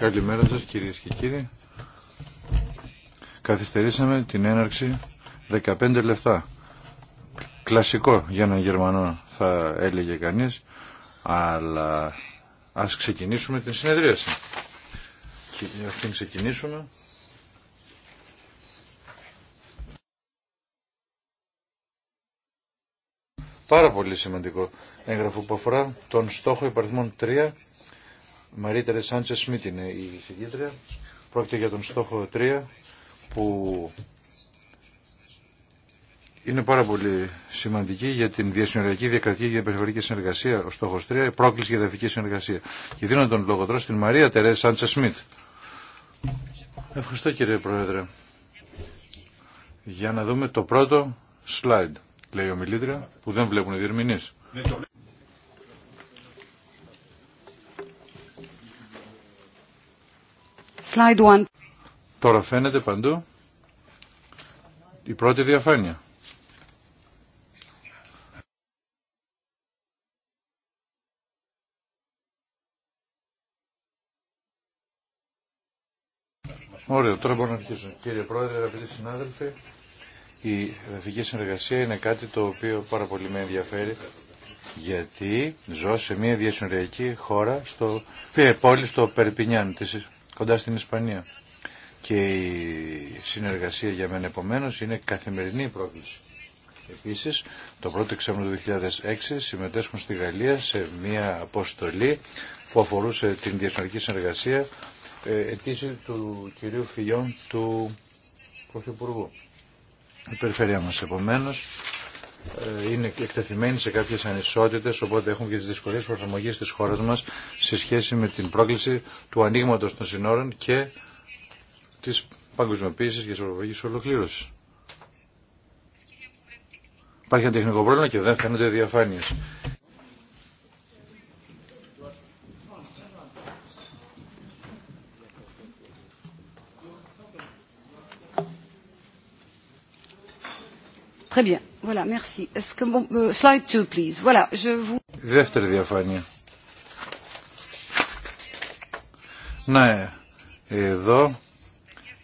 Καλημέρα σας κυρίες και κύριοι. Καθυστερήσαμε την έναρξη 15 λεπτά. Κλασικό για έναν Γερμανό θα έλεγε κανείς, αλλά ας ξεκινήσουμε την συνεδρίαση. Και αυτήν ξεκινήσουμε. πάρα πολύ σημαντικό έγγραφο που αφορά τον στόχο υπαριθμών 3. Μαρίτερε Σάντσε Σμίτ είναι η συγκίτρια. Πρόκειται για τον στόχο 3 που είναι πάρα πολύ σημαντική για την διασυνοριακή, διακρατική και περιφερειακή συνεργασία. Ο στόχο 3, η πρόκληση για δαφική συνεργασία. Και δίνω τον λόγο τώρα στην Μαρία Τερέ Σάντσε Σμιτ. Ευχαριστώ κύριε Πρόεδρε. Για να δούμε το πρώτο slide λέει ο Μιλήτρια, που δεν βλέπουν οι διερμηνείς. Τώρα φαίνεται παντού η πρώτη διαφάνεια. Ωραία, τώρα μπορούμε να αρχίσουμε. Κύριε Πρόεδρε, αγαπητοί συνάδελφοι, η εδαφική συνεργασία είναι κάτι το οποίο πάρα πολύ με ενδιαφέρει γιατί ζω σε μια διασυνοριακή χώρα, στο, πόλη στο Περπινιάν, της, κοντά στην Ισπανία. Και η συνεργασία για μένα επομένω είναι καθημερινή πρόκληση. Επίσης, το πρώτο εξάμεινο του 2006 συμμετέσχουν στη Γαλλία σε μια αποστολή που αφορούσε την διασυνοριακή συνεργασία ε, του κυρίου Φιλιών του Πρωθυπουργού. Η περιφέρεια μας επομένως ε, είναι εκτεθειμένη σε κάποιες ανισότητες, οπότε έχουν και τις δυσκολίες προσαρμογής της χώρας μας σε σχέση με την πρόκληση του ανοίγματο των συνόρων και της παγκοσμιοποίησης και της ολοκλήρωση. ολοκλήρωσης. Υπάρχει ένα τεχνικό πρόβλημα και δεν φαίνονται διαφάνειες. Δεύτερη διαφάνεια. Ναι, εδώ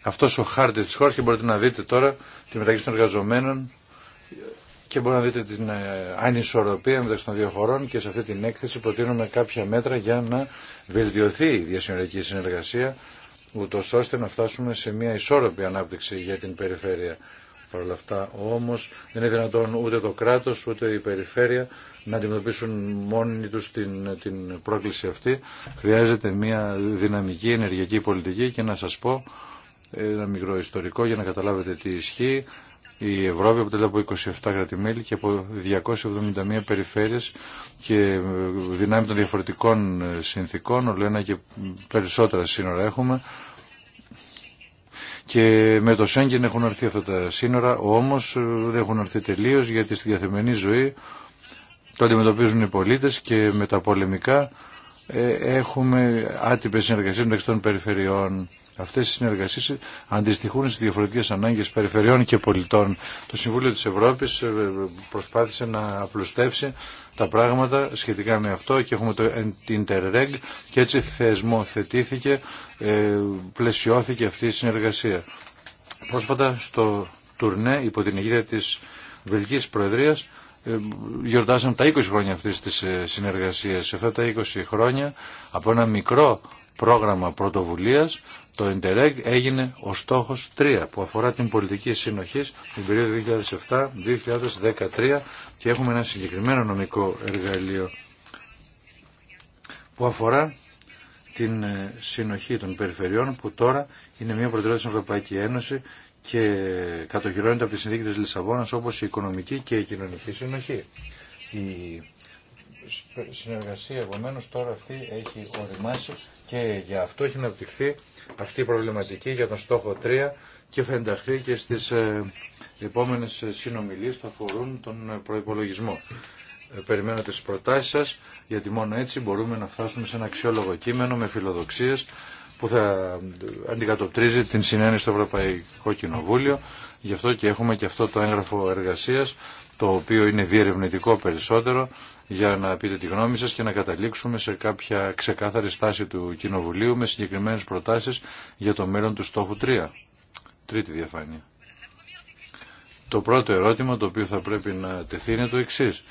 αυτός ο χάρτη της χώρας και μπορείτε να δείτε τώρα τη μεταξύ των εργαζομένων και μπορείτε να δείτε την ε, ανισορροπία μεταξύ των δύο χωρών και σε αυτή την έκθεση προτείνουμε κάποια μέτρα για να βελτιωθεί η διασυνοριακή συνεργασία ούτως ώστε να φτάσουμε σε μια ισόρροπη ανάπτυξη για την περιφέρεια. Παρ' όλα αυτά όμως δεν είναι δυνατόν ούτε το κράτος ούτε η περιφέρεια να αντιμετωπίσουν μόνοι του την, την πρόκληση αυτή. Χρειάζεται μια δυναμική ενεργειακή πολιτική και να σας πω ένα μικρό ιστορικό για να καταλάβετε τι ισχύει. Η Ευρώπη αποτελεί από 27 κρατημέλη και από 271 περιφέρειες και δυνάμει των διαφορετικών συνθήκων, όλο ένα και περισσότερα σύνορα έχουμε. Και με το Σέγγεν έχουν έρθει αυτά τα σύνορα, όμως ε, δεν έχουν έρθει τελείως γιατί στη καθημερινή ζωή το αντιμετωπίζουν οι πολίτες και με τα πολεμικά ε, έχουμε άτυπες συνεργασίες μεταξύ των περιφερειών. Αυτές οι συνεργασίες αντιστοιχούν στις διαφορετικές ανάγκες περιφερειών και πολιτών. Το Συμβούλιο της Ευρώπης ε, προσπάθησε να απλουστεύσει τα πράγματα σχετικά με αυτό και έχουμε το Interreg και έτσι θεσμοθετήθηκε, ε, πλαισιώθηκε αυτή η συνεργασία. Πρόσφατα στο τουρνέ υπό την αιγύρια της Βελγικής Προεδρίας ε, γιορτάσαμε τα 20 χρόνια αυτής της συνεργασίας. Σε αυτά τα 20 χρόνια από ένα μικρό πρόγραμμα πρωτοβουλίας το Ιντερέγ έγινε ο στόχος 3 που αφορά την πολιτική συνοχή την περίοδο 2007-2013 και έχουμε ένα συγκεκριμένο νομικό εργαλείο που αφορά την ε, συνοχή των περιφερειών που τώρα είναι μια προτεραιότητα στην Ευρωπαϊκή Ένωση και κατοχυρώνεται από τη συνθήκη της Λισαβόνας όπως η οικονομική και η κοινωνική συνοχή. Η συνεργασία επομένω τώρα αυτή έχει οριμάσει και γι' αυτό έχει αναπτυχθεί αυτή η προβληματική για τον στόχο 3 και θα ενταχθεί και στις ε, επόμενες συνομιλίες που αφορούν τον προϋπολογισμό. Ε, περιμένω τις προτάσεις σας, γιατί μόνο έτσι μπορούμε να φτάσουμε σε ένα αξιόλογο κείμενο με φιλοδοξίες που θα αντικατοπτρίζει την συνένεση στο Ευρωπαϊκό Κοινοβούλιο. Γι' αυτό και έχουμε και αυτό το έγγραφο εργασίας, το οποίο είναι διερευνητικό περισσότερο για να πείτε τη γνώμη σας και να καταλήξουμε σε κάποια ξεκάθαρη στάση του Κοινοβουλίου με συγκεκριμένες προτάσεις για το μέλλον του στόχου 3. Τρίτη διαφάνεια. Το πρώτο ερώτημα το οποίο θα πρέπει να τεθεί είναι το εξής.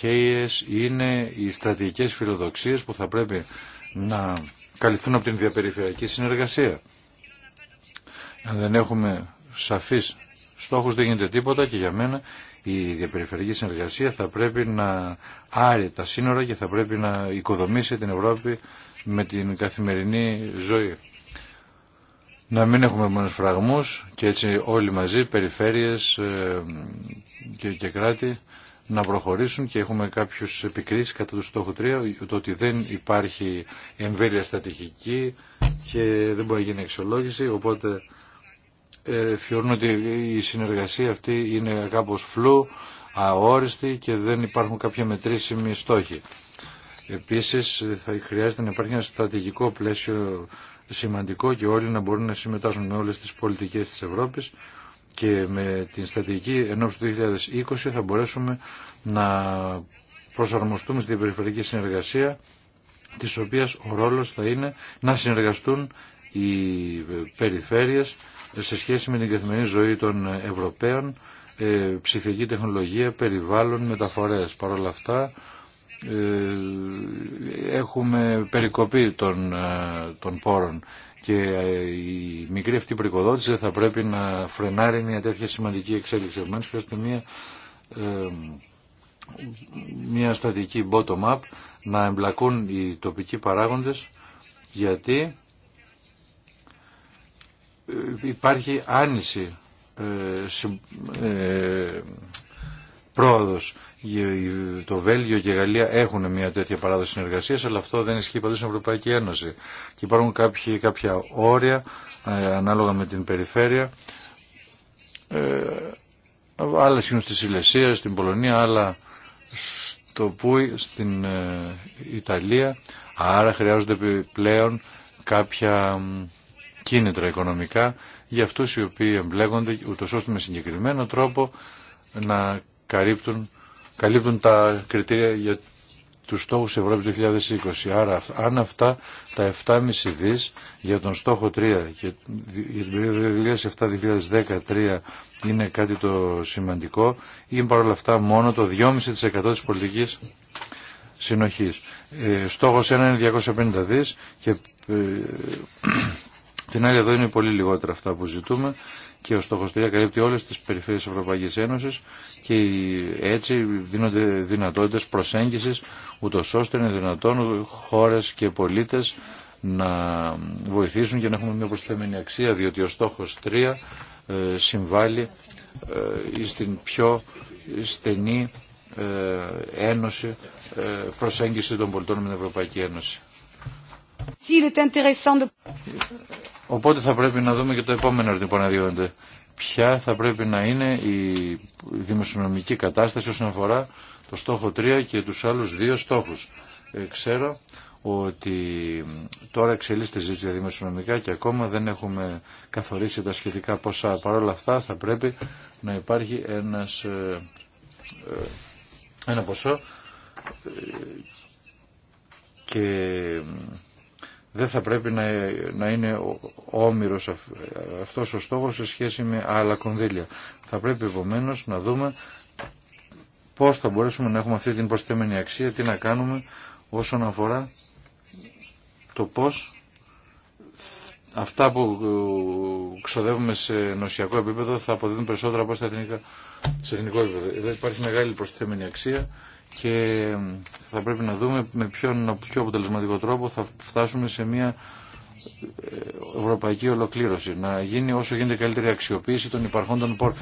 Ποιες είναι οι στρατηγικές φιλοδοξίες που θα πρέπει να καλυφθούν από την διαπεριφερειακή συνεργασία. Αν δεν έχουμε σαφείς στόχους δεν γίνεται τίποτα και για μένα η διαπεριφερειακή συνεργασία θα πρέπει να άρει τα σύνορα και θα πρέπει να οικοδομήσει την Ευρώπη με την καθημερινή ζωή. Να μην έχουμε μόνο φραγμούς και έτσι όλοι μαζί, περιφέρειες ε, και, κράτη, να προχωρήσουν και έχουμε κάποιους επικρίσεις κατά του στόχου 3, το ότι δεν υπάρχει εμβέλεια στατικική και δεν μπορεί να γίνει αξιολόγηση, οπότε ε, θεωρούν ότι η συνεργασία αυτή είναι κάπως φλού, αόριστη και δεν υπάρχουν κάποια μετρήσιμοι στόχοι. Επίσης θα χρειάζεται να υπάρχει ένα στρατηγικό πλαίσιο σημαντικό και όλοι να μπορούν να συμμετάσχουν με όλες τις πολιτικές της Ευρώπης και με την στρατηγική ενώπιση του 2020 θα μπορέσουμε να προσαρμοστούμε στην περιφερειακή συνεργασία της οποίας ο ρόλος θα είναι να συνεργαστούν οι περιφέρειες σε σχέση με την καθημερινή ζωή των Ευρωπαίων, ε, ψηφιακή τεχνολογία, περιβάλλον, μεταφορές. Παρ' όλα αυτά ε, έχουμε περικοπή των, ε, των πόρων και η μικρή αυτή προοικοδότηση θα πρέπει να φρενάρει μια τέτοια σημαντική εξέλιξη. Επομένως χρειάζεται μια, μια στατική bottom-up να εμπλακούν οι τοπικοί παράγοντες γιατί υπάρχει άνηση ε, ε πρόοδος. Το Βέλγιο και η Γαλλία έχουν μια τέτοια παράδοση συνεργασίας, αλλά αυτό δεν ισχύει παντού στην Ευρωπαϊκή Ένωση. Και υπάρχουν κάποιοι, κάποια όρια ε, ανάλογα με την περιφέρεια. Ε, άλλα στη Σιλεσία, στην Πολωνία, άλλα στο Πούι, στην ε, Ιταλία. Άρα χρειάζονται πλέον κάποια κίνητρα οικονομικά για αυτούς οι οποίοι εμπλέγονται, ούτως ώστε με συγκεκριμένο τρόπο να καλύπτουν, καλύπτουν τα κριτήρια για τους στόχους Ευρώπης 2020. Άρα αν αυτά τα 7,5 δις για τον στόχο 3 και για την περίοδο 2007-2013 είναι κάτι το σημαντικό είναι παρόλα αυτά μόνο το 2,5% της πολιτικής συνοχής. Ε, στόχος 1 είναι 250 δις και ε, την άλλη εδώ είναι πολύ λιγότερα αυτά που ζητούμε και ο στόχος 3 καλύπτει όλες τις περιφέρειες της Ευρωπαϊκής Ένωσης και έτσι δίνονται δυνατότητες προσέγγισης ούτω ώστε είναι δυνατόν χώρες και πολίτες να βοηθήσουν και να έχουμε μια προσθεμένη αξία διότι ο στόχος 3 ε, συμβάλλει ε, στην πιο στενή ε, ένωση προσέγγιση των πολιτών με την Ευρωπαϊκή Ένωση. Οπότε θα πρέπει να δούμε και το επόμενο ερωτήμα που αναδιώνεται. Ποια θα πρέπει να είναι η δημοσιονομική κατάσταση όσον αφορά το στόχο 3 και τους άλλους δύο στόχους. Ε, ξέρω ότι τώρα εξελίσσεται ζήτηση δημοσιονομικά και ακόμα δεν έχουμε καθορίσει τα σχετικά ποσά. Παρ' όλα αυτά θα πρέπει να υπάρχει ένας, ε, ε, ένα ποσό και δεν θα πρέπει να, να είναι όμοιρος αυτός ο στόχος σε σχέση με άλλα κονδύλια. Θα πρέπει επομένω να δούμε πώς θα μπορέσουμε να έχουμε αυτή την προσθέμενη αξία, τι να κάνουμε όσον αφορά το πώς αυτά που ε, ξοδεύουμε σε νοσιακό επίπεδο θα αποδίδουν περισσότερα από σε εθνικό επίπεδο. Εδώ υπάρχει μεγάλη προσθέμενη αξία και θα πρέπει να δούμε με ποιον πιο αποτελεσματικό τρόπο θα φτάσουμε σε μια ε, ευρωπαϊκή ολοκλήρωση. Να γίνει όσο γίνεται καλύτερη αξιοποίηση των υπαρχόντων πόρων.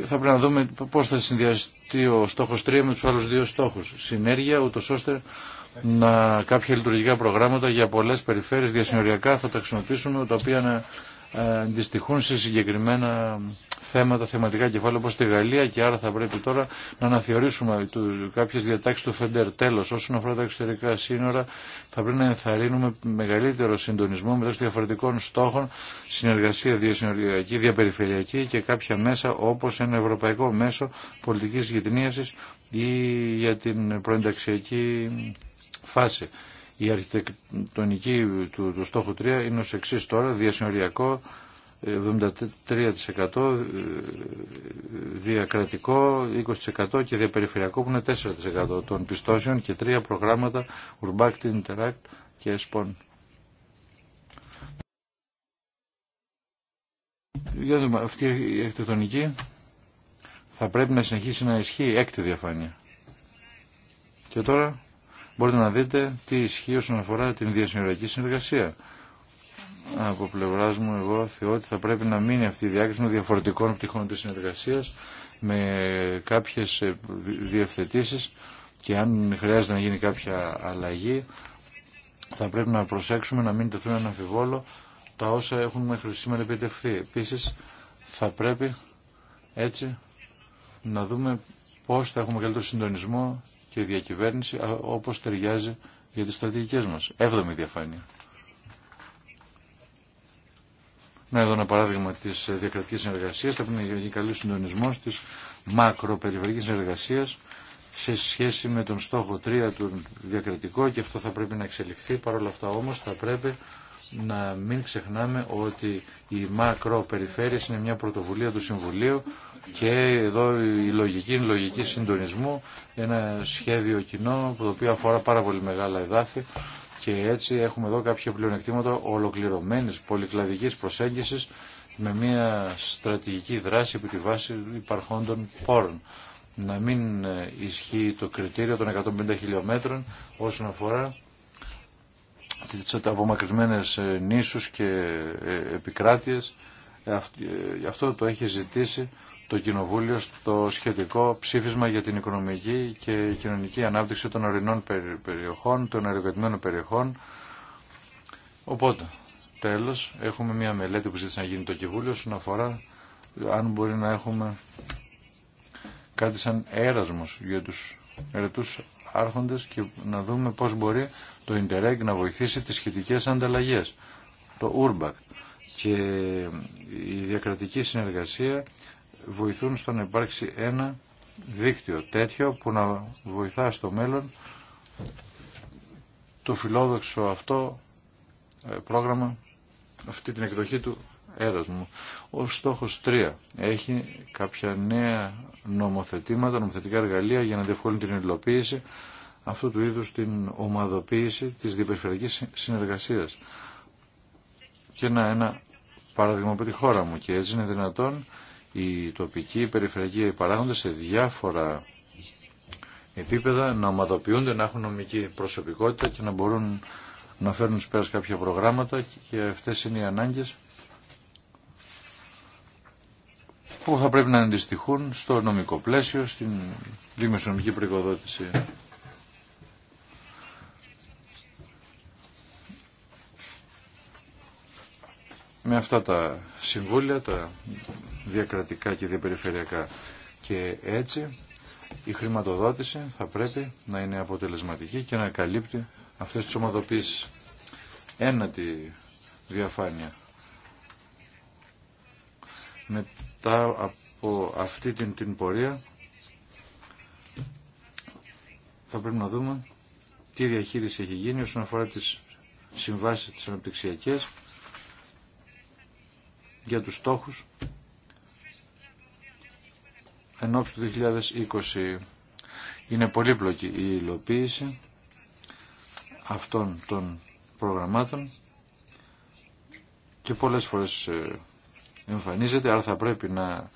Θα πρέπει να δούμε πώς θα συνδυαστεί ο στόχος 3 με τους άλλους δύο στόχους. Συνέργεια, ούτως ώστε να κάποια λειτουργικά προγράμματα για πολλές περιφέρειες διασυνοριακά θα τα χρησιμοποιήσουμε, τα οποία να ε, αντιστοιχούν σε συγκεκριμένα θέματα, θεματικά κεφάλαια όπως τη Γαλλία και άρα θα πρέπει τώρα να αναθεωρήσουμε κάποιες διατάξεις του ΦΕΝΤΕΡ. Τέλος, όσον αφορά τα εξωτερικά σύνορα θα πρέπει να ενθαρρύνουμε μεγαλύτερο συντονισμό μεταξύ διαφορετικών στόχων, συνεργασία διασυνοριακή, διαπεριφερειακή και κάποια μέσα όπως ένα ευρωπαϊκό μέσο πολιτικής γυτνίασης ή για την προενταξιακή φάση. Η αρχιτεκτονική του, του στόχου 3 είναι ως εξής τώρα, διασυνοριακό 73%, ε, διακρατικό 20% και διαπεριφερειακό που είναι 4% των πιστώσεων και τρία προγράμματα Urbact, Interact και Spon. Για δούμε, αυτή η αρχιτεκτονική θα πρέπει να συνεχίσει να ισχύει έκτη διαφάνεια. Και τώρα μπορείτε να δείτε τι ισχύει όσον αφορά την διασυνοριακή συνεργασία. Από πλευρά μου, εγώ θεωρώ ότι θα πρέπει να μείνει αυτή η διάκριση με διαφορετικών πτυχών τη συνεργασία με κάποιε διευθετήσει και αν χρειάζεται να γίνει κάποια αλλαγή, θα πρέπει να προσέξουμε να μην τεθούν ένα αμφιβόλο τα όσα έχουν μέχρι σήμερα επιτευχθεί. Επίση θα πρέπει έτσι να δούμε πώς θα έχουμε καλύτερο συντονισμό και διακυβέρνηση όπως ταιριάζει για τις στρατηγικές μας. Έβδομη διαφάνεια. Να εδώ ένα παράδειγμα της ε, διακρατικής συνεργασίας, θα πρέπει να γίνει καλή συντονισμό της μακροπεριφερειακής συνεργασίας σε σχέση με τον στόχο 3 του διακρατικό και αυτό θα πρέπει να εξελιχθεί. Παρ' όλα αυτά όμως θα πρέπει να μην ξεχνάμε ότι η μακροπεριφέρεια είναι μια πρωτοβουλία του Συμβουλίου και εδώ η λογική είναι λογική συντονισμού, ένα σχέδιο κοινό που το οποίο αφορά πάρα πολύ μεγάλα εδάφη και έτσι έχουμε εδώ κάποια πλεονεκτήματα ολοκληρωμένης πολυκλαδικής προσέγγιση με μια στρατηγική δράση επί τη βάση υπαρχόντων πόρων. Να μην ισχύει το κριτήριο των 150 χιλιόμετρων όσον αφορά τι απομακρυσμένε νήσους και ε, επικράτειες. Ε, ε, αυτό το έχει ζητήσει το Κοινοβούλιο στο σχετικό ψήφισμα για την οικονομική και κοινωνική ανάπτυξη των ορεινών περιοχών, των αεροκατημένων περιοχών. Οπότε, τέλος, έχουμε μια μελέτη που ζήτησε να γίνει το Κοινοβούλιο όσον αφορά αν μπορεί να έχουμε κάτι σαν έρασμος για τους ερετούς άρχοντες και να δούμε πώς μπορεί το Interreg να βοηθήσει τις σχετικές ανταλλαγές, το URBAC και η διακρατική συνεργασία βοηθούν στο να υπάρξει ένα δίκτυο τέτοιο που να βοηθά στο μέλλον το φιλόδοξο αυτό ε, πρόγραμμα, αυτή την εκδοχή του έρασμου. Ο στόχος 3 έχει κάποια νέα νομοθετήματα, νομοθετικά εργαλεία για να διευκολύνει την υλοποίηση αυτού του είδους την ομαδοποίηση της διπεριφερειακής συνεργασίας. Και να ένα παράδειγμα από τη χώρα μου και έτσι είναι δυνατόν οι τοπικοί, περιφερειακοί σε διάφορα επίπεδα να ομαδοποιούνται, να έχουν νομική προσωπικότητα και να μπορούν να φέρουν πέρα κάποια προγράμματα και αυτές είναι οι ανάγκες που θα πρέπει να αντιστοιχούν στο νομικό πλαίσιο, στην δημοσιονομική προοικοδότηση. με αυτά τα συμβούλια, τα διακρατικά και διαπεριφερειακά. Και έτσι η χρηματοδότηση θα πρέπει να είναι αποτελεσματική και να καλύπτει αυτές τις ομαδοποίησεις. Ένατη διαφάνεια. Μετά από αυτή την, την πορεία θα πρέπει να δούμε τι διαχείριση έχει γίνει όσον αφορά τις συμβάσεις τις αναπτυξιακές για τους στόχους εν του 2020. Είναι πολύπλοκη η υλοποίηση αυτών των προγραμμάτων και πολλές φορές ε, εμφανίζεται, άρα θα πρέπει να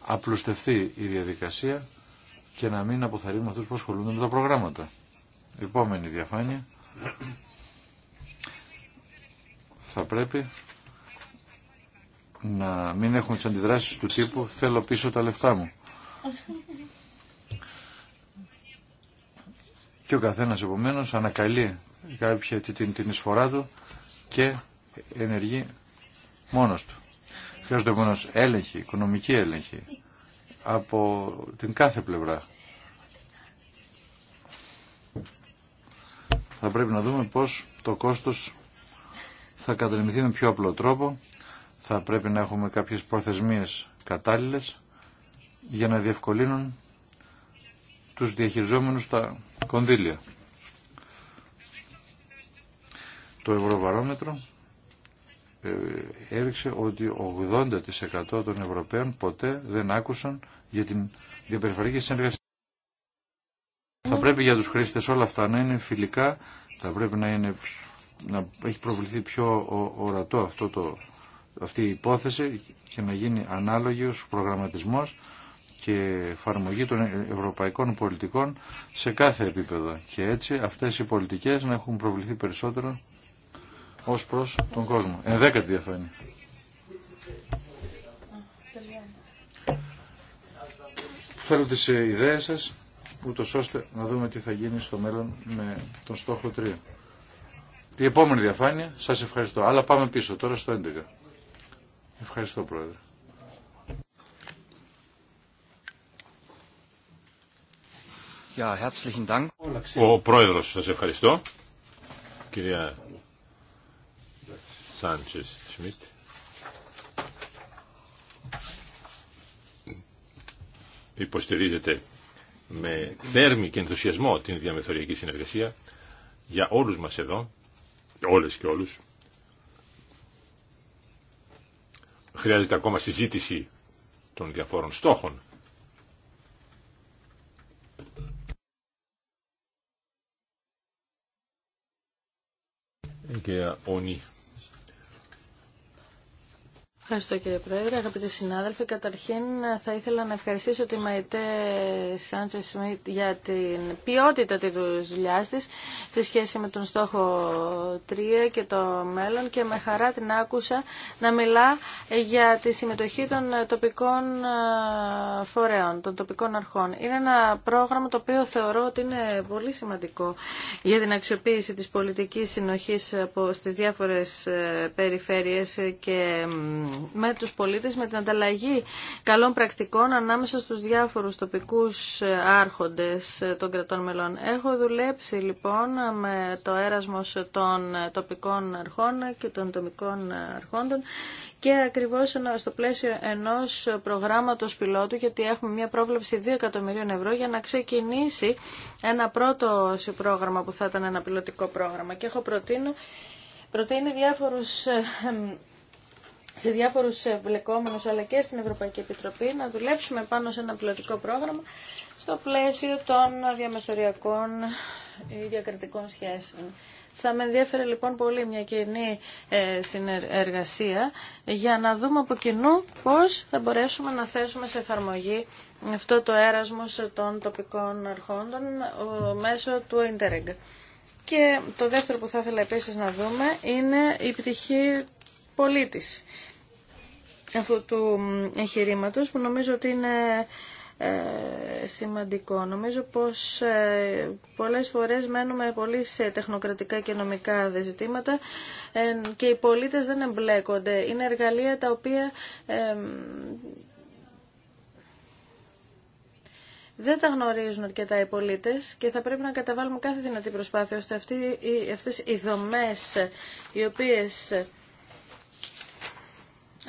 απλουστευτεί η διαδικασία και να μην αποθαρρύνουμε αυτούς που ασχολούνται με τα προγράμματα. Επόμενη διαφάνεια. Θα πρέπει να μην έχουν τι αντιδράσει του τύπου θέλω πίσω τα λεφτά μου. Και ο καθένα επομένω ανακαλεί κάποια την, την εισφορά του και ενεργεί μόνος του. Χρειάζονται επομένω έλεγχοι, οικονομική έλεγχη από την κάθε πλευρά. Θα πρέπει να δούμε πώς το κόστος θα κατανεμηθεί με πιο απλό τρόπο θα πρέπει να έχουμε κάποιες προθεσμίες κατάλληλες για να διευκολύνουν τους διαχειριζόμενους τα κονδύλια. Το Ευρωβαρόμετρο ε, έδειξε ότι 80% των Ευρωπαίων ποτέ δεν άκουσαν για την διαπεριφερειακή συνεργασία. Θα πρέπει για τους χρήστες όλα αυτά να είναι φιλικά, θα πρέπει να, είναι, να έχει προβληθεί πιο ορατό αυτό το αυτή η υπόθεση και να γίνει ανάλογος προγραμματισμός και εφαρμογή των ευρωπαϊκών πολιτικών σε κάθε επίπεδο. Και έτσι αυτές οι πολιτικές να έχουν προβληθεί περισσότερο ως προς τον κόσμο. Ενδέκατη διαφάνεια. Θέλω τις ε, ιδέες σας, ούτως ώστε να δούμε τι θα γίνει στο μέλλον με τον στόχο 3. Η επόμενη διαφάνεια, σας ευχαριστώ. Αλλά πάμε πίσω τώρα στο 11. Ευχαριστώ Πρόεδρε. Ο Πρόεδρος, σας ευχαριστώ. Κυρία Σάντσες Σμιτ. Υποστηρίζεται με θέρμη και ενθουσιασμό την διαμεθοριακή συνεργασία για όλους μας εδώ, όλες και όλους, Χρειάζεται ακόμα συζήτηση των διαφόρων στόχων. Ε, Ευχαριστώ κύριε Πρόεδρε. Αγαπητοί συνάδελφοι, καταρχήν ε, θα ήθελα να ευχαριστήσω τη Μαϊτέ Σάντζε Σμιτ για την ποιότητα τη δουλειά τη σε σχέση με τον στόχο 3 και το μέλλον και με χαρά την άκουσα να μιλά για τη συμμετοχή των ε, τοπικών ε, φορέων, των τοπικών αρχών. Είναι ένα πρόγραμμα το οποίο θεωρώ ότι είναι πολύ σημαντικό για την αξιοποίηση της πολιτικής συνοχής στις διάφορες περιφέρειες και με τους πολίτες, με την ανταλλαγή καλών πρακτικών ανάμεσα στους διάφορους τοπικούς ε, άρχοντες ε, των κρατών μελών. Έχω δουλέψει λοιπόν με το έρασμος των ε, τοπικών αρχών και των τομικών αρχόντων και ακριβώς στο πλαίσιο ενός προγράμματος πιλότου, γιατί έχουμε μια πρόβλεψη 2 εκατομμυρίων ευρώ για να ξεκινήσει ένα πρώτο πρόγραμμα που θα ήταν ένα πιλωτικό πρόγραμμα. Και έχω προτείνει διάφορους σε διάφορους ε, εμπλεκόμενους αλλά και στην Ευρωπαϊκή Επιτροπή να δουλέψουμε πάνω σε ένα πλωτικό πρόγραμμα στο πλαίσιο των διαμεθοριακών ή ε, διακρατικών σχέσεων. Θα με ενδιαφέρει λοιπόν πολύ μια κοινή ε, συνεργασία για να δούμε από κοινού πώς θα μπορέσουμε να θέσουμε σε εφαρμογή αυτό το έρασμος των τοπικών αρχόντων μέσω του Interreg. Και το δεύτερο που θα ήθελα επίσης να δούμε είναι η πτυχή πολίτης αυτού του εγχειρήματο που νομίζω ότι είναι ε, σημαντικό. Νομίζω πως ε, πολλές φορές μένουμε πολύ σε τεχνοκρατικά και νομικά ζητήματα ε, και οι πολίτες δεν εμπλέκονται. Είναι εργαλεία τα οποία δεν τα γνωρίζουν αρκετά οι πολίτες και θα πρέπει να καταβάλουμε κάθε δυνατή προσπάθεια ώστε αυτές οι δομές οι οποίες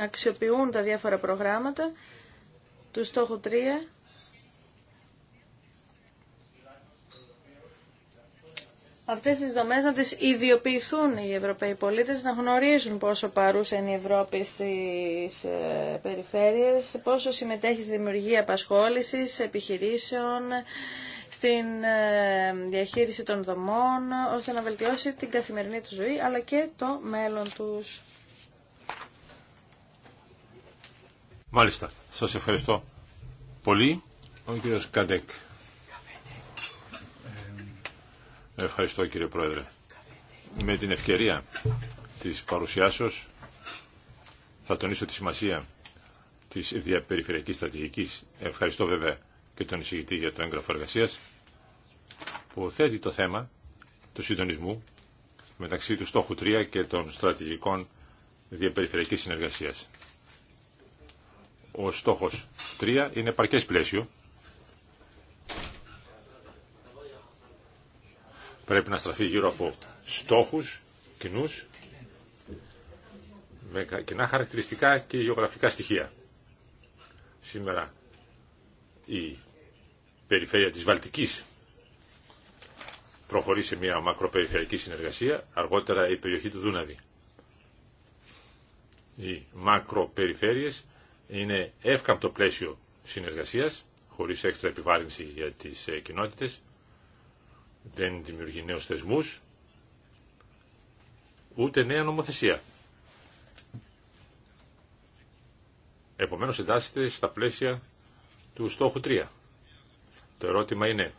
αξιοποιούν τα διάφορα προγράμματα του στόχου 3 αυτές τις δομές να τις ιδιοποιηθούν οι Ευρωπαίοι πολίτες, να γνωρίζουν πόσο παρούσα είναι η Ευρώπη στις ε, περιφέρειες, πόσο συμμετέχει στη δημιουργία απασχόλησης, επιχειρήσεων, στην ε, διαχείριση των δομών, ώστε να βελτιώσει την καθημερινή του ζωή, αλλά και το μέλλον τους. Μάλιστα. Σας ευχαριστώ πολύ. Ο κύριος Καντέκ. Ε, ευχαριστώ κύριε Πρόεδρε. Με την ευκαιρία της παρουσιάσεως θα τονίσω τη σημασία της διαπεριφερειακής στρατηγικής. Ευχαριστώ βέβαια και τον εισηγητή για το έγγραφο εργασία που θέτει το θέμα του συντονισμού μεταξύ του στόχου 3 και των στρατηγικών διαπεριφερειακής συνεργασίας. Ο στόχος 3 είναι παρκές πλαίσιο. Πρέπει να στραφεί γύρω από στόχους κοινούς με κοινά χαρακτηριστικά και γεωγραφικά στοιχεία. Σήμερα η περιφέρεια της Βαλτικής προχωρεί σε μια μακροπεριφερειακή συνεργασία, αργότερα η περιοχή του Δούναβη. Οι μακροπεριφέρειες είναι εύκαμπτο πλαίσιο συνεργασίας, χωρίς έξτρα επιβάρυνση για τις ε, κοινότητες, δεν δημιουργεί νέους θεσμούς, ούτε νέα νομοθεσία. Επομένως εντάσσεται στα πλαίσια του στόχου 3. Το ερώτημα είναι,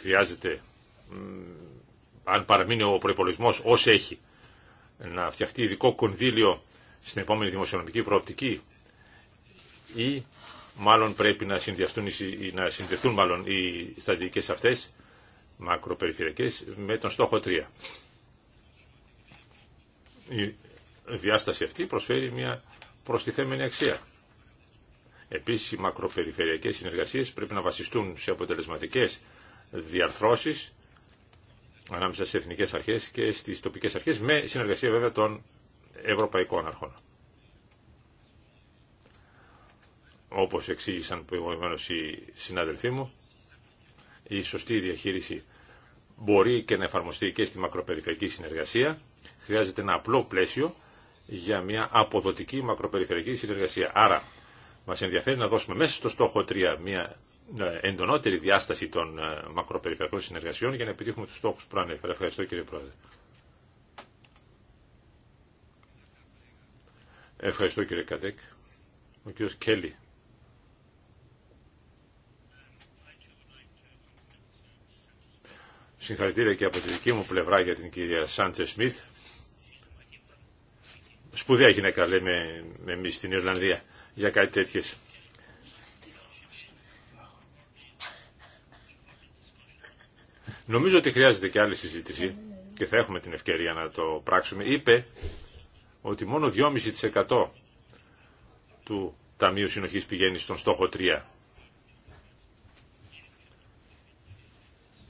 χρειάζεται, αν παραμείνει ο προπολογισμό όσο έχει, να φτιαχτεί ειδικό κονδύλιο στην επόμενη δημοσιονομική προοπτική ή μάλλον πρέπει να συνδυαστούν, ή να συνδεθούν μάλλον οι στρατηγικές αυτές μακροπεριφερειακές με τον στόχο 3. Η διάσταση αυτή προσφέρει μια προστιθέμενη αξία. Επίσης οι μακροπεριφερειακές συνεργασίες πρέπει να βασιστούν σε αποτελεσματικές διαρθρώσεις ανάμεσα στις εθνικές αρχές και στις τοπικές αρχές με συνεργασία βέβαια των ευρωπαϊκών αρχών. Όπως εξήγησαν προηγουμένως οι συνάδελφοί μου, η σωστή διαχείριση μπορεί και να εφαρμοστεί και στη μακροπεριφερειακή συνεργασία. Χρειάζεται ένα απλό πλαίσιο για μια αποδοτική μακροπεριφερική συνεργασία. Άρα, μας ενδιαφέρει να δώσουμε μέσα στο στόχο 3 μια ε, εντονότερη διάσταση των ε, μακροπεριφερειακών συνεργασιών για να επιτύχουμε τους στόχους που προανέφερα. Ευχαριστώ κύριε Πρόεδρε. Ευχαριστώ κύριε Κατέκ. Ο κύριος Κέλλη. Συγχαρητήρια και από τη δική μου πλευρά για την κυρία Σάντσε Σμιθ. Σπουδαία γυναίκα λέμε εμεί στην Ιρλανδία για κάτι τέτοιε. Νομίζω ότι χρειάζεται και άλλη συζήτηση και θα έχουμε την ευκαιρία να το πράξουμε. Είπε ότι μόνο 2,5% του Ταμείου Συνοχής πηγαίνει στον στόχο 3.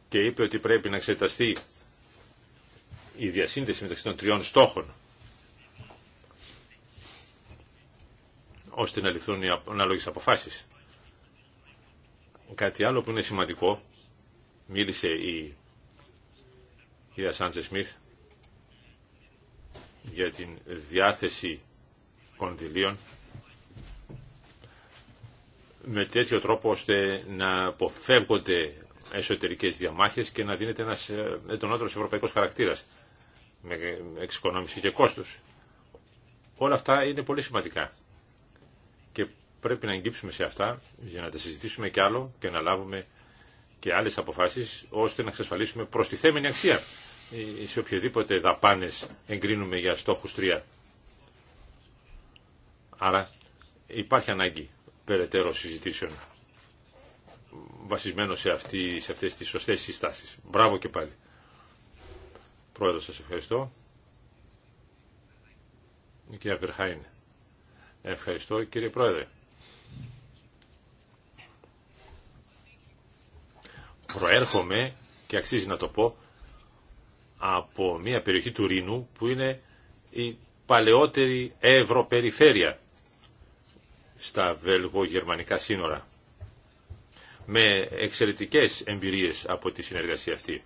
Και είπε ότι πρέπει να εξεταστεί η διασύνδεση μεταξύ των τριών στόχων ώστε να ληφθούν οι ανάλογες αποφάσεις. Κάτι άλλο που είναι σημαντικό, μίλησε η κυρία Σάντζε Σμιθ, για την διάθεση κονδυλίων με τέτοιο τρόπο ώστε να αποφεύγονται εσωτερικές διαμάχες και να δίνεται ένας ε, εντονότερος ευρωπαϊκός χαρακτήρας με εξοικονόμηση και κόστους. Όλα αυτά είναι πολύ σημαντικά και πρέπει να εγκύψουμε σε αυτά για να τα συζητήσουμε κι άλλο και να λάβουμε και άλλες αποφάσεις ώστε να εξασφαλίσουμε προστιθέμενη αξία ε, σε οποιοδήποτε δαπάνες εγκρίνουμε για στόχους 3. Άρα υπάρχει ανάγκη περαιτέρω συζητήσεων βασισμένο σε, αυτή, σε αυτές τις σωστές συστάσεις. Μπράβο και πάλι. Πρόεδρο σας ευχαριστώ. Ευχαριστώ κύριε Πρόεδρε. Προέρχομαι και αξίζει να το πω από μια περιοχή του Ρήνου που είναι η παλαιότερη ευρωπεριφέρεια στα βέλγο-γερμανικά σύνορα με εξαιρετικές εμπειρίες από τη συνεργασία αυτή.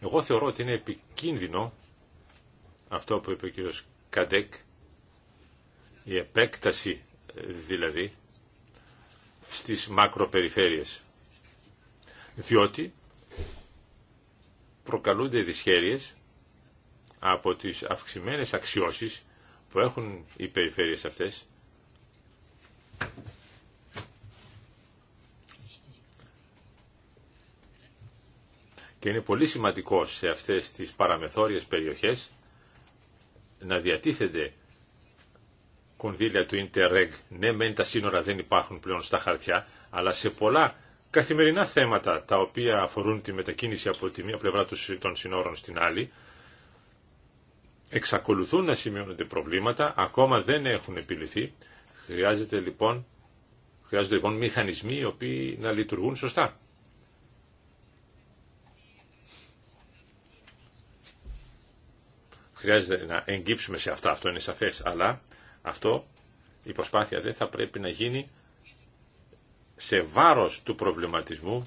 Εγώ θεωρώ ότι είναι επικίνδυνο αυτό που είπε ο κ. Καντέκ, η επέκταση δηλαδή στις μακροπεριφέρειες. Διότι προκαλούνται δυσχέρειες από τις αυξημένες αξιώσεις που έχουν οι περιφέρειες αυτές και είναι πολύ σημαντικό σε αυτές τις παραμεθόριες περιοχές να διατίθεται κονδύλια του Interreg. Ναι, μεν τα σύνορα δεν υπάρχουν πλέον στα χαρτιά, αλλά σε πολλά καθημερινά θέματα τα οποία αφορούν τη μετακίνηση από τη μία πλευρά των συνόρων στην άλλη. Εξακολουθούν να σημειώνονται προβλήματα, ακόμα δεν έχουν επιληθεί. Χρειάζεται λοιπόν, χρειάζονται λοιπόν μηχανισμοί οι οποίοι να λειτουργούν σωστά. Χρειάζεται να εγκύψουμε σε αυτά, αυτό είναι σαφές, αλλά αυτό η προσπάθεια δεν θα πρέπει να γίνει σε βάρος του προβληματισμού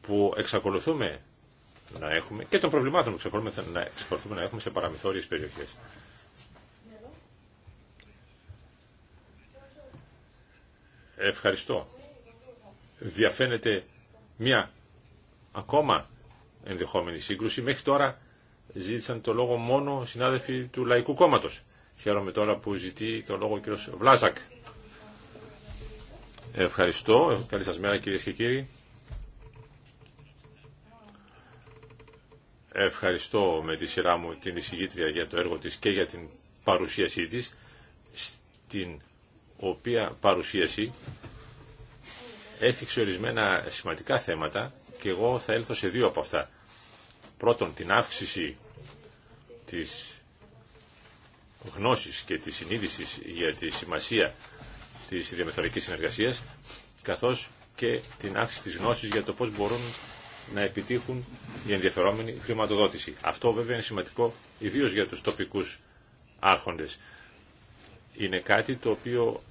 που εξακολουθούμε να έχουμε και των προβλημάτων που εξακολουθούμε να έχουμε σε παραμυθόριες περιοχές. Ευχαριστώ. Διαφαίνεται μια ακόμα ενδεχόμενη σύγκρουση. Μέχρι τώρα ζήτησαν το λόγο μόνο συνάδελφοι του Λαϊκού Κόμματος. Χαίρομαι τώρα που ζητεί το λόγο ο κ. Βλάζακ. Ευχαριστώ. Καλή σας μέρα κυρίες και κύριοι. Ευχαριστώ με τη σειρά μου την εισηγήτρια για το έργο της και για την παρουσίασή της, στην οποία παρουσίαση έθιξε ορισμένα σημαντικά θέματα και εγώ θα έλθω σε δύο από αυτά. Πρώτον, την αύξηση της γνώσης και της συνείδησης για τη σημασία τη διαμεθορικής συνεργασία καθώς και την αύξηση της γνώσης για το πώς μπορούν να επιτύχουν οι ενδιαφερόμενοι χρηματοδότηση. Αυτό βέβαια είναι σημαντικό ιδίω για του τοπικούς άρχοντες. Είναι κάτι το οποίο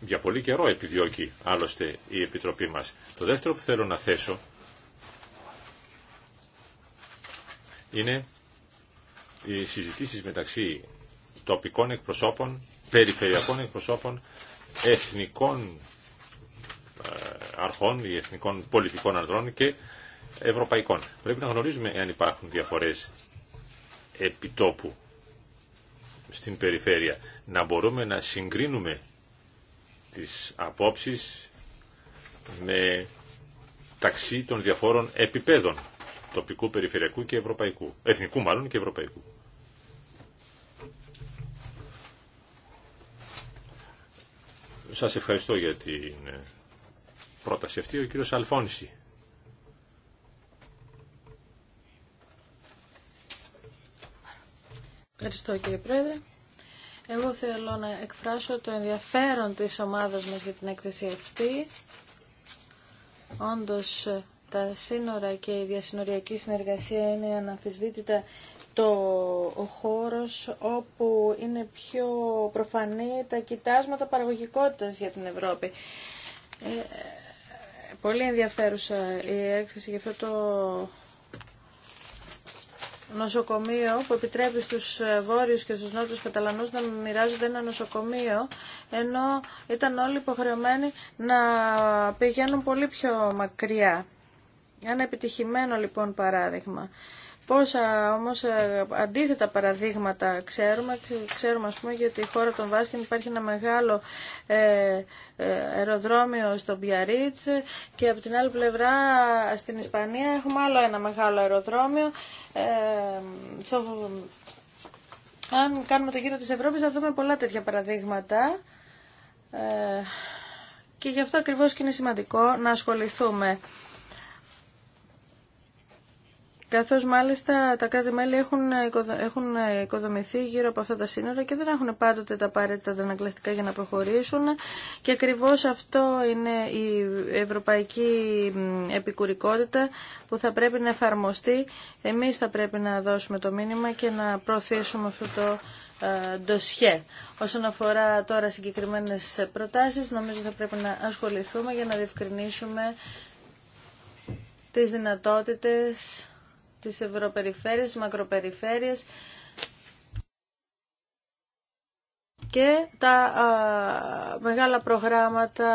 για πολύ καιρό επιδιώκει άλλωστε η Επιτροπή μας. Το δεύτερο που θέλω να θέσω είναι οι συζητήσεις μεταξύ τοπικών εκπροσώπων, περιφερειακών εκπροσώπων εθνικών ε, αρχών ή εθνικών πολιτικών ανδρών και ευρωπαϊκών. Πρέπει να γνωρίζουμε αν υπάρχουν διαφορές επιτόπου στην περιφέρεια. Να μπορούμε να συγκρίνουμε τις απόψεις με ταξί των διαφόρων επιπέδων τοπικού, περιφερειακού και ευρωπαϊκού, εθνικού μάλλον και ευρωπαϊκού. Σας ευχαριστώ για την ε, πρόταση αυτή. Ο κύριος Αλφόνση. Ευχαριστώ κύριε Πρόεδρε. Εγώ θέλω να εκφράσω το ενδιαφέρον της ομάδας μας για την έκθεση αυτή. Όντως τα σύνορα και η διασυνοριακή συνεργασία είναι αναμφισβήτητα το, ο χώρος όπου είναι πιο προφανή τα κοιτάσματα παραγωγικότητας για την Ευρώπη. Ε, πολύ ενδιαφέρουσα η έκθεση για αυτό το νοσοκομείο που επιτρέπει στους βόρειους και στους νότιους Καταλανούς να μοιράζονται ένα νοσοκομείο ενώ ήταν όλοι υποχρεωμένοι να πηγαίνουν πολύ πιο μακριά. Ένα επιτυχημένο λοιπόν παράδειγμα. Πόσα όμως ε, αντίθετα παραδείγματα ξέρουμε, ξέρουμε ας πούμε γιατί η χώρα των Βάσκων υπάρχει ένα μεγάλο ε, ε, αεροδρόμιο στο Μπιαρίτς και από την άλλη πλευρά στην Ισπανία έχουμε άλλο ένα μεγάλο αεροδρόμιο αν κάνουμε το γύρο της Ευρώπης θα δούμε πολλά τέτοια παραδείγματα και γι' αυτό ακριβώς και είναι σημαντικό να ασχοληθούμε καθώς μάλιστα τα κράτη-μέλη έχουν, έχουν οικοδομηθεί γύρω από αυτά τα σύνορα και δεν έχουν πάντοτε τα απαραίτητα τα για να προχωρήσουν και ακριβώς αυτό είναι η ευρωπαϊκή επικουρικότητα που θα πρέπει να εφαρμοστεί. Εμείς θα πρέπει να δώσουμε το μήνυμα και να προωθήσουμε αυτό το ε, ντοσιέ. Όσον αφορά τώρα συγκεκριμένες προτάσεις, νομίζω θα πρέπει να ασχοληθούμε για να διευκρινίσουμε τις δυνατότητες τις ευρωπεριφέρειες, μακροπεριφέρειες και τα μεγάλα προγράμματα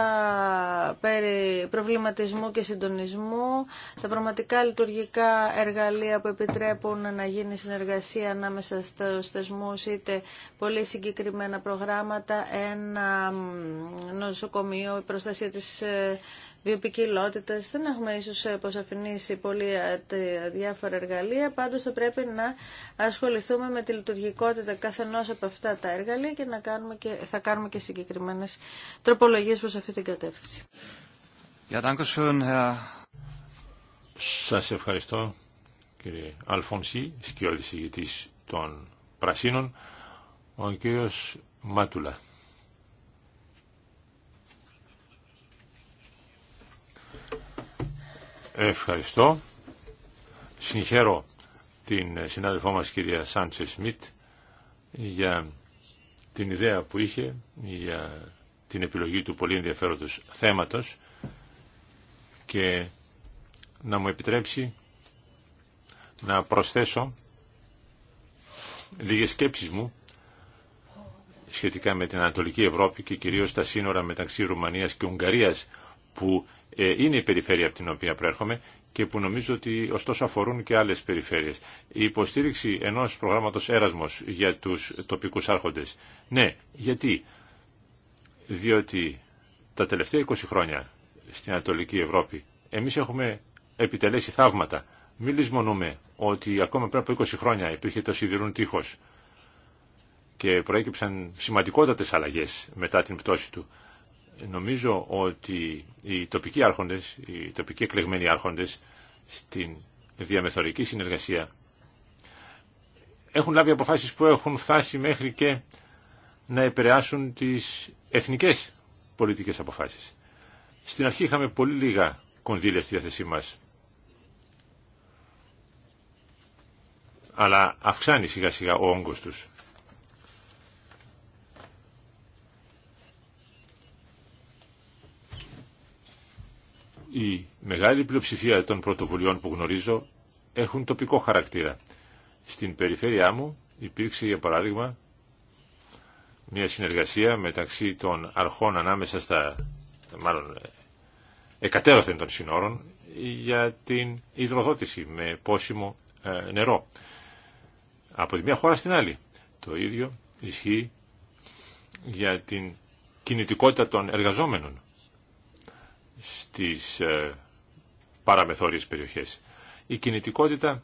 περί προβληματισμού και συντονισμού, τα πραγματικά λειτουργικά εργαλεία που επιτρέπουν να γίνει συνεργασία ανάμεσα στους θεσμούς, είτε πολύ συγκεκριμένα προγράμματα, ένα νοσοκομείο, η προστασία της ε, βιοποικιλότητα. Δεν έχουμε ίσω αποσαφηνίσει πολύ ε, διάφορα εργαλεία, πάντως θα πρέπει να ασχοληθούμε με τη λειτουργικότητα καθενό από αυτά τα εργαλεία και, να κάνουμε και θα κάνουμε και συγκεκριμένε τροπολογίες προ αυτή την κατεύθυνση. Σα ευχαριστώ κύριε Αλφονσί, σκιώδης ηγητής των Πρασίνων, ο κύριος Μάτουλα. Ευχαριστώ. Συγχαίρω την συνάδελφό μας κυρία Σάντσε Σμιτ για την ιδέα που είχε, για την επιλογή του πολύ ενδιαφέροντος θέματος και να μου επιτρέψει να προσθέσω λίγες σκέψεις μου σχετικά με την Ανατολική Ευρώπη και κυρίως τα σύνορα μεταξύ Ρουμανίας και Ουγγαρίας που ε, είναι η περιφέρεια από την οποία προέρχομαι και που νομίζω ότι ωστόσο αφορούν και άλλες περιφέρειες. Η υποστήριξη ενός προγράμματος έρασμος για τους τοπικούς άρχοντες. Ναι, γιατί. Διότι τα τελευταία 20 χρόνια στην Ανατολική Ευρώπη εμείς έχουμε επιτελέσει θαύματα. Μην λησμονούμε ότι ακόμα πριν από 20 χρόνια υπήρχε το σιδηρούν τείχος και προέκυψαν σημαντικότατες αλλαγές μετά την πτώση του. Νομίζω ότι οι τοπικοί άρχοντες, οι τοπικοί εκλεγμένοι άρχοντες στην διαμεθορική συνεργασία έχουν λάβει αποφάσεις που έχουν φτάσει μέχρι και να επηρεάσουν τις εθνικές πολιτικές αποφάσεις. Στην αρχή είχαμε πολύ λίγα κονδύλια στη διάθεσή μας. Αλλά αυξάνει σιγά σιγά ο όγκος τους. Η μεγάλη πλειοψηφία των πρωτοβουλειών που γνωρίζω έχουν τοπικό χαρακτήρα. Στην περιφέρειά μου υπήρξε, για παράδειγμα, μια συνεργασία μεταξύ των αρχών ανάμεσα στα, μάλλον εκατέρωθεν των συνόρων, για την υδροδότηση με πόσιμο ε, νερό. Από τη μια χώρα στην άλλη. Το ίδιο ισχύει για την κινητικότητα των εργαζόμενων στις ε, παραμεθόριες περιοχές. Η κινητικότητα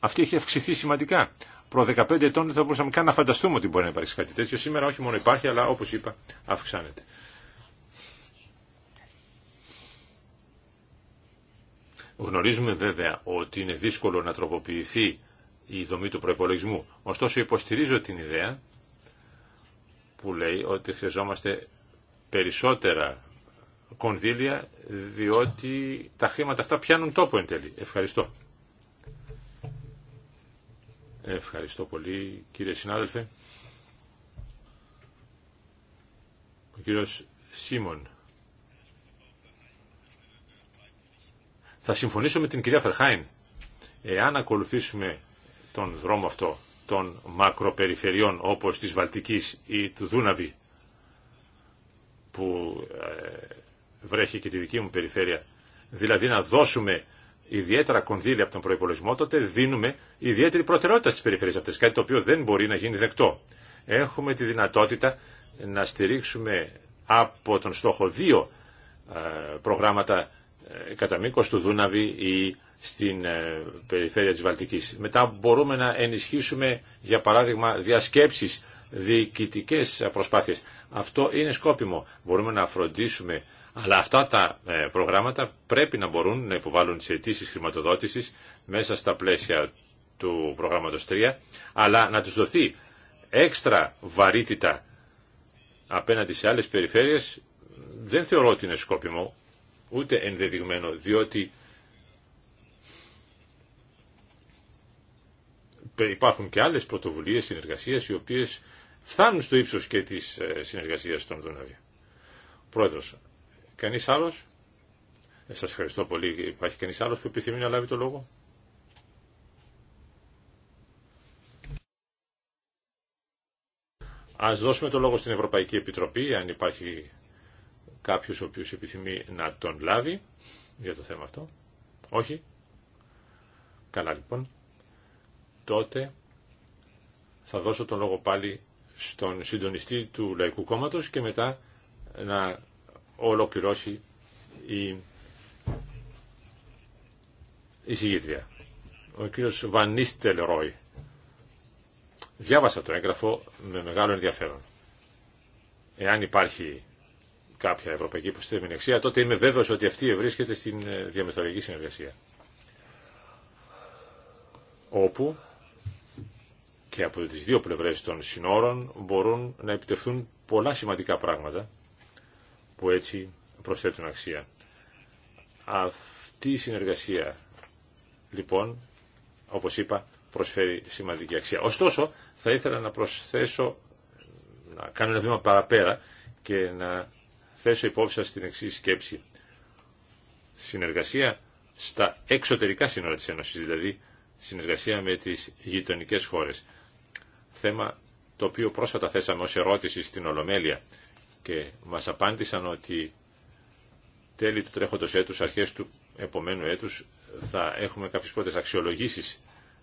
αυτή έχει αυξηθεί σημαντικά. Προ 15 ετών δεν θα μπορούσαμε καν να φανταστούμε ότι μπορεί να υπάρξει κάτι τέτοιο. Σήμερα όχι μόνο υπάρχει, αλλά όπως είπα αυξάνεται. Γνωρίζουμε βέβαια ότι είναι δύσκολο να τροποποιηθεί η δομή του προπολογισμού. Ωστόσο υποστηρίζω την ιδέα που λέει ότι χρειαζόμαστε περισσότερα κονδύλια διότι τα χρήματα αυτά πιάνουν τόπο εν τέλει. Ευχαριστώ. Ευχαριστώ πολύ κύριε συνάδελφε. Ο κύριος Σίμων. Θα συμφωνήσω με την κυρία Φερχάιν. Εάν ακολουθήσουμε τον δρόμο αυτό των μακροπεριφερειών όπως της Βαλτικής ή του Δούναβη που ε, βρέχει και τη δική μου περιφέρεια, δηλαδή να δώσουμε ιδιαίτερα κονδύλια από τον προπολογισμό, τότε δίνουμε ιδιαίτερη προτεραιότητα στι περιφέρειε αυτέ. Κάτι το οποίο δεν μπορεί να γίνει δεκτό. Έχουμε τη δυνατότητα να στηρίξουμε από τον στόχο 2 ε, προγράμματα ε, κατά μήκο του Δούναβη ή στην ε, περιφέρεια της Βαλτικής. Μετά μπορούμε να ενισχύσουμε, για παράδειγμα, διασκέψεις, διοικητικέ προσπάθειες. Αυτό είναι σκόπιμο. Μπορούμε να φροντίσουμε αλλά αυτά τα ε, προγράμματα πρέπει να μπορούν να υποβάλουν σε αιτήσει χρηματοδότηση μέσα στα πλαίσια του προγράμματος 3, αλλά να τους δοθεί έξτρα βαρύτητα απέναντι σε άλλες περιφέρειες δεν θεωρώ ότι είναι σκόπιμο, ούτε ενδεδειγμένο, διότι υπάρχουν και άλλες πρωτοβουλίες συνεργασίας οι οποίες φτάνουν στο ύψος και της ε, συνεργασίας των Δουναβία. Πρόεδρος, Κανείς άλλος. Ε, σας ευχαριστώ πολύ. Υπάρχει κανείς άλλος που επιθυμεί να λάβει το λόγο. Ας δώσουμε το λόγο στην Ευρωπαϊκή Επιτροπή, αν υπάρχει κάποιος ο οποίος επιθυμεί να τον λάβει για το θέμα αυτό. Όχι. Καλά λοιπόν. Τότε θα δώσω τον λόγο πάλι στον συντονιστή του Λαϊκού Κόμματος και μετά να ολοκληρώσει η συγγύτρια. Ο κύριος Βανίστελ Ρόι. Διάβασα το έγγραφο με μεγάλο ενδιαφέρον. Εάν υπάρχει κάποια ευρωπαϊκή προστιθέμενη τότε είμαι βέβαιος ότι αυτή βρίσκεται στην ε, διαμεθοριακή συνεργασία. Όπου και από τις δύο πλευρές των συνόρων μπορούν να επιτευχθούν πολλά σημαντικά πράγματα που έτσι προσθέτουν αξία. Αυτή η συνεργασία λοιπόν, όπως είπα, προσφέρει σημαντική αξία. Ωστόσο, θα ήθελα να προσθέσω, να κάνω ένα βήμα παραπέρα και να θέσω υπόψη σας την εξής σκέψη. Συνεργασία στα εξωτερικά σύνορα της Ένωσης, δηλαδή συνεργασία με τις γειτονικές χώρες. Θέμα το οποίο πρόσφατα θέσαμε ως ερώτηση στην Ολομέλεια και μας απάντησαν ότι τέλη του τρέχοντος έτους, αρχές του επομένου έτους θα έχουμε κάποιες πρώτες αξιολογήσεις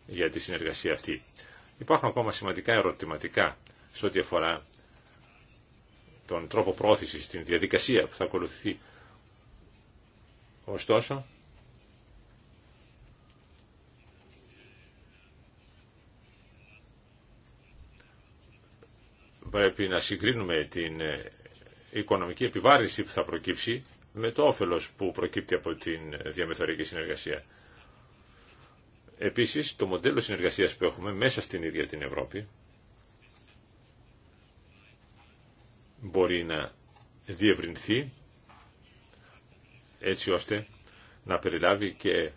για τη συνεργασία αυτή. Υπάρχουν ακόμα σημαντικά ερωτηματικά σε ό,τι αφορά τον τρόπο πρόθεσης, την διαδικασία που θα ακολουθηθεί. Ωστόσο, πρέπει να συγκρίνουμε την οικονομική επιβάρηση που θα προκύψει με το όφελος που προκύπτει από τη διαμεθορική συνεργασία. Επίσης, το μοντέλο συνεργασίας που έχουμε μέσα στην ίδια την Ευρώπη μπορεί να διευρυνθεί έτσι ώστε να περιλάβει και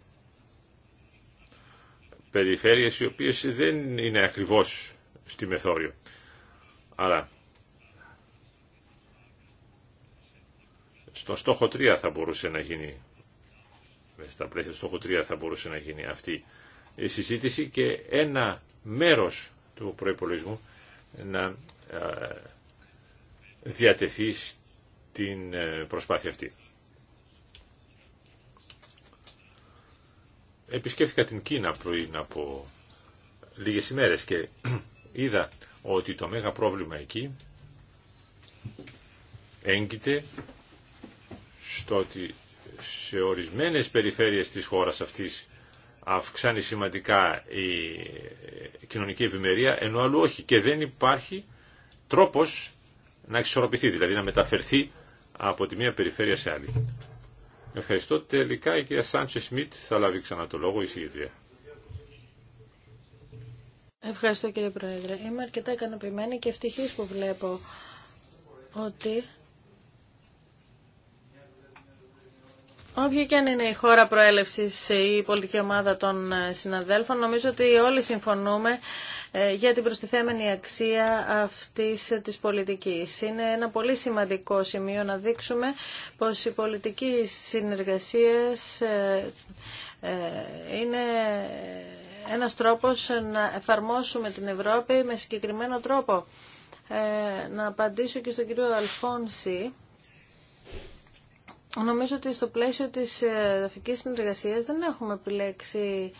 περιφέρειες οι οποίες δεν είναι ακριβώς στη Μεθόριο. Αλλά Στο στόχο 3 θα μπορούσε να γίνει, στα πλαίσια του στόχου 3 θα μπορούσε να γίνει αυτή η συζήτηση και ένα μέρος του προϋπολογισμού να ε, διατεθεί στην ε, προσπάθεια αυτή. Επισκέφθηκα την Κίνα πριν από λίγες ημέρες και είδα ότι το μέγα πρόβλημα εκεί έγκυται το ότι σε ορισμένες περιφέρειες της χώρας αυτής αυξάνει σημαντικά η κοινωνική ευημερία, ενώ αλλού όχι. Και δεν υπάρχει τρόπος να εξισορροπηθεί, δηλαδή να μεταφερθεί από τη μία περιφέρεια σε άλλη. Ευχαριστώ. Τελικά η κυρία Σάντσε Σμιτ θα λάβει ξανά το λόγο, η συγγετρία. Ευχαριστώ κύριε Πρόεδρε. Είμαι αρκετά ικανοποιημένη και ευτυχής που βλέπω ότι Όποια και αν είναι η χώρα προέλευση η πολιτική ομάδα των ε, συναδέλφων, νομίζω ότι όλοι συμφωνούμε ε, για την προστιθέμενη αξία αυτής ε, της πολιτικής. Είναι ένα πολύ σημαντικό σημείο να δείξουμε πως η πολιτική συνεργασία είναι ένας τρόπος να εφαρμόσουμε την Ευρώπη με συγκεκριμένο τρόπο. Να απαντήσω και στον κύριο Αλφόνση. Νομίζω ότι στο πλαίσιο της ε, δαφικής συνεργασίας δεν έχουμε επιλέξει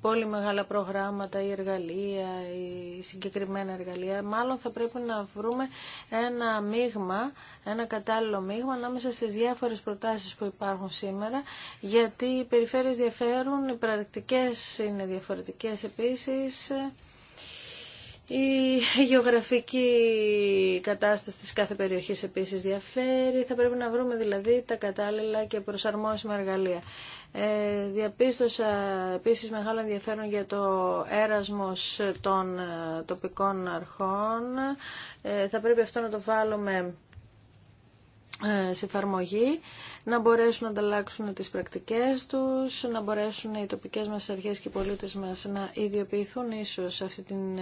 πολύ μεγάλα προγράμματα ή εργαλεία ή συγκεκριμένα εργαλεία. Μάλλον θα πρέπει να βρούμε ένα μείγμα, ένα κατάλληλο μείγμα ανάμεσα στις διάφορες προτάσεις που υπάρχουν σήμερα γιατί οι περιφέρειες διαφέρουν, οι πρακτικές είναι διαφορετικές επίσης. Η γεωγραφική κατάσταση της κάθε περιοχής επίσης διαφέρει. Θα πρέπει να βρούμε δηλαδή τα κατάλληλα και προσαρμόσιμα εργαλεία. Ε, διαπίστωσα επίσης μεγάλο ενδιαφέρον για το έρασμος των ε, τοπικών αρχών. Ε, θα πρέπει αυτό να το βάλουμε ε, σε εφαρμογή, να μπορέσουν να ανταλλάξουν τις πρακτικές τους, να μπορέσουν οι τοπικές μας αρχές και οι πολίτες μας να ιδιοποιηθούν ίσως αυτή την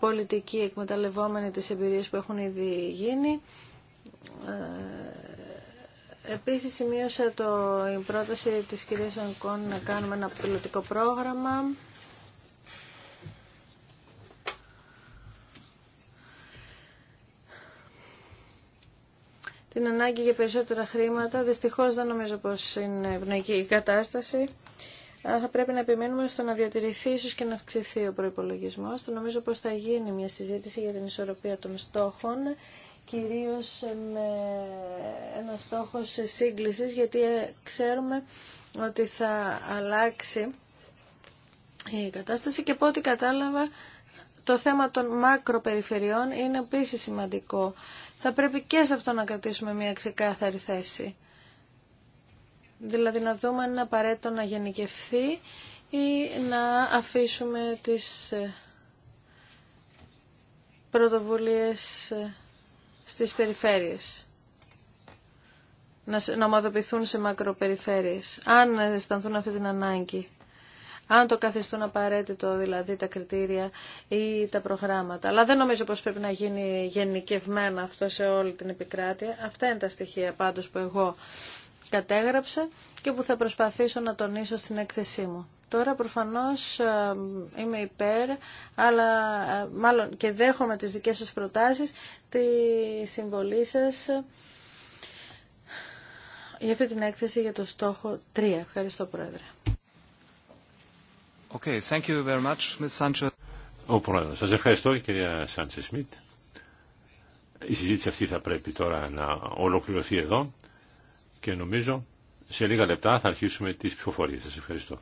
πολιτικοί εκμεταλλευόμενοι τις εμπειρίες που έχουν ήδη γίνει. Ε, επίσης σημείωσα το, η πρόταση της κυρίας Ανκών να κάνουμε ένα πιλωτικό πρόγραμμα. Την ανάγκη για περισσότερα χρήματα. Δυστυχώς δεν νομίζω πως είναι ευνοϊκή η κατάσταση θα πρέπει να επιμείνουμε στο να διατηρηθεί ίσω και να αυξηθεί ο προπολογισμό. Νομίζω πω θα γίνει μια συζήτηση για την ισορροπία των στόχων κυρίως με ένα στόχο σύγκληση, γιατί ε, ξέρουμε ότι θα αλλάξει η κατάσταση και από ό,τι κατάλαβα το θέμα των μακροπεριφερειών είναι επίσης σημαντικό. Θα πρέπει και σε αυτό να κρατήσουμε μια ξεκάθαρη θέση. Δηλαδή να δούμε αν είναι απαραίτητο να γενικευθεί ή να αφήσουμε τις ε, πρωτοβουλίες ε, στις περιφέρειες. Να, να ομαδοποιηθούν σε μακροπεριφέρειες, αν αισθανθούν αυτή την ανάγκη. Αν το καθιστούν απαραίτητο δηλαδή τα κριτήρια ή τα προγράμματα. Αλλά δεν νομίζω πως πρέπει να γίνει γενικευμένα αυτό σε όλη την επικράτεια. Αυτά είναι τα στοιχεία πάντως που εγώ κατέγραψα και που θα προσπαθήσω να τονίσω στην έκθεσή μου. Τώρα προφανώς ε, είμαι υπέρ, αλλά ε, μάλλον και δέχομαι τις δικές σας προτάσεις, τη συμβολή σας ε, για αυτή την έκθεση για το στόχο 3. Ευχαριστώ Πρόεδρε. Okay, thank you very much, Σας ευχαριστώ κυρία Σάντσε Σμιτ. Η συζήτηση αυτή θα πρέπει τώρα να ολοκληρωθεί εδώ και νομίζω σε λίγα λεπτά θα αρχίσουμε τις ψηφοφορίες. Σας ευχαριστώ.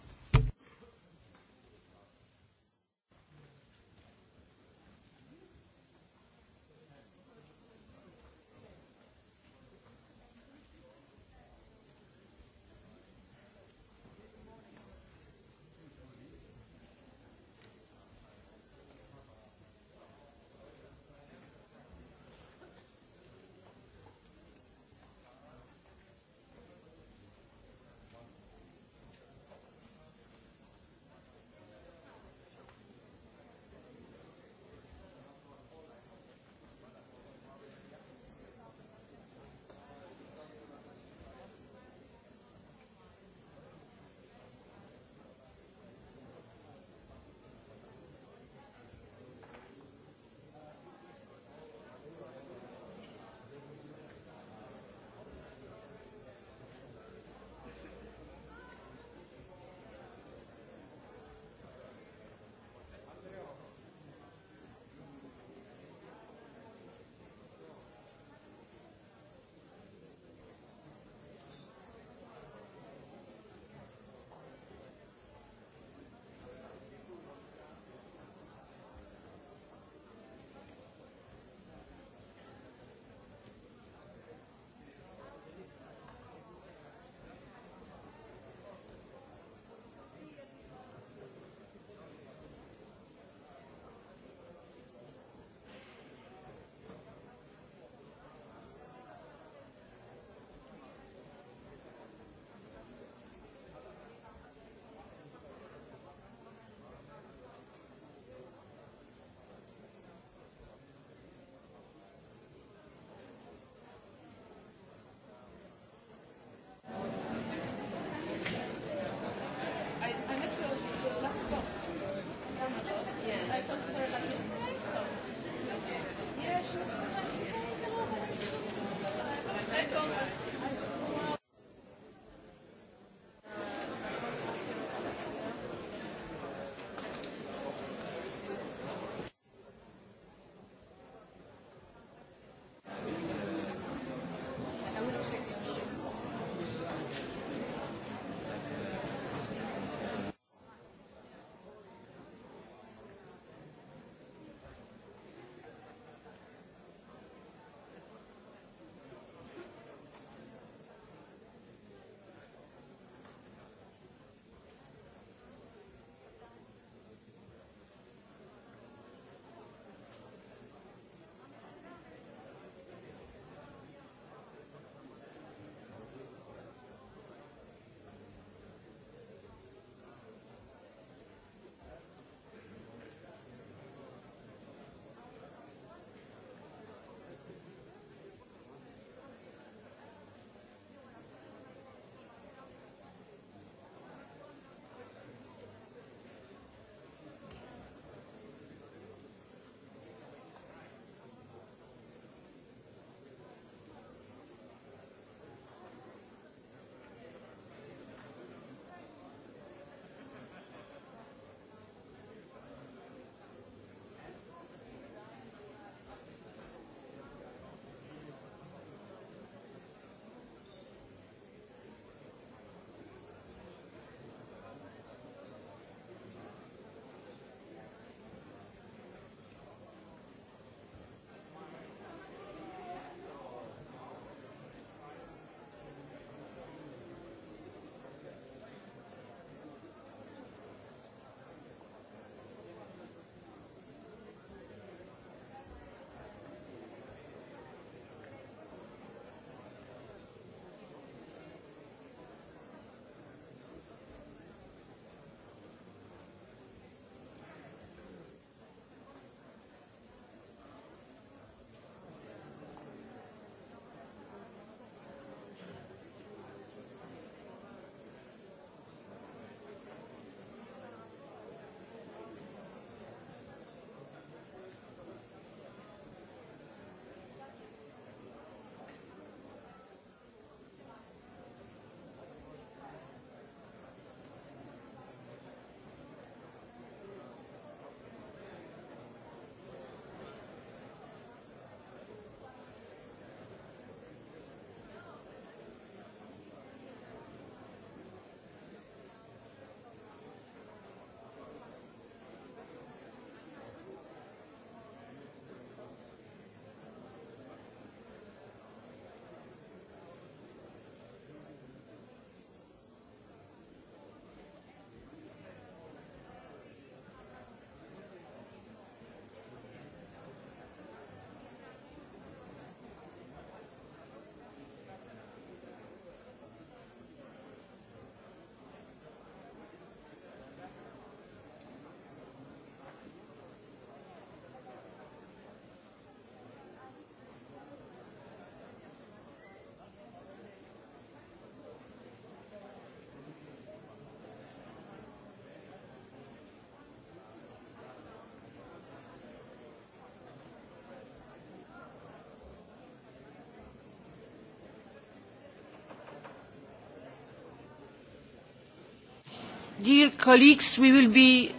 Dear colleagues, we will be...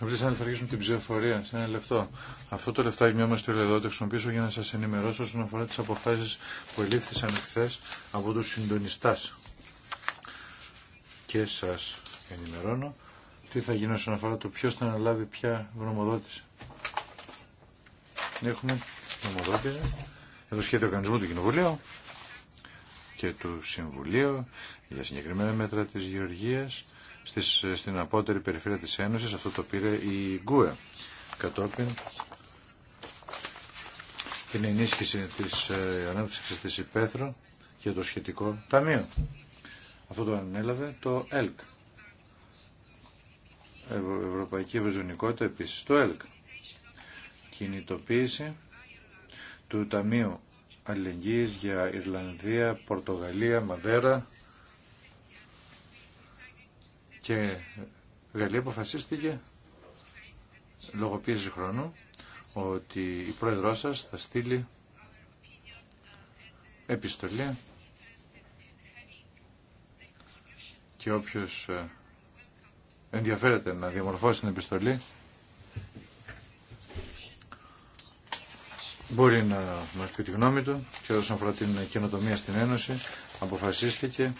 αρχίσουμε την ψηφοφορία σε ένα λεπτό. Αυτό το λεφτά μια το εδώ το χρησιμοποιήσω για να σα ενημερώσω όσον αφορά τι αποφάσει που ελήφθησαν χθε από του συντονιστάς. Και σα ενημερώνω τι θα γίνει όσον αφορά το ποιο θα αναλάβει ποια γνωμοδότηση. Έχουμε γνωμοδότηση για το σχέδιο οργανισμού του Κοινοβουλίου και του Συμβουλίου για συγκεκριμένα μέτρα της Γεωργίας στις, στην απότερη περιφέρεια της Ένωσης. Αυτό το πήρε η Γκουε κατόπιν την ενίσχυση της ε, ανάπτυξης της υπαίθρου και το σχετικό ταμείο. Αυτό το ανέλαβε το ΕΛΚ. Ευρωπαϊκή Ευρωζωνικότητα επίσης το ΕΛΚ. Κινητοποίηση του Ταμείου αλληλεγγύης για Ιρλανδία, Πορτογαλία, Μαδέρα και Γαλλία αποφασίστηκε λόγω πίεσης χρόνου ότι η πρόεδρό σας θα στείλει επιστολή και όποιος ε, ενδιαφέρεται να διαμορφώσει την επιστολή μπορεί να μας πει τη γνώμη του και όσον αφορά την καινοτομία στην Ένωση αποφασίστηκε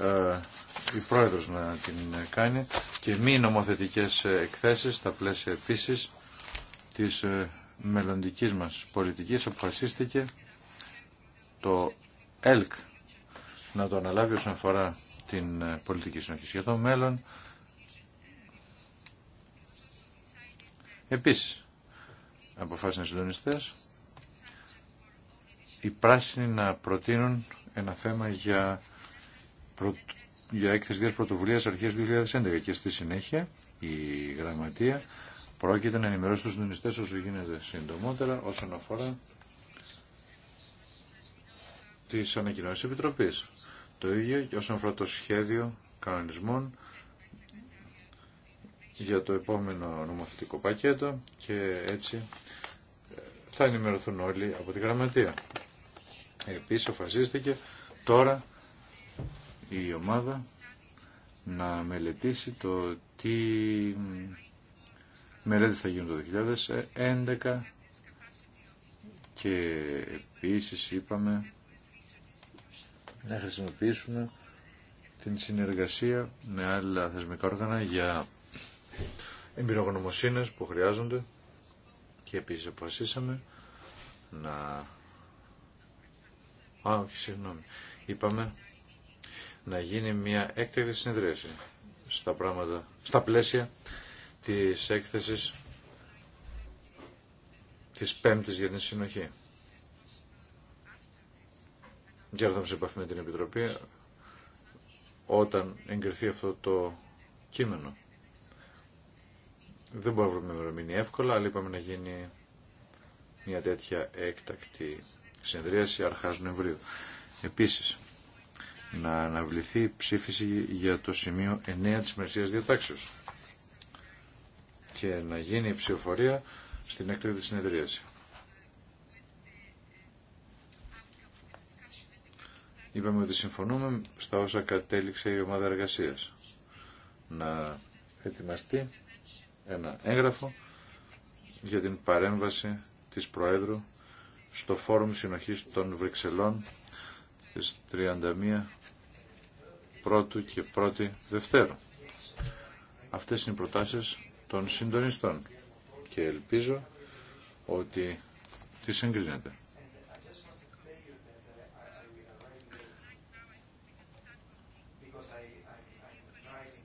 ε, η πρόεδρος να την κάνει και μη νομοθετικές εκθέσεις στα πλαίσια επίσης της ε, μελλοντικής μας πολιτικής αποφασίστηκε το ΕΛΚ να το αναλάβει όσον αφορά την ε, πολιτική συνοχή για το μέλλον επίσης αποφάσισαν οι συντονιστές οι πράσινοι να προτείνουν ένα θέμα για, προ... για έκθεση δίας πρωτοβουλίας αρχές 2011 και στη συνέχεια η γραμματεία πρόκειται να ενημερώσει τους συντονιστές όσο γίνεται συντομότερα όσον αφορά τις ανακοινώσεις Επιτροπής. Το ίδιο και όσον αφορά το σχέδιο κανονισμών για το επόμενο νομοθετικό πακέτο και έτσι θα ενημερωθούν όλοι από τη γραμματεία. Επίσης αποφασίστηκε τώρα η ομάδα να μελετήσει το τι μελέτες θα γίνουν το 2011 και επίσης είπαμε να χρησιμοποιήσουμε την συνεργασία με άλλα θεσμικά όργανα για εμπειρογνωμοσύνες που χρειάζονται και επίσης αποφασίσαμε να Α, όχι, συγγνώμη. Είπαμε να γίνει μια έκτακτη συνεδρίαση στα πράγματα, στα πλαίσια της έκθεσης της Πέμπτης για την Συνοχή. Και θα σε επαφή με την Επιτροπή όταν εγκριθεί αυτό το κείμενο. Δεν μπορούμε να βρούμε εύκολα, αλλά είπαμε να γίνει μια τέτοια έκτακτη συνεδρίαση αρχάς Νοεμβρίου. Επίσης, να αναβληθεί ψήφιση για το σημείο 9 της Μερσίας Διατάξεως και να γίνει η ψηφοφορία στην έκτακτη συνεδρίαση. Είπαμε ότι συμφωνούμε στα όσα κατέληξε η ομάδα εργασίας. Να ετοιμαστεί ένα έγγραφο για την παρέμβαση της Προέδρου στο Φόρουμ Συνοχής των Βρυξελών στις 31 πρώτου και πρώτη Δευτέρου. Αυτές είναι οι προτάσεις των συντονιστών και ελπίζω ότι τις εγκρίνεται.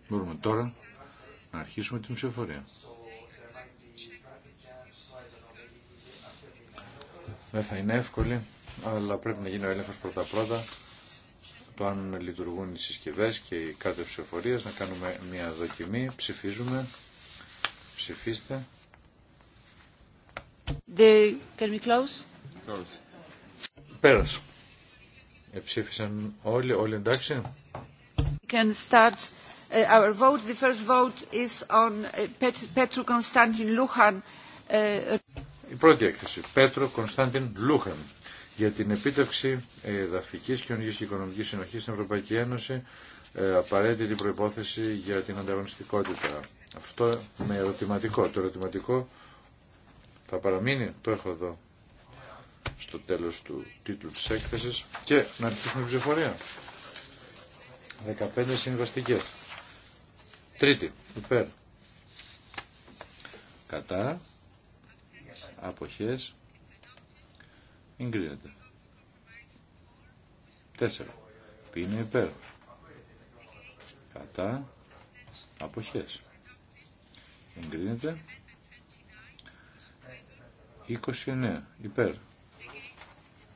Μπορούμε τώρα να αρχίσουμε την ψηφοφορία. Δεν θα είναι εύκολη, αλλά πρέπει να γίνει ο έλεγχος πρώτα-πρώτα το αν λειτουργούν οι συσκευές και οι κάρτες ψηφοφορίας, να κάνουμε μια δοκιμή, ψηφίζουμε, ψηφίστε. The... Can we close? close. Πέρασε. Εψήφισαν όλοι, όλοι εντάξει. We can start uh, our vote. The first vote is on uh, Petru Konstantin Luhan. Uh, η πρώτη έκθεση. Πέτρο Κωνσταντιν Λούχαν για την επίτευξη εδαφική, κοινωνική και οικονομική συνοχή στην Ευρωπαϊκή Ένωση. Ε, απαραίτητη προπόθεση για την ανταγωνιστικότητα. Αυτό με ερωτηματικό. Το ερωτηματικό θα παραμείνει, το έχω εδώ στο τέλος του τίτλου της έκθεσης και να αρχίσουμε ψηφορία. 15 συμβαστικές. Τρίτη, υπέρ. Κατά, αποχές εγκρίνεται. 4. Πίνει υπέρ. Κατά αποχές. Εγκρίνεται. 29. Υπέρ.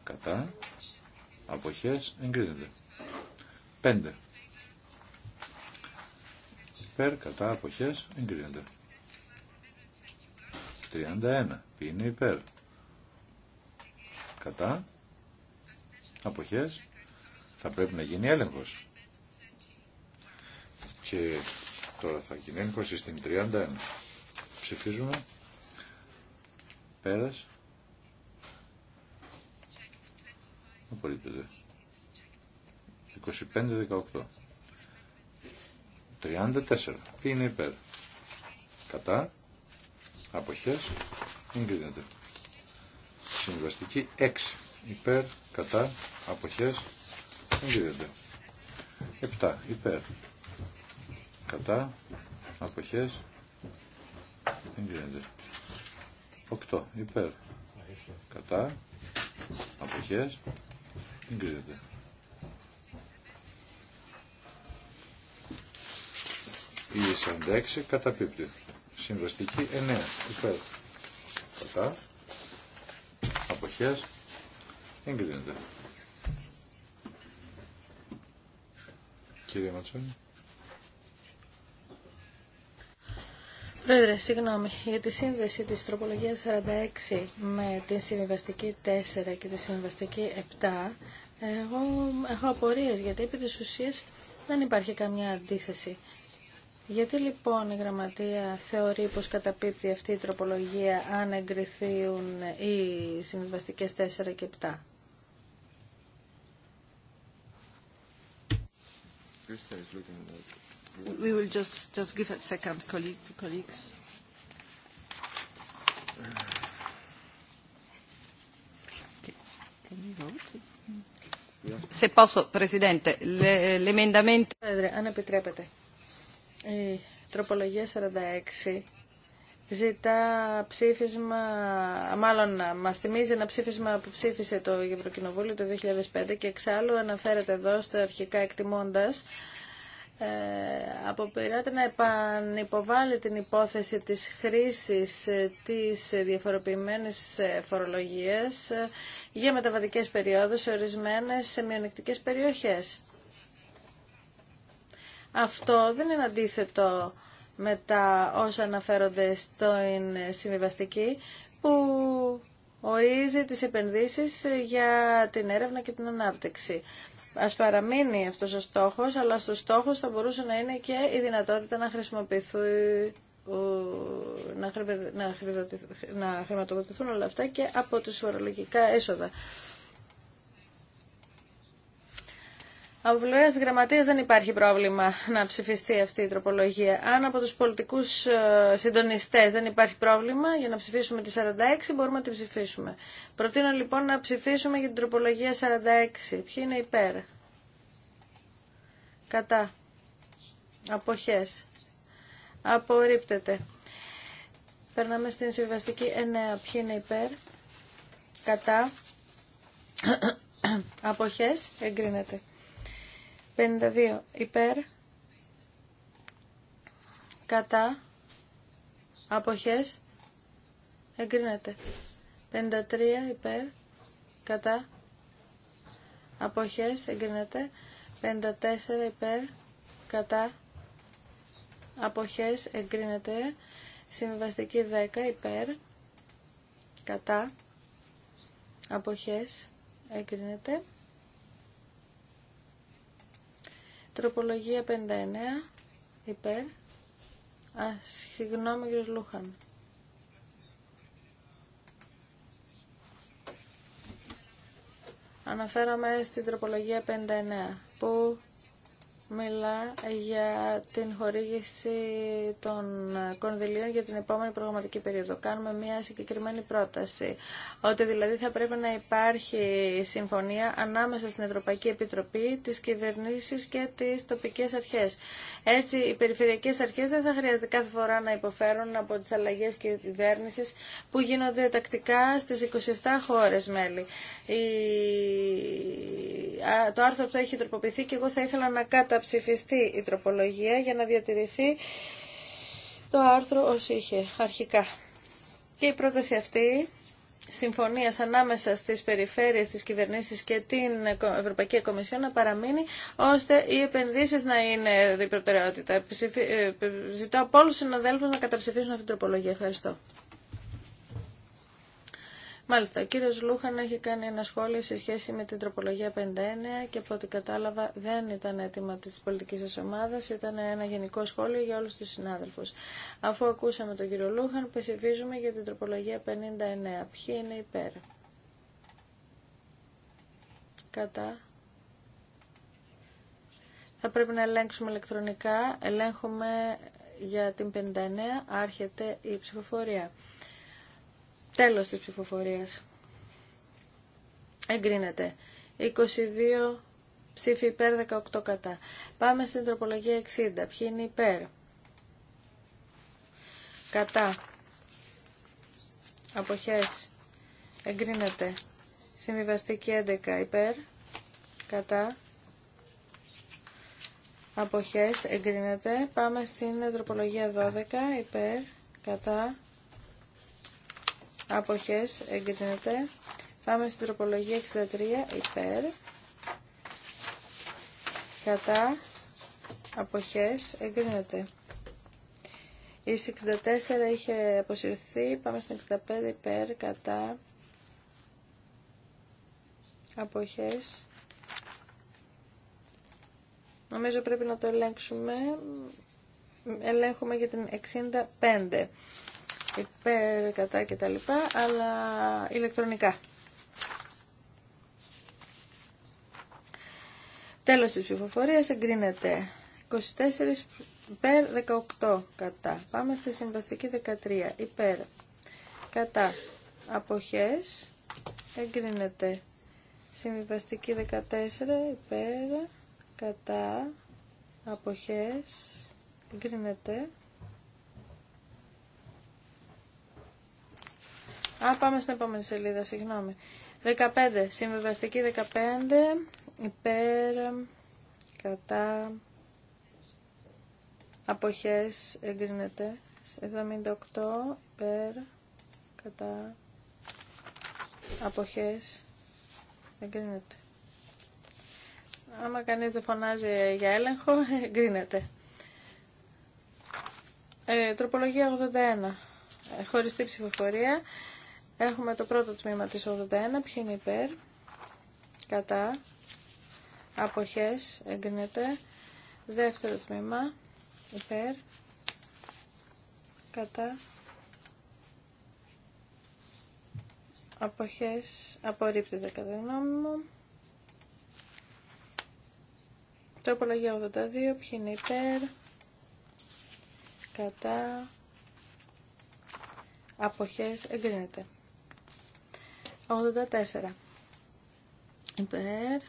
Κατά αποχές εγκρίνεται. 5. Υπέρ, κατά, αποχές, εγκρίνεται. 31. Ποιοι είναι υπέρ. Κατά. Αποχές. Θα πρέπει να γίνει έλεγχος. Και τώρα θα γίνει έλεγχος στην 31. Ψηφίζουμε. Πέρας. Απορρίπτεται. 25-18. 34. Ποιοι είναι υπέρ. Κατά αποχές εγκρίνεται. Συμβαστική 6 υπέρ κατά αποχές εγκρίνεται. 7 υπέρ κατά αποχές εγκρίνεται. 8 υπέρ κατά αποχές εγκρίνεται. Η 46 καταπίπτει. Συμβαστική 9. Ε, ναι, υπέρ. Κατά. Αποχές. Εγκρίνεται. Κύριε Ματσόνη. Πρόεδρε, συγγνώμη, για τη σύνδεση της τροπολογίας 46 με τη συμβαστική 4 και τη συμβαστική 7, εγώ έχω απορίες, γιατί επί της ουσίας δεν υπάρχει καμιά αντίθεση. Γιατί λοιπόν η Γραμματεία θεωρεί πως καταπίπτει αυτή η τροπολογία αν εγκριθούν οι συμβιβαστικές 4 και 7. We will just, just give a second, colleague, to colleagues. Se posso, Presidente, l'emendamento... Anna Petrepete. Η τροπολογία 46 ζητά ψήφισμα, μάλλον μα θυμίζει ένα ψήφισμα που ψήφισε το Ευρωκοινοβούλιο το 2005 και εξάλλου αναφέρεται εδώ στα αρχικά εκτιμώντας ε, αποπειράται να επανυποβάλλει την υπόθεση της χρήσης ε, της διαφοροποιημένης ε, φορολογίας ε, για μεταβατικές περιόδους σε ορισμένες σε μειονεκτικές περιοχές. Αυτό δεν είναι αντίθετο με τα όσα αναφέρονται στην συμβιβαστική που ορίζει τις επενδύσεις για την έρευνα και την ανάπτυξη. Ας παραμείνει αυτός ο στόχος, αλλά στο στόχος θα μπορούσε να είναι και η δυνατότητα να χρησιμοποιηθούν να χρηματοδοτηθούν όλα αυτά και από τις φορολογικά έσοδα. Από πλευρά τη Γραμματεία δεν υπάρχει πρόβλημα να ψηφιστεί αυτή η τροπολογία. Αν από του πολιτικού ε, συντονιστέ δεν υπάρχει πρόβλημα για να ψηφίσουμε τη 46, μπορούμε να την ψηφίσουμε. Προτείνω λοιπόν να ψηφίσουμε για την τροπολογία 46. Ποιοι είναι υπέρ. Κατά. Αποχέ. Απορρίπτεται. Περνάμε στην συμβαστική 9. Ποιοι είναι υπέρ. Κατά. Αποχέ, Εγκρίνεται. 52 υπέρ κατά αποχές εγκρίνεται 53 υπέρ κατά αποχές εγκρίνεται 54 υπέρ κατά αποχές εγκρίνεται συμβαστική 10 υπέρ κατά αποχές εγκρίνεται Τροπολογία 59 υπέρ. Α, συγγνώμη κύριος Λούχαν. Αναφέρομαι στην τροπολογία 59 που μιλά για την χορήγηση των κονδυλίων για την επόμενη προγραμματική περίοδο. Κάνουμε μια συγκεκριμένη πρόταση, ότι δηλαδή θα πρέπει να υπάρχει συμφωνία ανάμεσα στην Ευρωπαϊκή Επιτροπή, τις κυβερνήσεις και τις τοπικές αρχές. Έτσι, οι περιφερειακές αρχές δεν θα χρειάζεται κάθε φορά να υποφέρουν από τις αλλαγές και κυβέρνησης που γίνονται τακτικά στις 27 χώρες μέλη. Η... Το άρθρο αυτό έχει τροποποιηθεί και εγώ θα ήθελα να κάτω καταψηφιστεί η τροπολογία για να διατηρηθεί το άρθρο όσο είχε αρχικά. Και η πρόταση αυτή συμφωνία ανάμεσα στις περιφέρειες της κυβερνήσεις και την Ευρωπαϊκή Κομισιόν να παραμείνει ώστε οι επενδύσεις να είναι η προτεραιότητα. Ε, ζητώ από όλους τους συναδέλφους να καταψηφίσουν αυτή την τροπολογία. Ευχαριστώ. Μάλιστα, ο κύριος Λούχαν έχει κάνει ένα σχόλιο σε σχέση με την τροπολογία 59 και από ό,τι κατάλαβα δεν ήταν αίτημα της πολιτικής σας ομάδας, ήταν ένα γενικό σχόλιο για όλους τους συνάδελφους. Αφού ακούσαμε τον κύριο Λούχαν, πεσηφίζουμε για την τροπολογία 59. Ποιοι είναι υπέρ. Κατά. Θα πρέπει να ελέγξουμε ηλεκτρονικά. Ελέγχουμε για την 59. Άρχεται η ψηφοφορία. Τέλος της ψηφοφορίας. Εγκρίνεται. 22 ψήφοι υπέρ, 18 κατά. Πάμε στην τροπολογία 60. Ποιοι είναι υπέρ. Κατά. Αποχές. Εγκρίνεται. Συμβιβαστική 11 υπέρ. Κατά. Αποχές εγκρίνεται. Πάμε στην τροπολογία 12 υπέρ. Κατά αποχές εγκρίνεται. Πάμε στην τροπολογία 63 υπέρ. Κατά αποχές εγκρίνεται. Η 64 είχε αποσυρθεί. Πάμε στην 65 υπέρ. Κατά αποχές. Νομίζω πρέπει να το ελέγξουμε. Ελέγχουμε για την 65 υπέρ, κατά και τα λοιπά, αλλά ηλεκτρονικά. Τέλος της ψηφοφορίας εγκρίνεται 24 υπέρ 18 κατά. Πάμε στη συμβαστική 13 υπέρ κατά αποχές εγκρίνεται συμβαστική 14 υπέρ κατά αποχές εγκρίνεται Α, πάμε στην επόμενη σελίδα, συγγνώμη. 15. συμβεβαστική 15. Υπέρ. Κατά. Αποχές εγκρίνεται. 78. Υπέρ. Κατά. Αποχές εγκρίνεται. Άμα κανείς δεν φωνάζει για έλεγχο, εγκρίνεται. Ε, τροπολογία 81. Ε, χωριστή ψηφοφορία. Έχουμε το πρώτο τμήμα της 81, ποιο είναι υπέρ, κατά, αποχές, εγκρίνεται. Δεύτερο τμήμα, υπέρ, κατά, αποχές, απορρίπτεται κατά γνώμη μου. Τροπολογία 82, ποιοι είναι υπέρ, κατά, αποχές, εγκρίνεται. 84. Υπέρ,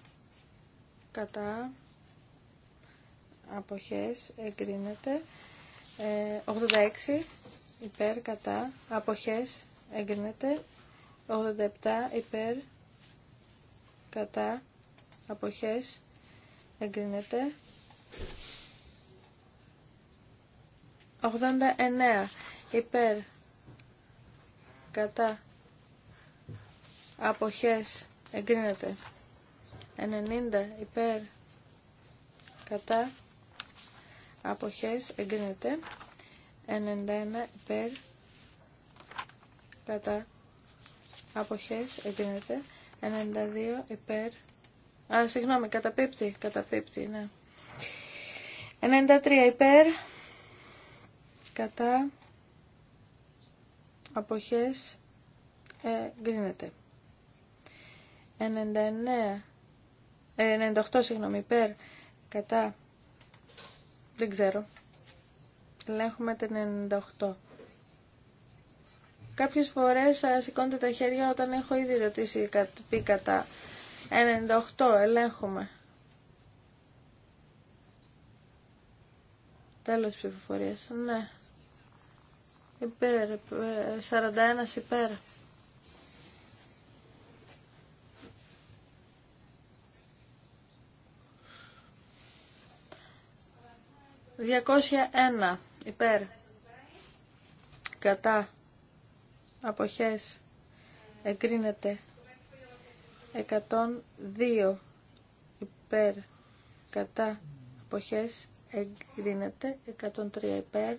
κατά, αποχές, εγκρίνεται. 86. Ε, Υπέρ, κατά, αποχές, εγκρίνεται. 87. Υπέρ, κατά, αποχές, εγκρίνεται. 89. Υπέρ, κατά, αποχές εγκρίνεται 90 υπέρ κατά αποχές εγκρίνεται 91 υπέρ κατά αποχές εγκρίνεται 92 υπέρ α συγγνώμη καταπίπτει καταπίπτει ναι 93 υπέρ κατά αποχές εγκρίνεται 99, 98 συγγνώμη, υπέρ, κατά, δεν ξέρω. Ελέγχουμε την 98. Κάποιες φορές σηκώνετε τα χέρια όταν έχω ήδη ρωτήσει πει κατά. 98, ελέγχουμε. Τέλος ψηφοφορίας, ναι. Υπέρ, 41 ε, υπέρ. 201 υπέρ κατά αποχές εγκρίνεται 102 υπέρ κατά αποχές εγκρίνεται 103 υπέρ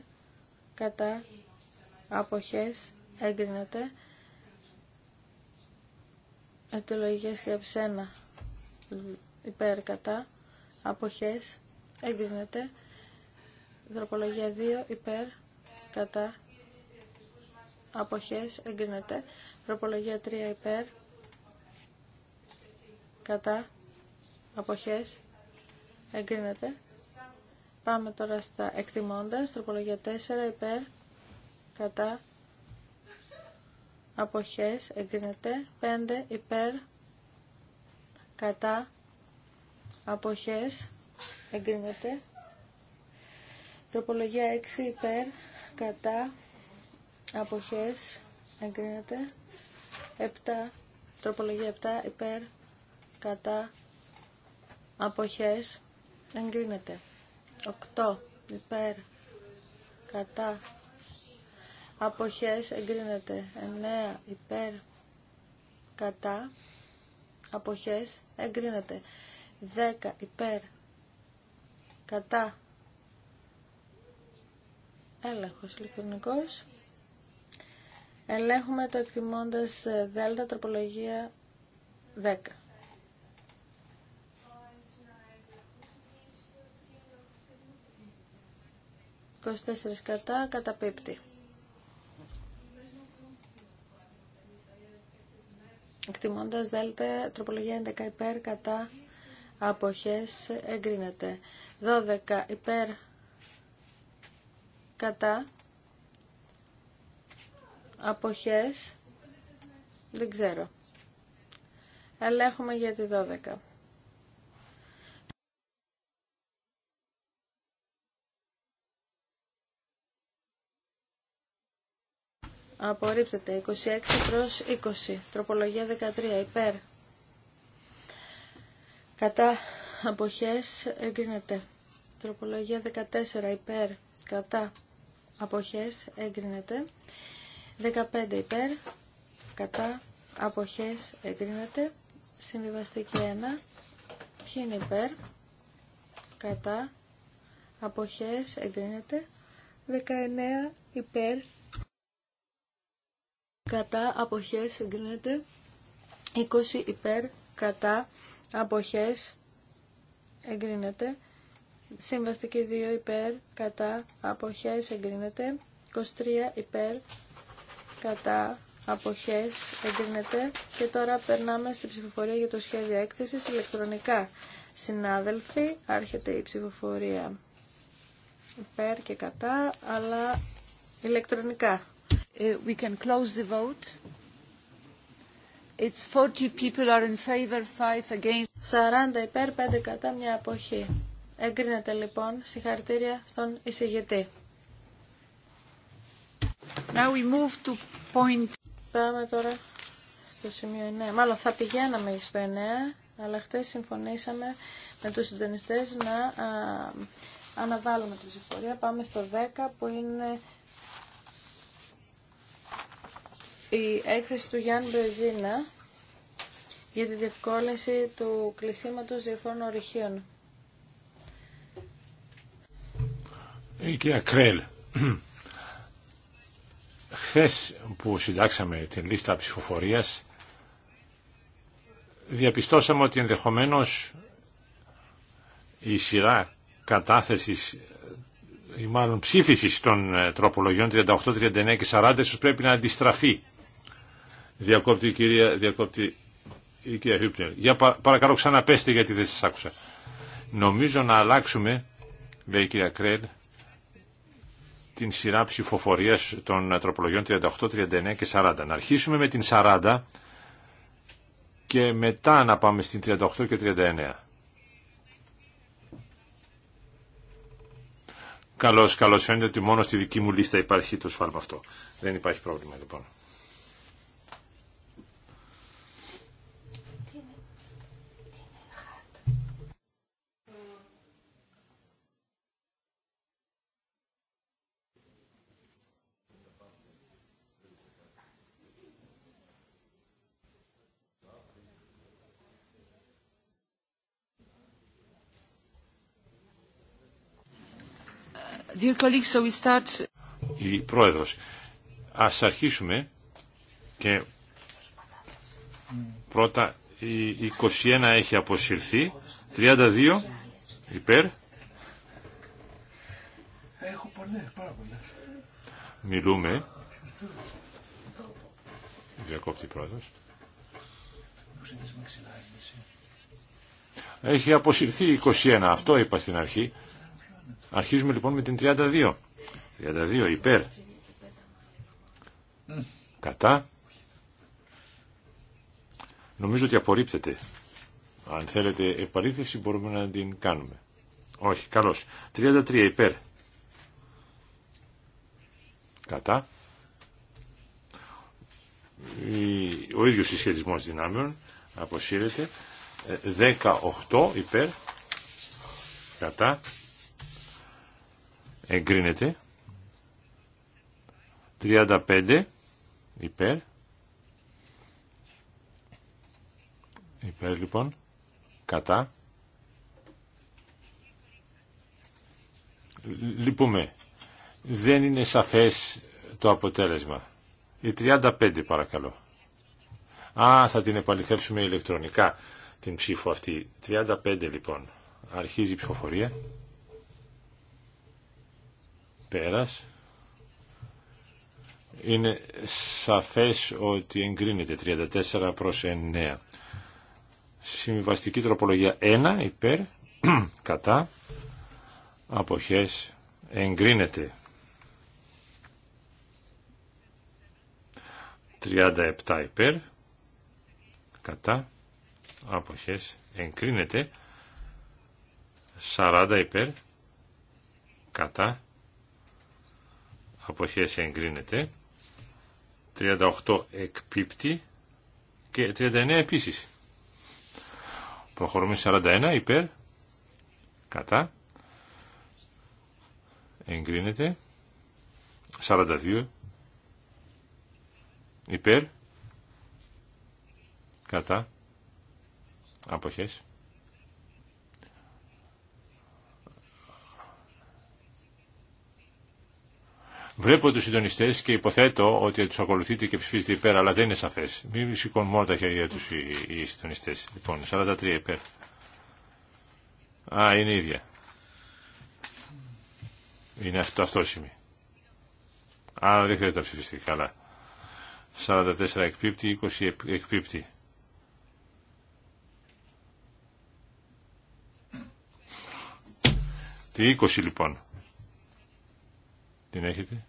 κατά αποχές εγκρίνεται Ετολογία σκέψη 1 υπέρ κατά αποχές εγκρίνεται Τροπολογία 2 υπέρ κατά αποχές εγκρίνεται. Τροπολογία 3 υπέρ κατά αποχές εγκρίνεται. Πάμε τώρα στα εκτιμώντα. Τροπολογία 4 υπέρ κατά αποχές εγκρίνεται. 5 υπέρ κατά αποχές εγκρίνεται. Τροπολογία 6 υπέρ, κατά, αποχές, εγκρίνεται. 7, τροπολογία 7 υπέρ, κατά, αποχές, εγκρίνεται. 8 υπέρ, κατά, αποχές, εγκρίνεται. 9 υπέρ, κατά, αποχές, εγκρίνεται. 10 υπέρ, κατά, έλεγχος ηλεκτρονικός. Ελέγχουμε το εκτιμώντας ε, δέλτα τροπολογία 10. 24 κατά, καταπίπτει. Εκτιμώντας δέλτα τροπολογία 11 υπέρ κατά αποχές εγκρίνεται. 12 υπέρ κατά αποχές δεν ξέρω αλλά έχουμε για τη 12 Απορρίπτεται 26 προς 20. Τροπολογία 13. Υπέρ. Κατά αποχές εγκρίνεται. Τροπολογία 14. Υπέρ. Κατά αποχές εγκρίνεται 15 υπέρ κατά αποχές εγκρίνεται συμβιβαστική 1 ποιοι είναι υπέρ κατά αποχές εγκρίνεται 19 υπέρ κατά αποχές εγκρίνεται 20 υπέρ κατά αποχές εγκρίνεται Συμβαστική 2 υπέρ κατά αποχές εγκρίνεται. 23 υπέρ κατά αποχές εγκρίνεται. Και τώρα περνάμε στη ψηφοφορία για το σχέδιο έκθεσης ηλεκτρονικά. Συνάδελφοι, άρχεται η ψηφοφορία υπέρ και κατά, αλλά ηλεκτρονικά. Ε, we can close the vote. It's 40 people are in favor, 5 against. 40 υπέρ, 5 κατά, μια αποχή. Εγκρίνεται λοιπόν συγχαρητήρια στον εισηγητή. Now we move to point... Πάμε τώρα στο σημείο 9. Μάλλον θα πηγαίναμε στο 9, αλλά χθε συμφωνήσαμε με τους συντονιστές να α, αναβάλουμε τη ψηφορία. Πάμε στο 10 που είναι η έκθεση του Γιάννη Μπρεζίνα για τη διευκόλυνση του κλεισίματος διαφόρων ορυχείων. Η ε, κυρία Κρέλ, χθες που συντάξαμε την λίστα ψηφοφορίας, διαπιστώσαμε ότι ενδεχομένως η σειρά κατάθεσης ή μάλλον ψήφισης των ε, τροπολογιών 38, 39 και 40 ίσως πρέπει να αντιστραφεί. Διακόπτη η κυρία, διακόπτη η κυρία Χίπνερ. Για παρακαλώ ξαναπέστε γιατί δεν σας άκουσα. Νομίζω να αλλάξουμε, λέει η κυρία Κρέλ, την σειρά ψηφοφορία των τροπολογιών 38, 39 και 40. Να αρχίσουμε με την 40 και μετά να πάμε στην 38 και 39. Καλώς, καλώς φαίνεται ότι μόνο στη δική μου λίστα υπάρχει το σφάλμα αυτό. Δεν υπάρχει πρόβλημα λοιπόν. Η Πρόεδρος, ας αρχίσουμε και πρώτα η 21 έχει αποσυρθεί, 32 υπέρ. Έχω πολλές, πάρα πολλές. Μιλούμε. Διακόπτη Πρόεδρος. Έχει αποσυρθεί η 21, αυτό είπα στην αρχή. Αρχίζουμε λοιπόν με την 32. 32 υπέρ. Κατά. Νομίζω ότι απορρίπτεται. Αν θέλετε επαλήθευση μπορούμε να την κάνουμε. Όχι, καλώς. 33 υπέρ. Κατά. Ο ίδιος συσχετισμός δυνάμεων αποσύρεται. 18 ε, υπέρ. Κατά εγκρίνεται 35 υπέρ υπέρ λοιπόν κατά λυπούμε δεν είναι σαφές το αποτέλεσμα η 35 παρακαλώ Α, θα την επαληθεύσουμε ηλεκτρονικά την ψήφο αυτή. 35 λοιπόν. Αρχίζει η ψηφοφορία. Πέρας. Είναι σαφές ότι εγκρίνεται 34 προς 9. Συμβαστική τροπολογία 1 υπέρ, κατά, αποχές εγκρίνεται. 37 υπέρ, κατά, αποχές εγκρίνεται. 40 υπέρ, κατά, αποχές εγκρίνεται 38 εκπίπτει και 39 επίσης προχωρούμε 41 υπέρ κατά εγκρίνεται 42 υπέρ κατά αποχές Βλέπω του συντονιστέ και υποθέτω ότι του ακολουθείτε και ψηφίζετε υπέρ, αλλά δεν είναι σαφέ. Μην σηκώνουν μόνο τα χέρια τους οι, οι Λοιπόν, 43 υπέρ. Α, είναι ίδια. Είναι αυτό, αυτόσημη. Α, δεν χρειάζεται να ψηφιστεί. Καλά. 44 εκπίπτει, 20 εκπίπτει. Τι 20 λοιπόν. Την έχετε.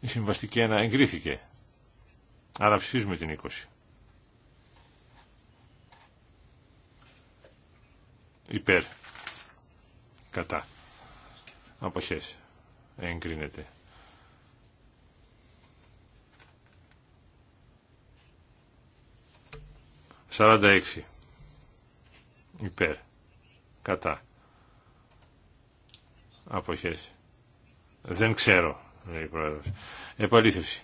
Η συμβαστική 1 εγκρίθηκε. Άρα ψηφίζουμε την 20. Υπέρ. Κατά. Αποχές. Εγκρίνεται. 46 υπέρ κατά αποχές δεν ξέρω λέει η πρόεδρος επαλήθευση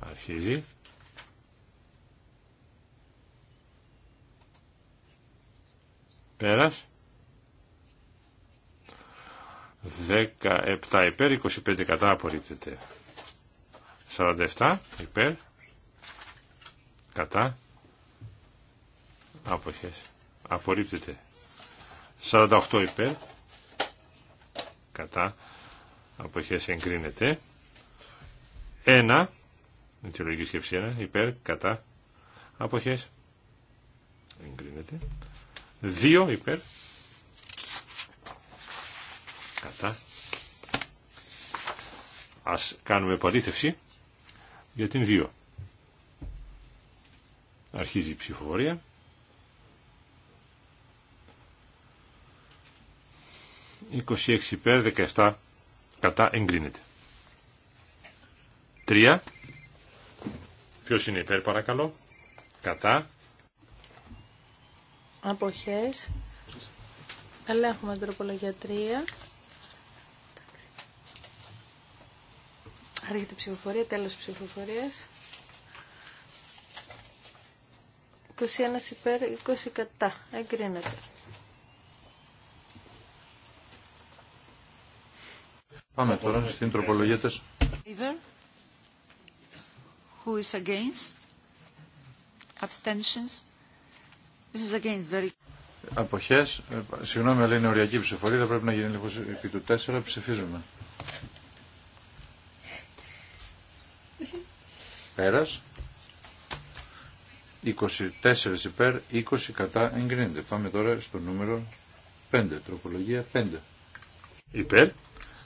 αρχίζει πέρας 17 υπέρ 25 κατά απορρίπτεται 47 υπέρ Κατά. Αποχές. Απορρίπτεται. 48 υπέρ. Κατά. Αποχές εγκρίνεται. 1. Μετιολογική σκέψη 1. Υπέρ. Κατά. Αποχές. Εγκρίνεται. 2 υπέρ. Κατά. Ας κάνουμε επαλήθευση για την 2. Αρχίζει η ψηφοφορία. ...26 υπέρ, 17 κατά εγκρίνεται. 3. Ποιο είναι υπέρ παρακαλώ. Κατά. Αποχές. Ελέγχουμε την τροπολογία 3. Άρχεται η ψηφοφορία, τέλος ψηφοφορίας. 21 υπέρ, 20 κατά. Εγκρίνεται. Πάμε τώρα στην τροπολογία της. Who is against? Abstentions. This is against very... Αποχές. Ε, συγγνώμη, αλλά είναι οριακή ψηφορία. Θα πρέπει να γίνει λίγο λοιπόν επί του 4. Ψηφίζουμε. Πέρας. 24 υπέρ, 20 κατά εγκρίνεται. Πάμε τώρα στο νούμερο 5, τροπολογία 5. Υπέρ,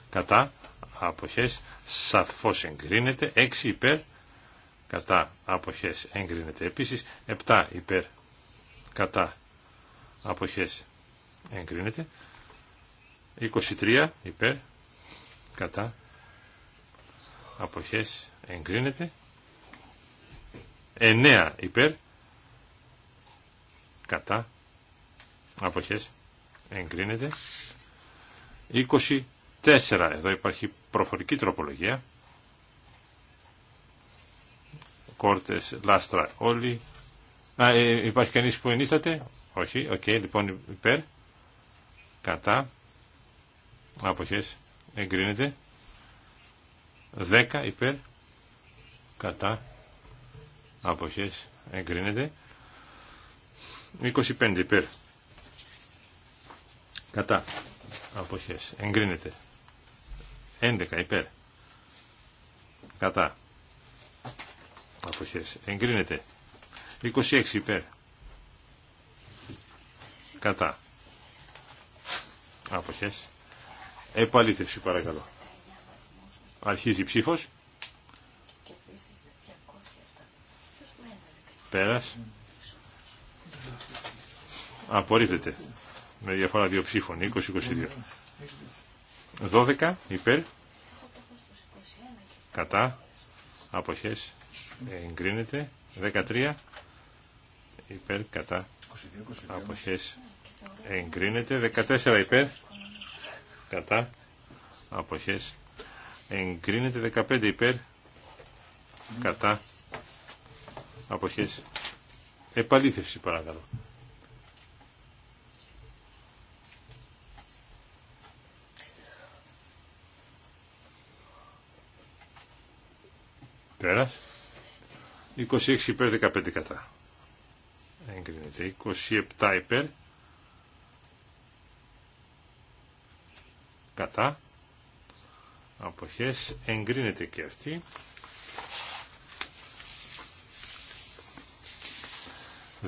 κατά, αποχές, σαφώς εγκρίνεται. 6 υπέρ, κατά, αποχές, εγκρίνεται. Επίσης, 7 υπέρ, κατά, αποχές, εγκρίνεται. 23 υπέρ, κατά, αποχές, εγκρίνεται. 9 υπέρ, κατά αποχές εγκρίνεται 24 εδώ υπάρχει προφορική τροπολογία κόρτες, λάστρα όλοι Α, ε, υπάρχει κανείς που ενίσταται όχι, οκ, λοιπόν υπέρ κατά αποχές εγκρίνεται 10 υπέρ κατά αποχές εγκρίνεται 25 υπέρ. Κατά. Αποχές. Εγκρίνεται. 11 υπέρ. Κατά. Αποχές. Εγκρίνεται. 26 υπέρ. Κατά. Αποχές. Επαλήθευση παρακαλώ. Αρχίζει η ψήφος. Πέρας. Απορρίπτεται. Με διαφορά δύο ψήφων. 20-22. 12 υπέρ. Κατά. Αποχές. Εγκρίνεται. 13 υπέρ. Κατά. Αποχές. Εγκρίνεται. 14 υπέρ. Κατά. Αποχές. Εγκρίνεται. 15 υπέρ. Κατά. Αποχές. Επαλήθευση παρακαλώ. 26 υπέρ 15 κατά. Εγκρίνεται. 27 υπέρ. Κατά. Αποχές. Εγκρίνεται και αυτή.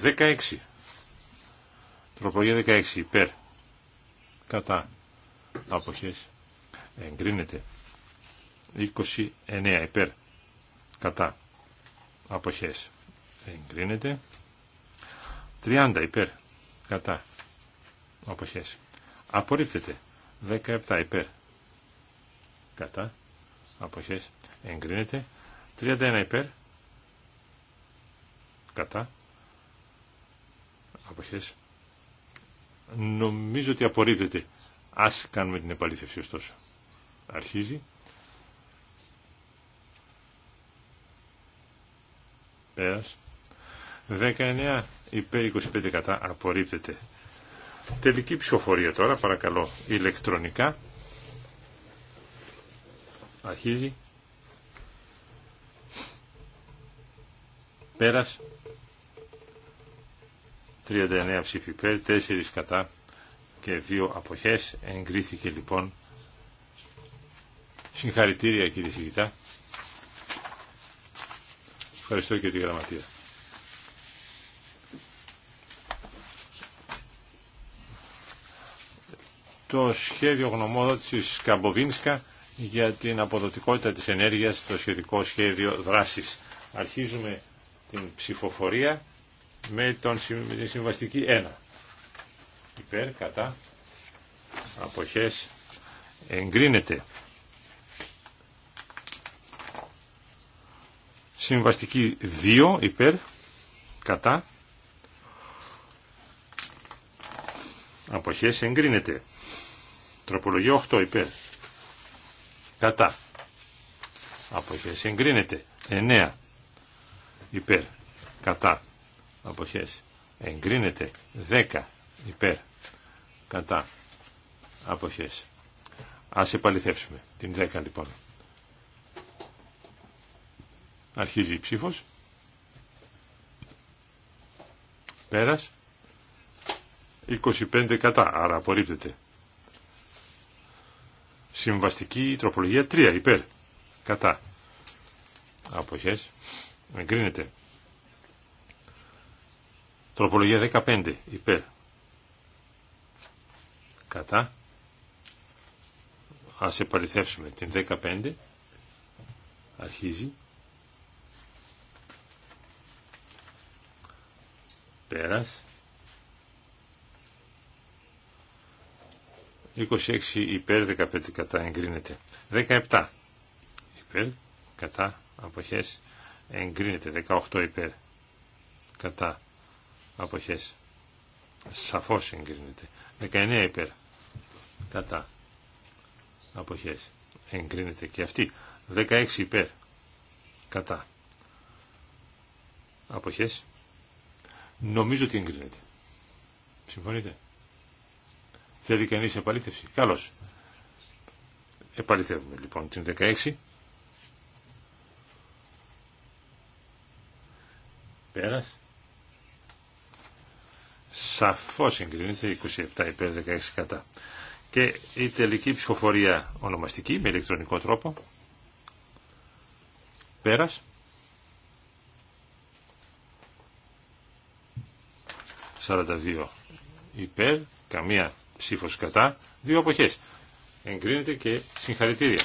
16. Τροπογία 16 υπέρ. Κατά. Αποχές. Εγκρίνεται. 29 υπέρ κατά αποχές εγκρίνεται 30 υπέρ κατά αποχές απορρίπτεται 17 υπέρ κατά αποχές εγκρίνεται 31 υπέρ κατά αποχές νομίζω ότι απορρίπτεται ας κάνουμε την επαλήθευση ωστόσο αρχίζει 19 υπέρ 25 κατά απορρίπτεται. Τελική ψηφοφορία τώρα, παρακαλώ, ηλεκτρονικά. Αρχίζει. Πέρας. 39 ψηφί, υπέρ, 4 κατά και 2 αποχές. Εγκρίθηκε λοιπόν. Συγχαρητήρια κύριε Σιγητά. Ευχαριστώ και τη γραμματεία. Το σχέδιο γνωμόδοτησης Καμποβίνσκα για την αποδοτικότητα της ενέργειας στο σχετικό σχέδιο δράσης. Αρχίζουμε την ψηφοφορία με, τον, συμβαστική 1. Υπέρ, κατά, αποχές, εγκρίνεται. Συμβαστική 2 υπέρ κατά αποχές εγκρίνεται. Τροπολογία 8 υπέρ κατά αποχές εγκρίνεται. 9 υπέρ κατά αποχές εγκρίνεται. 10 υπέρ κατά αποχές. Ας επαληθεύσουμε την 10 λοιπόν. Αρχίζει η ψήφος. Πέρας. 25 κατά, άρα απορρίπτεται. Συμβαστική τροπολογία 3, υπέρ. Κατά. Αποχές. Εγκρίνεται. Τροπολογία 15, υπέρ. Κατά. Ας επαληθεύσουμε την 15. Αρχίζει. Πέρας. 26 υπέρ, 15 κατά εγκρίνεται. 17 υπέρ, κατά αποχές εγκρίνεται. 18 υπέρ, κατά αποχές σαφώς εγκρίνεται. 19 υπέρ, κατά αποχές εγκρίνεται και αυτή. 16 υπέρ, κατά αποχές Νομίζω ότι εγκρίνεται. Συμφωνείτε. Θέλει κανείς επαλήθευση. Καλώς. Επαληθεύουμε λοιπόν την 16. Πέρας. Σαφώς εγκρίνεται 27 υπέρ 16 κατά. Και η τελική ψηφοφορία ονομαστική με ηλεκτρονικό τρόπο. Πέρας. 42 υπέρ, καμία ψήφος κατά, δύο αποχές. Εγκρίνεται και συγχαρητήρια.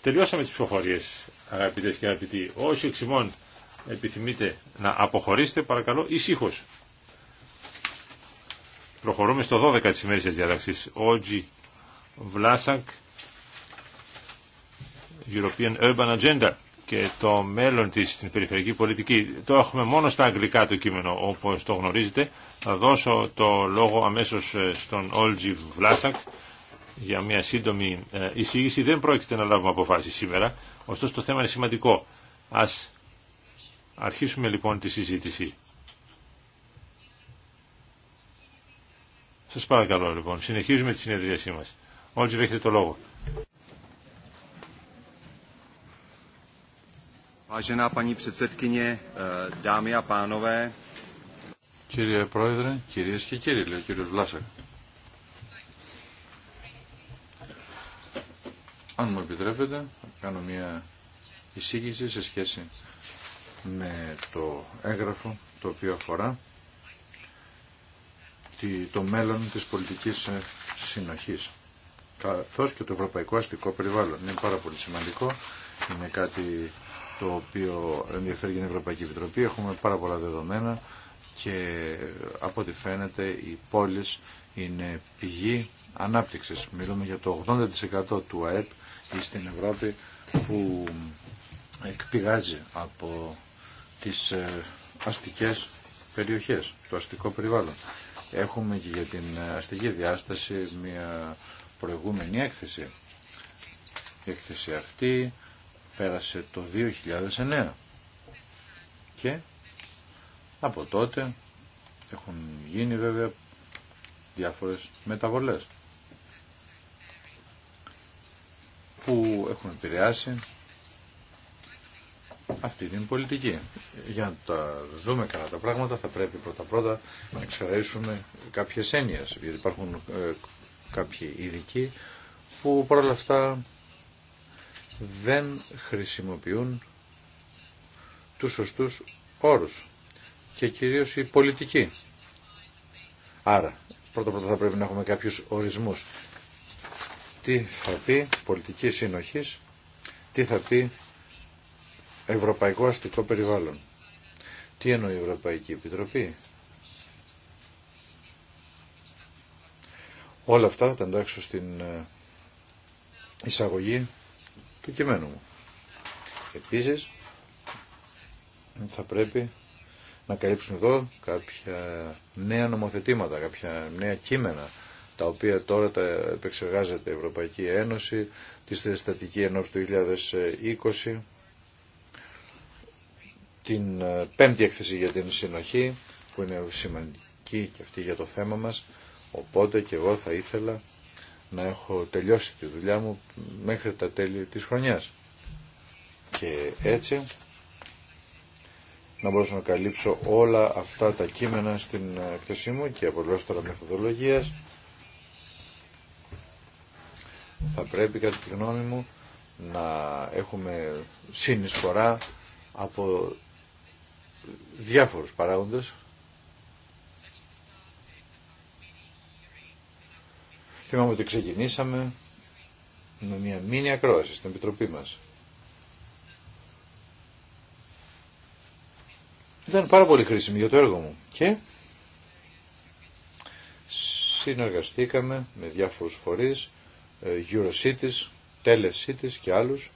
Τελειώσαμε τις ψηφοφορίες, αγαπητές και αγαπητοί. Όσοι εξημών επιθυμείτε να αποχωρήσετε, παρακαλώ, ησύχω. Προχωρούμε στο 12 της ημέρης της διαταξής. OG Βλάσακ European Urban Agenda και το μέλλον της στην περιφερειακή πολιτική. Το έχουμε μόνο στα αγγλικά το κείμενο όπως το γνωρίζετε. Θα δώσω το λόγο αμέσως ε, στον Όλτζι Βλάσακ για μια σύντομη ε, εισήγηση. Δεν πρόκειται να λάβουμε αποφάσεις σήμερα, ωστόσο το θέμα είναι σημαντικό. Ας αρχίσουμε λοιπόν τη συζήτηση. Σας παρακαλώ λοιπόν, συνεχίζουμε τη συνεδρίασή μας. Όλτζι, έχετε το λόγο. Eh, Κύριε Πρόεδρε, κυρίες και κύριοι, λέει ο κύριος Βλάσακ. Αν μου επιτρέπετε, θα κάνω μια εισήγηση σε σχέση με το έγγραφο το οποίο αφορά το μέλλον της πολιτικής ε, συνοχής καθώς και το ευρωπαϊκό αστικό περιβάλλον. Είναι πάρα πολύ σημαντικό, είναι κάτι το οποίο ενδιαφέρει για την Ευρωπαϊκή Επιτροπή. Έχουμε πάρα πολλά δεδομένα και από ό,τι φαίνεται οι πόλεις είναι πηγή ανάπτυξης. Μιλούμε για το 80% του ΑΕΠ στην Ευρώπη που εκπηγάζει από τις ε, αστικές περιοχές, το αστικό περιβάλλον. Έχουμε και για την αστική διάσταση μια προηγούμενη έκθεση. Η έκθεση αυτή πέρασε το 2009 και από τότε έχουν γίνει βέβαια διάφορες μεταβολές που έχουν επηρεάσει αυτή την πολιτική. Για να τα δούμε καλά τα πράγματα θα πρέπει πρώτα πρώτα να εξαρτάσουμε κάποιες έννοιες γιατί υπάρχουν ε, κάποιοι ειδικοί που παρόλα αυτά δεν χρησιμοποιούν τους σωστούς όρους και κυρίως η πολιτική. Άρα, πρώτα πρώτα θα πρέπει να έχουμε κάποιους ορισμούς. Τι θα πει πολιτική συνοχής, τι θα πει ευρωπαϊκό αστικό περιβάλλον. Τι εννοεί η Ευρωπαϊκή Επιτροπή. Όλα αυτά θα τα εντάξω στην ε, εισαγωγή το κείμενο μου. Επίσης, θα πρέπει να καλύψουμε εδώ κάποια νέα νομοθετήματα, κάποια νέα κείμενα, τα οποία τώρα τα επεξεργάζεται η Ευρωπαϊκή Ένωση, τη Στατική Ενώση του 2020, την ε, πέμπτη έκθεση για την συνοχή, που είναι σημαντική και αυτή για το θέμα μας, οπότε και εγώ θα ήθελα να έχω τελειώσει τη δουλειά μου μέχρι τα τέλη της χρονιάς. Και έτσι να μπορέσω να καλύψω όλα αυτά τα κείμενα στην εκθεσή μου και από της μεθοδολογίας θα πρέπει κατά τη γνώμη μου να έχουμε συνεισφορά από διάφορους παράγοντες Θυμάμαι ότι ξεκινήσαμε με μια μήνυα ακρόαση στην Επιτροπή μας. Ήταν πάρα πολύ χρήσιμη για το έργο μου και συνεργαστήκαμε με διάφορους φορείς, ε, Eurocities, Telecities και άλλους.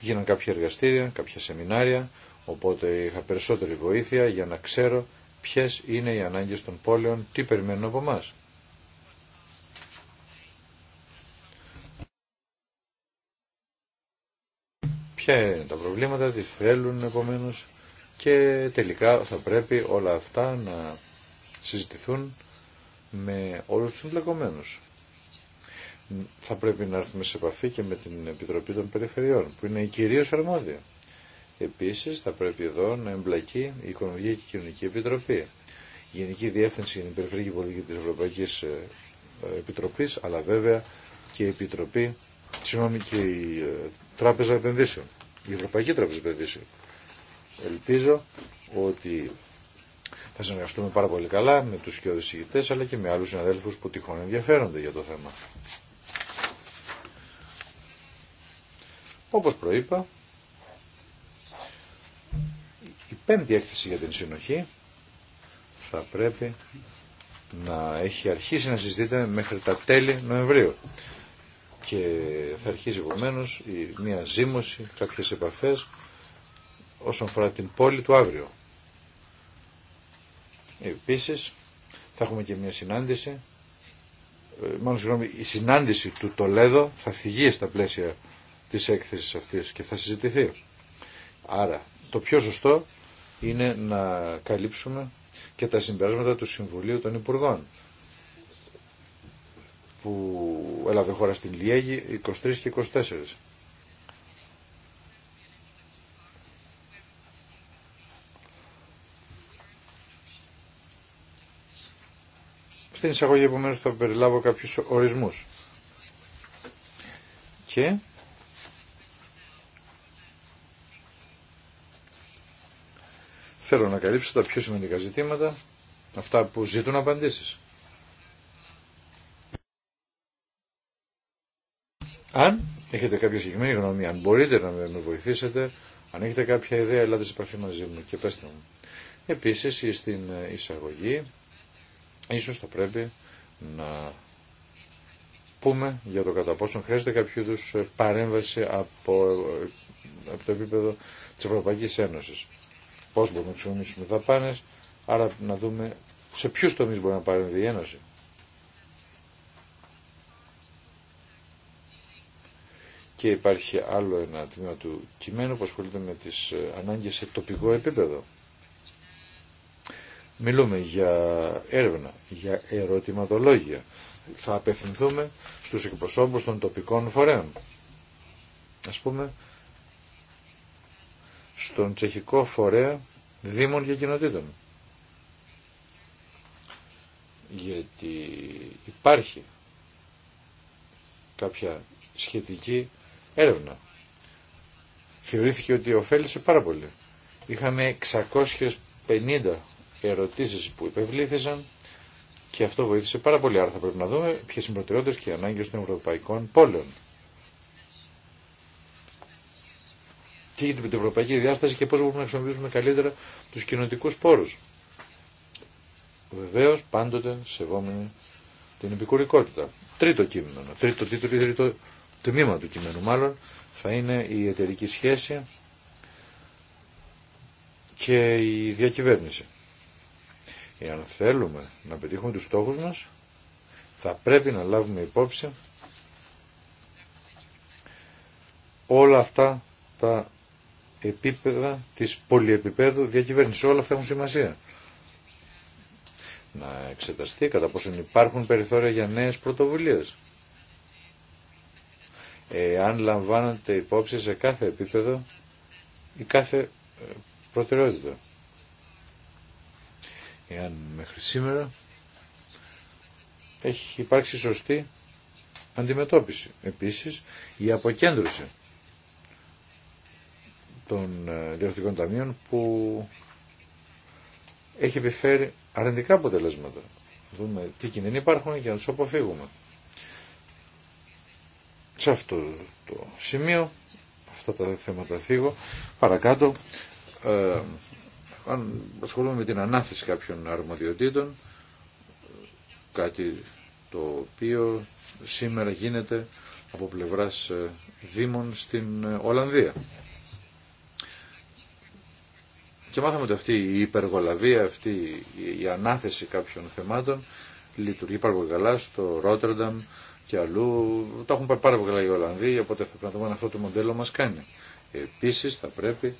Γίναν κάποια εργαστήρια, κάποια σεμινάρια, οπότε είχα περισσότερη βοήθεια για να ξέρω ποιες είναι οι ανάγκες των πόλεων, τι περιμένουν από εμά. Ποια είναι τα προβλήματα, τι θέλουν επομένως και τελικά θα πρέπει όλα αυτά να συζητηθούν με όλους τους εμπλεκομένους. Θα πρέπει να έρθουμε σε επαφή και με την Επιτροπή των Περιφερειών, που είναι η κυρίως αρμόδια. Επίσης θα πρέπει εδώ να εμπλακεί η Οικονομική και Κοινωνική Επιτροπή. Η Γενική Διεύθυνση για την Περιφερειακή Πολιτική της Ευρωπαϊκής ε, Επιτροπής, αλλά βέβαια και η Επιτροπή, συγγνώμη και η ε, Τράπεζα Επενδύσεων, η Ευρωπαϊκή Τράπεζα Επενδύσεων. Ελπίζω ότι θα συνεργαστούμε πάρα πολύ καλά με τους και οδησηγητές, αλλά και με άλλους συναδέλφους που τυχόν ενδιαφέρονται για το θέμα. Όπως προείπα, πέμπτη έκθεση για την συνοχή θα πρέπει να έχει αρχίσει να συζητείται μέχρι τα τέλη Νοεμβρίου. Και θα αρχίσει επομένω μια ζήμωση, κάποιες επαφές όσον αφορά την πόλη του αύριο. Επίσης θα έχουμε και μια συνάντηση, ε, μάλλον συγγνώμη, η συνάντηση του Τολέδο θα φυγεί στα πλαίσια της έκθεσης αυτής και θα συζητηθεί. Άρα το πιο σωστό είναι να καλύψουμε και τα συμπεράσματα του Συμβουλίου των Υπουργών που έλαβε χώρα στην Λιέγη 23 και 24. Στην εισαγωγή επομένως θα περιλάβω κάποιους ορισμούς. Και Θέλω να καλύψω τα πιο σημαντικά ζητήματα, αυτά που ζητούν απαντήσεις. Αν έχετε κάποια συγκεκριμένη γνώμη, αν μπορείτε να με βοηθήσετε, αν έχετε κάποια ιδέα, ελάτε σε επαφή μαζί μου και πέστε μου. Επίσης, στην εισαγωγή, ίσως θα πρέπει να πούμε για το κατά πόσο χρειάζεται κάποιο είδου παρέμβαση από, από το επίπεδο της Ευρωπαϊκής Ένωσης. Πώ μπορούμε να δαπάνε. άρα να δούμε σε ποιου τομεί μπορεί να παρέμβει η Ένωση. Και υπάρχει άλλο ένα τμήμα του κειμένου που ασχολείται με τις ε, ανάγκες σε τοπικό επίπεδο. Μιλούμε για έρευνα, για ερωτηματολόγια. Θα απευθυνθούμε στους εκπροσώπους των τοπικών φορέων. Ας πούμε, στον τσεχικό φορέα δήμων και κοινοτήτων. Γιατί υπάρχει κάποια σχετική έρευνα. Θεωρήθηκε ότι ωφέλησε πάρα πολύ. Είχαμε 650 ερωτήσεις που υπευλήθησαν και αυτό βοήθησε πάρα πολύ. Άρα θα πρέπει να δούμε ποιες είναι οι και οι ανάγκες των ευρωπαϊκών πόλεων. τι για την ευρωπαϊκή διάσταση και πώς μπορούμε να χρησιμοποιήσουμε καλύτερα τους κοινοτικούς πόρους. Βεβαίως πάντοτε σεβόμενοι την επικουρικότητα. Τρίτο κείμενο, τρίτο τίτλο ή τρίτο τμήμα του κειμένου μάλλον θα είναι η εταιρική σχέση και η διακυβέρνηση. Εάν θέλουμε να πετύχουμε τους στόχους μας θα πρέπει να λάβουμε υπόψη όλα αυτά τα επίπεδα της πολυεπίπεδου διακυβέρνηση Όλα αυτά έχουν σημασία. Να εξεταστεί κατά πόσον υπάρχουν περιθώρια για νέες πρωτοβουλίες. Εάν λαμβάνονται υπόψη σε κάθε επίπεδο ή κάθε ε, προτεραιότητα. Εάν μέχρι σήμερα έχει υπάρξει σωστή αντιμετώπιση. Επίσης, η αποκέντρωση των ε, διαρθρωτικών ταμείων που έχει επιφέρει αρνητικά αποτελέσματα. Δούμε τι κινδυνοί υπάρχουν για να του αποφύγουμε. Σε αυτό το σημείο, αυτά τα θέματα θίγω, παρακάτω, ε, αν ασχολούμαι με την ανάθεση κάποιων αρμοδιοτήτων, κάτι το οποίο σήμερα γίνεται από πλευράς ε, δήμων στην ε, Ολλανδία. Και μάθαμε ότι αυτή η υπεργολαβία, αυτή η ανάθεση κάποιων θεμάτων λειτουργεί πάρα πολύ καλά στο Ρότερνταμ και αλλού. Τα έχουν πάει πάρα πολύ καλά οι Ολλανδοί, οπότε θα πρέπει να δούμε αν αυτό το μοντέλο μας κάνει. Επίσης θα πρέπει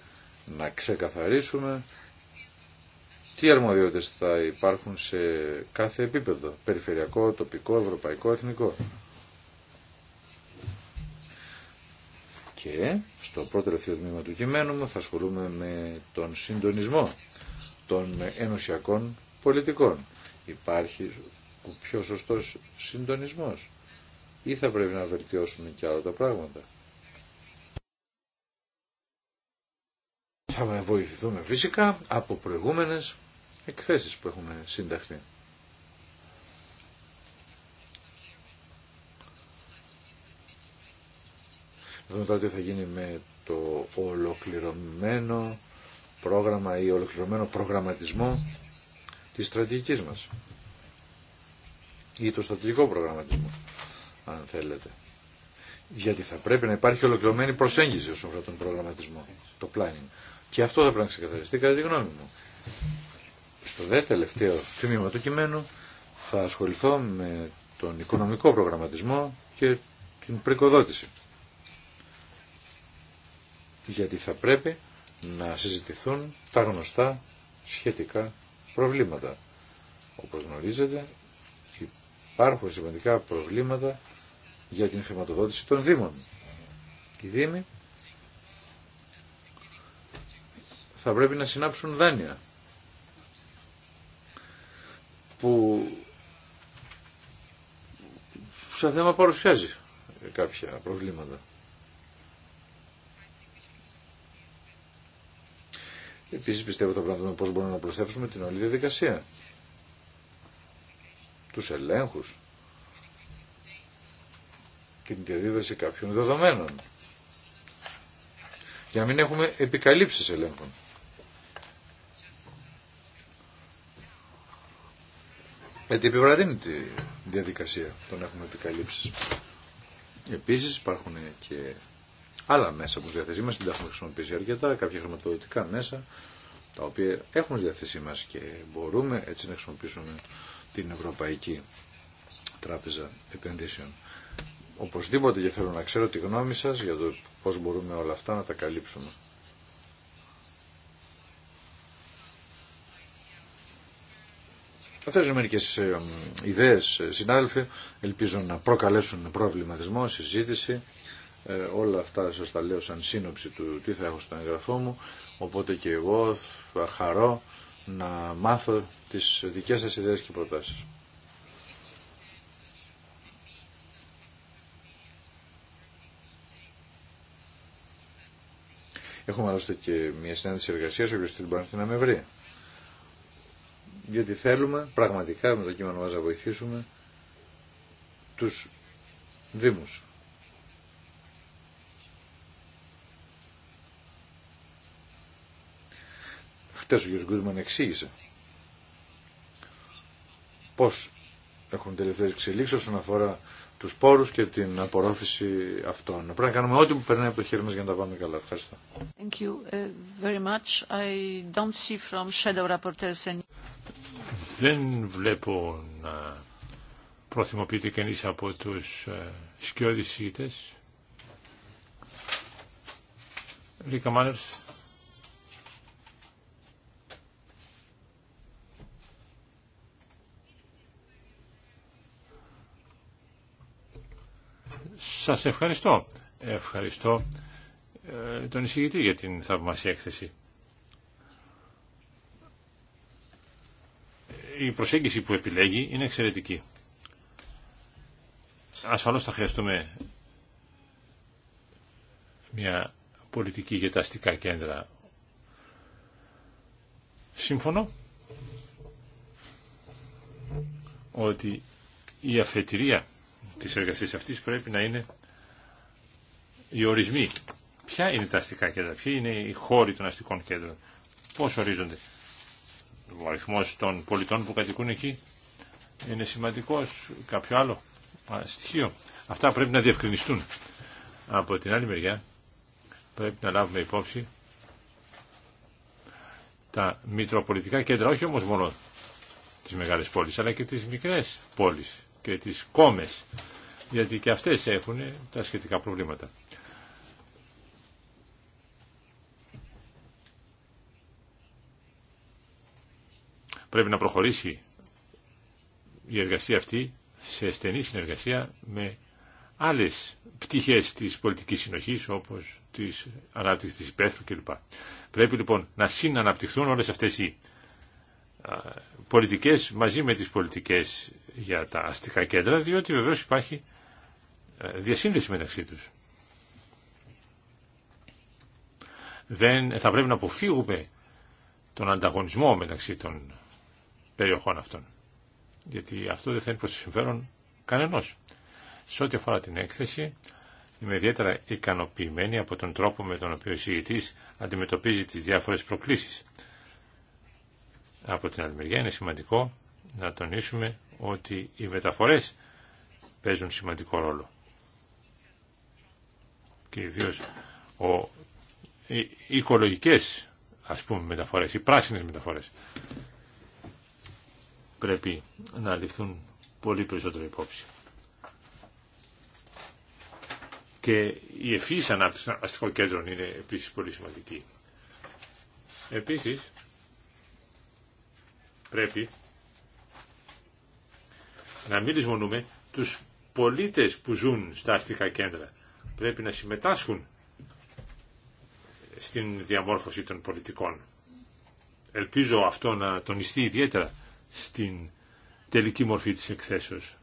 να ξεκαθαρίσουμε τι αρμοδιότητες θα υπάρχουν σε κάθε επίπεδο, περιφερειακό, τοπικό, ευρωπαϊκό, εθνικό. Και στο πρώτο τελευταίο τμήμα του κειμένου μου θα ασχολούμαι με τον συντονισμό των ενωσιακών πολιτικών. Υπάρχει ο πιο σωστός συντονισμός ή θα πρέπει να βελτιώσουμε και άλλα τα πράγματα. Θα βοηθηθούμε φυσικά από προηγούμενες εκθέσεις που έχουμε συνταχθεί. δούμε τώρα τι θα γίνει με το ολοκληρωμένο πρόγραμμα ή ολοκληρωμένο προγραμματισμό της στρατηγικής μας ή το στρατηγικό προγραμματισμό αν θέλετε γιατί θα πρέπει να υπάρχει ολοκληρωμένη προσέγγιση όσον αφορά τον προγραμματισμό το planning και αυτό θα πρέπει να ξεκαθαριστεί κατά τη γνώμη μου στο δε τελευταίο τμήμα του κειμένου θα ασχοληθώ με τον οικονομικό προγραμματισμό και την πρικοδότηση γιατί θα πρέπει να συζητηθούν τα γνωστά σχετικά προβλήματα. Όπως γνωρίζετε υπάρχουν σημαντικά προβλήματα για την χρηματοδότηση των Δήμων. Οι Δήμοι θα πρέπει να συνάψουν δάνεια που σαν θέμα παρουσιάζει κάποια προβλήματα. Επίσης πιστεύω ότι πρέπει να δούμε πώς μπορούμε να προσθέσουμε την όλη διαδικασία. Τους ελέγχους και την διαδίδαση κάποιων δεδομένων. Για να μην έχουμε επικαλύψεις ελέγχων. Γιατί επιβραδύνει τη διαδικασία των έχουμε επικαλύψει. Επίσης υπάρχουν και άλλα μέσα που διαθέσει μα, δεν τα έχουμε χρησιμοποιήσει αρκετά, κάποια χρηματοδοτικά μέσα τα οποία έχουμε διαθέσει μα και μπορούμε έτσι να χρησιμοποιήσουμε την Ευρωπαϊκή Τράπεζα Επενδύσεων. Οπωσδήποτε και θέλω να ξέρω τη γνώμη σας για το πώς μπορούμε όλα αυτά να τα καλύψουμε. Αυτέ οι μερικέ ιδέε, συνάδελφοι. Ελπίζω να προκαλέσουν προβληματισμό, συζήτηση. Ε, όλα αυτά σας τα λέω σαν σύνοψη του τι θα έχω στον εγγραφό μου, οπότε και εγώ θα χαρώ να μάθω τις δικές σας ιδέες και προτάσεις. Έχουμε άλλωστε και μια συνάντηση εργασίας, όποιος την μπορεί να με βρει. Διότι θέλουμε πραγματικά με το κείμενο μας να βοηθήσουμε τους Δήμους. Χτες ο Γιώργος Γκούτμαν εξήγησε πώς έχουν τελευταίες εξελίξει όσον αφορά τους πόρους και την απορρόφηση αυτών. Πρέπει να κάνουμε ό,τι που περνάει από το χέρι μας για να τα πάμε καλά. Ευχαριστώ. Δεν βλέπω να προθυμοποιείται κανείς από τους ε, σκιώδεις ηγητές. Ρίκα Μάνερς. Σας ευχαριστώ. Ευχαριστώ ε, τον εισηγητή για την θαυμασία έκθεση. Η προσέγγιση που επιλέγει είναι εξαιρετική. Ασφαλώς θα χρειαστούμε μια πολιτική για τα αστικά κέντρα. Σύμφωνο ότι η αφετηρία της εργασίας αυτής πρέπει να είναι οι ορισμοί. Ποια είναι τα αστικά κέντρα, ποιοι είναι οι χώροι των αστικών κέντρων, πώς ορίζονται. Ο αριθμός των πολιτών που κατοικούν εκεί είναι σημαντικός, κάποιο άλλο στοιχείο. Αυτά πρέπει να διευκρινιστούν. Από την άλλη μεριά πρέπει να λάβουμε υπόψη τα μητροπολιτικά κέντρα, όχι όμως μόνο τις μεγάλες πόλεις, αλλά και τις μικρές πόλεις και τις κόμες, γιατί και αυτές έχουν τα σχετικά προβλήματα. Πρέπει να προχωρήσει η εργασία αυτή σε στενή συνεργασία με άλλες πτυχές της πολιτικής συνοχής όπως της ανάπτυξης της υπαίθρου κλπ. Πρέπει λοιπόν να συναναπτυχθούν όλες αυτές οι πολιτικές μαζί με τις πολιτικές για τα αστικά κέντρα διότι βεβαίως υπάρχει διασύνδεση μεταξύ τους. Δεν θα πρέπει να αποφύγουμε τον ανταγωνισμό μεταξύ των περιοχών αυτών. Γιατί αυτό δεν θα είναι προς το συμφέρον κανενός. Σε ό,τι αφορά την έκθεση, είμαι ιδιαίτερα ικανοποιημένη από τον τρόπο με τον οποίο ο συγητής αντιμετωπίζει τις διάφορες προκλήσεις. Από την άλλη μεριά είναι σημαντικό να τονίσουμε ότι οι μεταφορές παίζουν σημαντικό ρόλο. Και ιδίω οι οικολογικές ας πούμε μεταφορές, οι πράσινες μεταφορές πρέπει να ληφθούν πολύ περισσότερο υπόψη. Και η ευφύης ανάπτυξη αστικών κέντρων είναι επίσης πολύ σημαντική. Επίσης, πρέπει να μην λησμονούμε τους πολίτες που ζουν στα αστικά κέντρα. Πρέπει να συμμετάσχουν στην διαμόρφωση των πολιτικών. Ελπίζω αυτό να τονιστεί ιδιαίτερα στην τελική μορφή της εκθέσεως.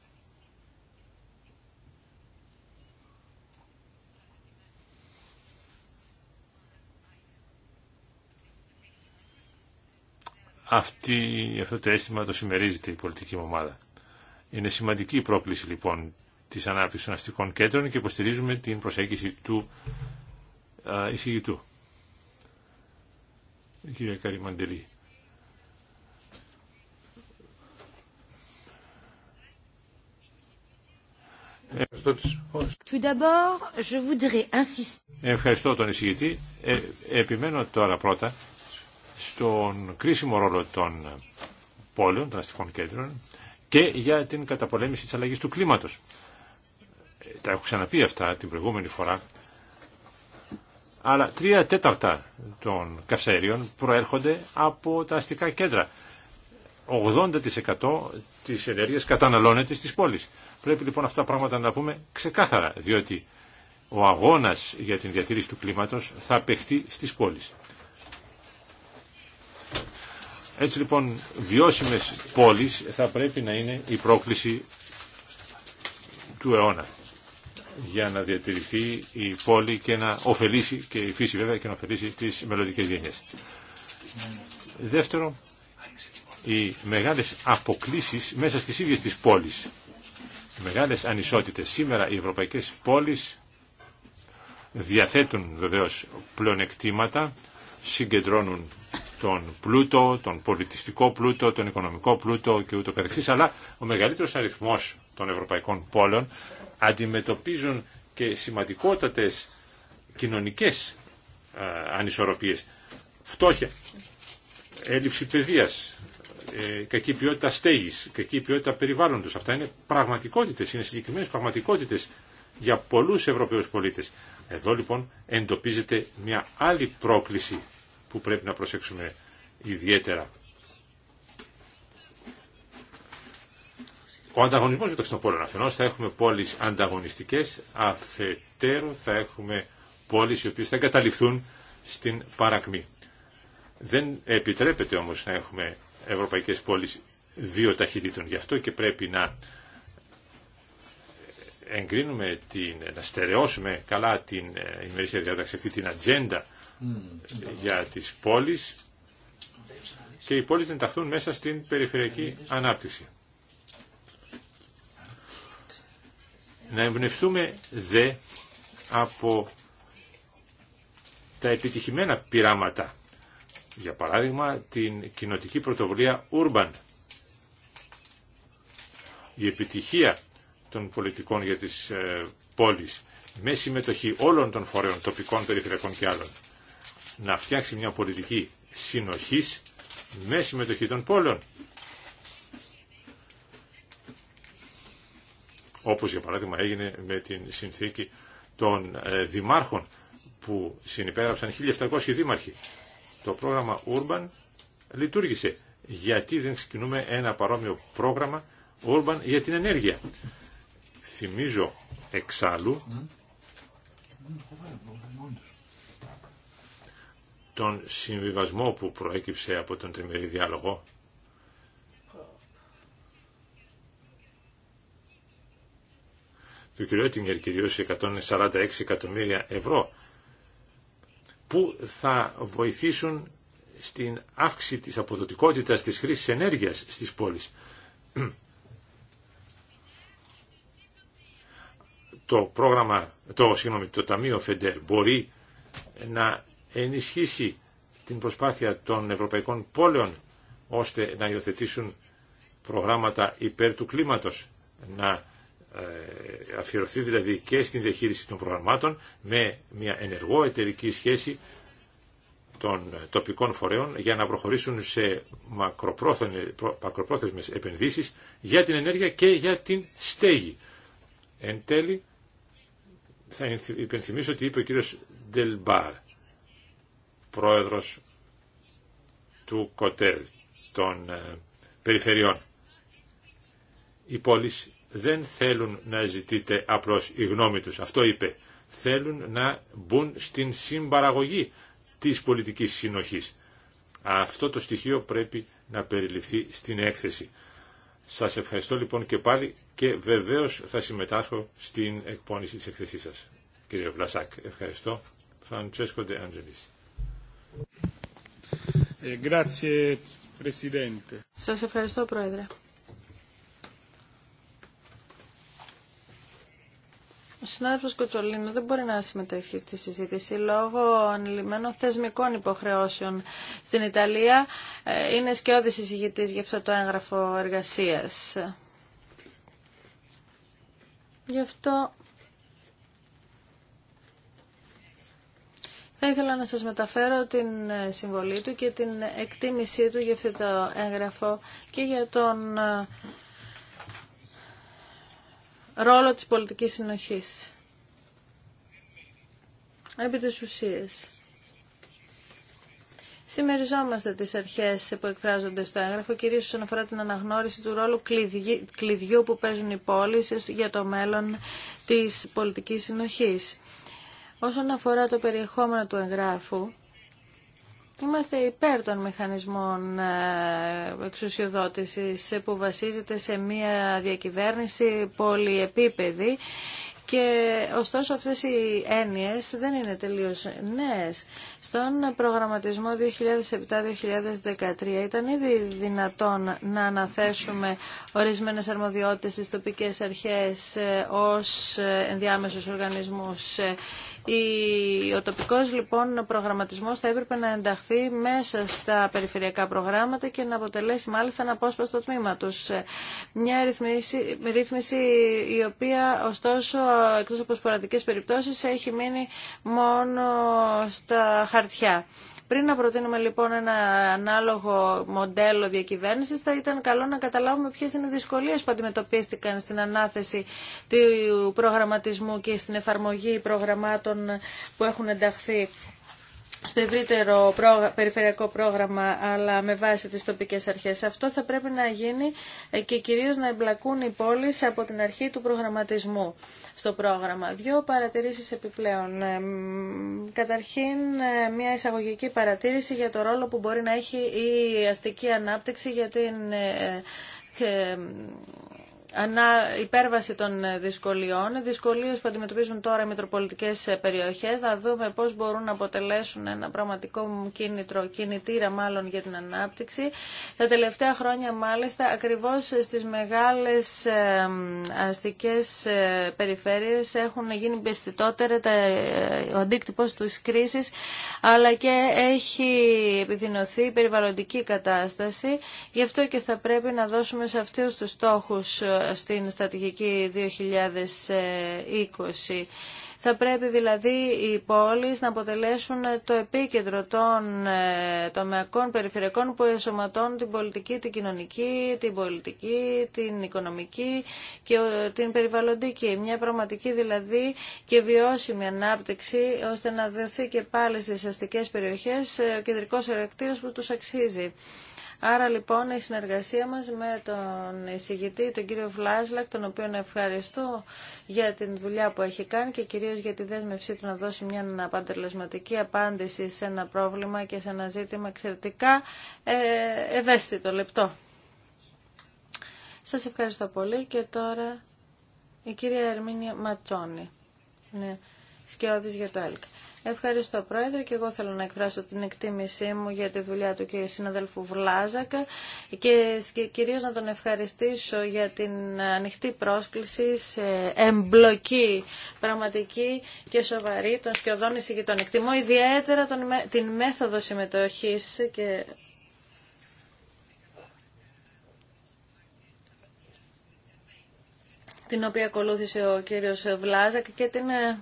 Αυτή, αυτό το αίσθημα το συμμερίζεται η πολιτική μου ομάδα. Είναι σημαντική η πρόκληση λοιπόν της ανάπτυξης των αστικών κέντρων και υποστηρίζουμε την προσέγγιση του εισηγητού. Κύριε Καρυμαντελή. Ευχαριστώ τον εισηγητή. Ε, επιμένω τώρα πρώτα στον κρίσιμο ρόλο των πόλεων, των αστικών κέντρων και για την καταπολέμηση της αλλαγής του κλίματος. Ε, τα έχω ξαναπεί αυτά την προηγούμενη φορά. Αλλά τρία τέταρτα των καυσαερίων προέρχονται από τα αστικά κέντρα. 80% της ενέργειας καταναλώνεται στις πόλεις. Πρέπει λοιπόν αυτά τα πράγματα να πούμε ξεκάθαρα, διότι ο αγώνας για την διατήρηση του κλίματος θα παιχτεί στις πόλεις. Έτσι λοιπόν βιώσιμες πόλεις θα πρέπει να είναι η πρόκληση του αιώνα για να διατηρηθεί η πόλη και να ωφελήσει και η φύση βέβαια και να ωφελήσει τις μελλοντικές γενιές. Δεύτερο, οι μεγάλες αποκλίσεις μέσα στις ίδιες τις πόλεις. Οι μεγάλες ανισότητες. Σήμερα οι ευρωπαϊκές πόλεις διαθέτουν βεβαίως πλεονεκτήματα, συγκεντρώνουν τον πλούτο, τον πολιτιστικό πλούτο, τον οικονομικό πλούτο και ούτω καθεξής, αλλά ο μεγαλύτερος αριθμός των ευρωπαϊκών πόλεων αντιμετωπίζουν και σημαντικότατες κοινωνικές ε, ανισορροπίες. Φτώχεια, έλλειψη παιδείας, ε, κακή ποιότητα στέγη, κακή ποιότητα περιβάλλοντος. Αυτά είναι πραγματικότητε, είναι συγκεκριμένε πραγματικότητες για πολλούς Ευρωπαίους πολίτες. Εδώ λοιπόν εντοπίζεται μια άλλη πρόκληση που πρέπει να προσέξουμε ιδιαίτερα. Ο ανταγωνισμός μεταξύ των πόλεων αφενός θα έχουμε πόλεις ανταγωνιστικές, αφετέρου θα έχουμε πόλεις οι οποίες θα εγκαταληφθούν στην παρακμή. Δεν επιτρέπεται όμως να έχουμε ευρωπαϊκές πόλεις δύο ταχυτήτων. Γι' αυτό και πρέπει να εγκρίνουμε, την, να στερεώσουμε καλά την ε, ημερήσια διάταξη αυτή, την ατζέντα mm. για τις πόλεις και οι πόλεις να ενταχθούν μέσα στην περιφερειακή ανάπτυξη. Να εμπνευστούμε δε από τα επιτυχημένα πειράματα για παράδειγμα, την κοινοτική πρωτοβουλία Urban. Η επιτυχία των πολιτικών για τις ε, πόλεις με συμμετοχή όλων των φορέων, τοπικών, περιφερειακών και άλλων, να φτιάξει μια πολιτική συνοχής με συμμετοχή των πόλεων. Όπως για παράδειγμα έγινε με την συνθήκη των ε, δημάρχων που συνυπέραψαν 1.700 δήμαρχοι το πρόγραμμα Urban λειτουργήσε. Γιατί δεν ξεκινούμε ένα παρόμοιο πρόγραμμα Urban για την ενέργεια. Θυμίζω εξάλλου τον συμβιβασμό που προέκυψε από τον τριμερή διάλογο του κ. Έτιγκερ κυρίως 146 εκατομμύρια ευρώ που θα βοηθήσουν στην αύξηση της αποδοτικότητας της χρήσης ενέργειας στις πόλεις. Το πρόγραμμα, το, συγγνώμη, το Ταμείο ΦΕΝΤΕΡ μπορεί να ενισχύσει την προσπάθεια των ευρωπαϊκών πόλεων ώστε να υιοθετήσουν προγράμματα υπέρ του κλίματος, να ε, αφιερωθεί δηλαδή και στην διαχείριση των προγραμμάτων με μια ενεργό εταιρική σχέση των τοπικών φορέων για να προχωρήσουν σε μακροπρόθεσμες επενδύσεις για την ενέργεια και για την στέγη. Εν τέλει, θα υπενθυμίσω ότι είπε ο κύριος Ντελμπάρ, πρόεδρος του ΚΟΤΕΡ των ε, περιφερειών. η πόλη δεν θέλουν να ζητείτε απλώς η γνώμη τους. Αυτό είπε. Θέλουν να μπουν στην συμπαραγωγή της πολιτικής συνοχής. Αυτό το στοιχείο πρέπει να περιληφθεί στην έκθεση. Σας ευχαριστώ λοιπόν και πάλι και βεβαίως θα συμμετάσχω στην εκπόνηση της εκθεσής σας. Κύριε Βλασάκ, ευχαριστώ. Φραντσέσκο Ντε Σας ευχαριστώ Πρόεδρε. Ο συνάδελφο Κοτσολίνο δεν μπορεί να συμμετέχει στη συζήτηση λόγω ανελημμένων θεσμικών υποχρεώσεων στην Ιταλία. Ε, είναι σκιώδη συζητητή για αυτό το έγγραφο εργασία. Γι' αυτό Θα ήθελα να σας μεταφέρω την ε, συμβολή του και την εκτίμησή του για αυτό το έγγραφο και για τον ε, ρόλο της πολιτικής συνοχής. Επί της ουσίας. Σημεριζόμαστε τις αρχές που εκφράζονται στο έγγραφο, κυρίως όσον αφορά την αναγνώριση του ρόλου κλειδιού που παίζουν οι πόλεις για το μέλλον της πολιτικής συνοχής. Όσον αφορά το περιεχόμενο του εγγράφου, Είμαστε υπέρ των μηχανισμών ε, εξουσιοδότησης ε, που βασίζεται σε μια διακυβέρνηση πολυεπίπεδη και ωστόσο αυτές οι έννοιες δεν είναι τελείως νέες. Στον προγραμματισμό 2007-2013 ήταν ήδη δυνατόν να αναθέσουμε ορισμένες αρμοδιότητες στις τοπικές αρχές ε, ως ενδιάμεσους οργανισμούς ο τοπικός λοιπόν προγραμματισμός θα έπρεπε να ενταχθεί μέσα στα περιφερειακά προγράμματα και να αποτελέσει μάλιστα ένα απόσπαστο τμήμα τους. Μια ρυθμίση, ρύθμιση η οποία ωστόσο εκτός από σποραδικές περιπτώσεις έχει μείνει μόνο στα χαρτιά. Πριν να προτείνουμε λοιπόν ένα ανάλογο μοντέλο διακυβέρνησης, θα ήταν καλό να καταλάβουμε ποιε είναι οι δυσκολίες που αντιμετωπίστηκαν στην ανάθεση του προγραμματισμού και στην εφαρμογή προγραμμάτων που έχουν ενταχθεί στο ευρύτερο περιφερειακό πρόγραμμα αλλά με βάση τις τοπικές αρχές. Αυτό θα πρέπει να γίνει ε, και κυρίως να εμπλακούν οι πόλεις από την αρχή του προγραμματισμού στο πρόγραμμα. Δύο παρατηρήσεις επιπλέον. Ε, καταρχήν ε, μια εισαγωγική παρατήρηση για το ρόλο που μπορεί να έχει η αστική ανάπτυξη για την ανά, υπέρβαση των δυσκολιών, δυσκολίες που αντιμετωπίζουν τώρα οι μετροπολιτικές περιοχές, να δούμε πώς μπορούν να αποτελέσουν ένα πραγματικό κίνητρο, κινητήρα μάλλον για την ανάπτυξη. Τα τελευταία χρόνια μάλιστα ακριβώς στις μεγάλες αστικές ε, περιφέρειες έχουν γίνει πιστητότερα ε, ο αντίκτυπος της κρίσης, αλλά και έχει επιδεινωθεί η περιβαλλοντική κατάσταση. Γι' αυτό και θα πρέπει να δώσουμε σε αυτούς τους στόχους ε, στην στρατηγική 2020. Θα πρέπει δηλαδή οι πόλεις να αποτελέσουν το επίκεντρο των ε, τομεακών περιφερειακών που εσωματώνουν την πολιτική, την κοινωνική, την πολιτική, την οικονομική και ε, την περιβαλλοντική. Μια πραγματική δηλαδή και βιώσιμη ανάπτυξη ώστε να δοθεί και πάλι στις αστικές περιοχές ε, ο κεντρικός χαρακτήρας που τους αξίζει. Άρα λοιπόν η συνεργασία μας με τον εισηγητή, τον κύριο Βλάσλακ, τον οποίο ευχαριστώ για την δουλειά που έχει κάνει και κυρίως για τη δέσμευσή του να δώσει μια αναπαντελεσματική απάντηση σε ένα πρόβλημα και σε ένα ζήτημα εξαιρετικά ε, ευαίσθητο λεπτό. Σας ευχαριστώ πολύ και τώρα η κυρία Ερμήνια Ματσόνη, ναι, σκιώδης για το ΕΛΚ. Ευχαριστώ Πρόεδρε και εγώ θέλω να εκφράσω την εκτίμησή μου για τη δουλειά του και συναδέλφου Βλάζακα και κυρίως να τον ευχαριστήσω για την ανοιχτή πρόσκληση σε εμπλοκή πραγματική και σοβαρή των σκιωδών εισηγητών. Εκτιμώ ιδιαίτερα τον, την μέθοδο συμμετοχής και την οποία ακολούθησε ο κύριος Βλάζακ και την ε,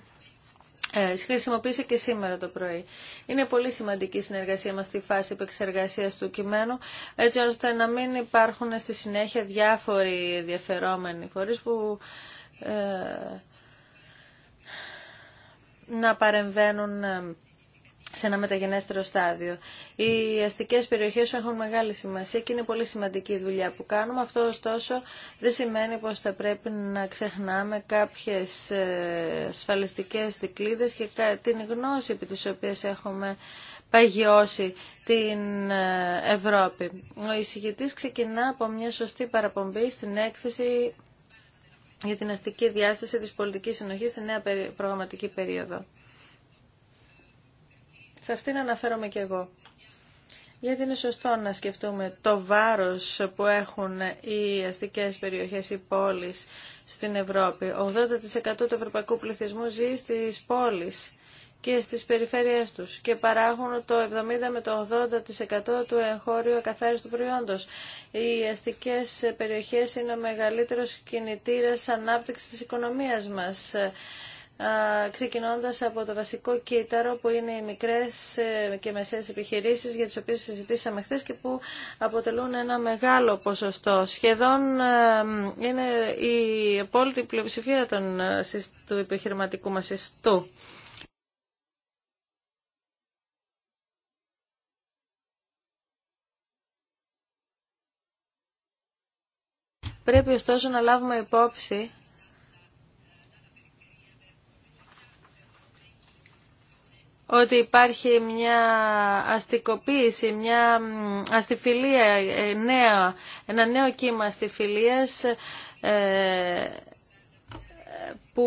ε, χρησιμοποίησε και σήμερα το πρωί. Είναι πολύ σημαντική η συνεργασία μας στη φάση επεξεργασίας του κειμένου, έτσι ώστε να μην υπάρχουν στη συνέχεια διάφοροι ενδιαφερόμενοι φορείς που ε, να παρεμβαίνουν ε, σε ένα μεταγενέστερο στάδιο. Οι αστικές περιοχές έχουν μεγάλη σημασία και είναι πολύ σημαντική η δουλειά που κάνουμε. Αυτό ωστόσο δεν σημαίνει πως θα πρέπει να ξεχνάμε κάποιες ε, ασφαλιστικέ δικλείδε και την γνώση επί τη οποία έχουμε παγιώσει την ε, Ευρώπη. Ο εισηγητή ξεκινά από μια σωστή παραπομπή στην έκθεση για την αστική διάσταση της πολιτικής συνοχής στη νέα προγραμματική περίοδο. Σε αυτήν αναφέρομαι και εγώ. Γιατί είναι σωστό να σκεφτούμε το βάρος που έχουν οι αστικές περιοχές, οι πόλεις στην Ευρώπη. 80% του ευρωπαϊκού πληθυσμού ζει στις πόλεις και στις περιφέρειές τους και παράγουν το 70 με το 80% του εγχώριου ακαθάριστου προϊόντος. Οι αστικές περιοχές είναι ο μεγαλύτερος κινητήρας ανάπτυξης της οικονομίας μας ξεκινώντας από το βασικό κύτταρο που είναι οι μικρές ε, και μεσαίες επιχειρήσεις για τις οποίες συζητήσαμε χθε και που αποτελούν ένα μεγάλο ποσοστό. Σχεδόν ε, είναι η απόλυτη πλειοψηφία των, ε, του επιχειρηματικού μας ιστού. Πρέπει ωστόσο να λάβουμε υπόψη ότι υπάρχει μια αστικοποίηση, μια αστιφιλία, ε, νέα, ένα νέο κύμα αστιφιλίας ε, που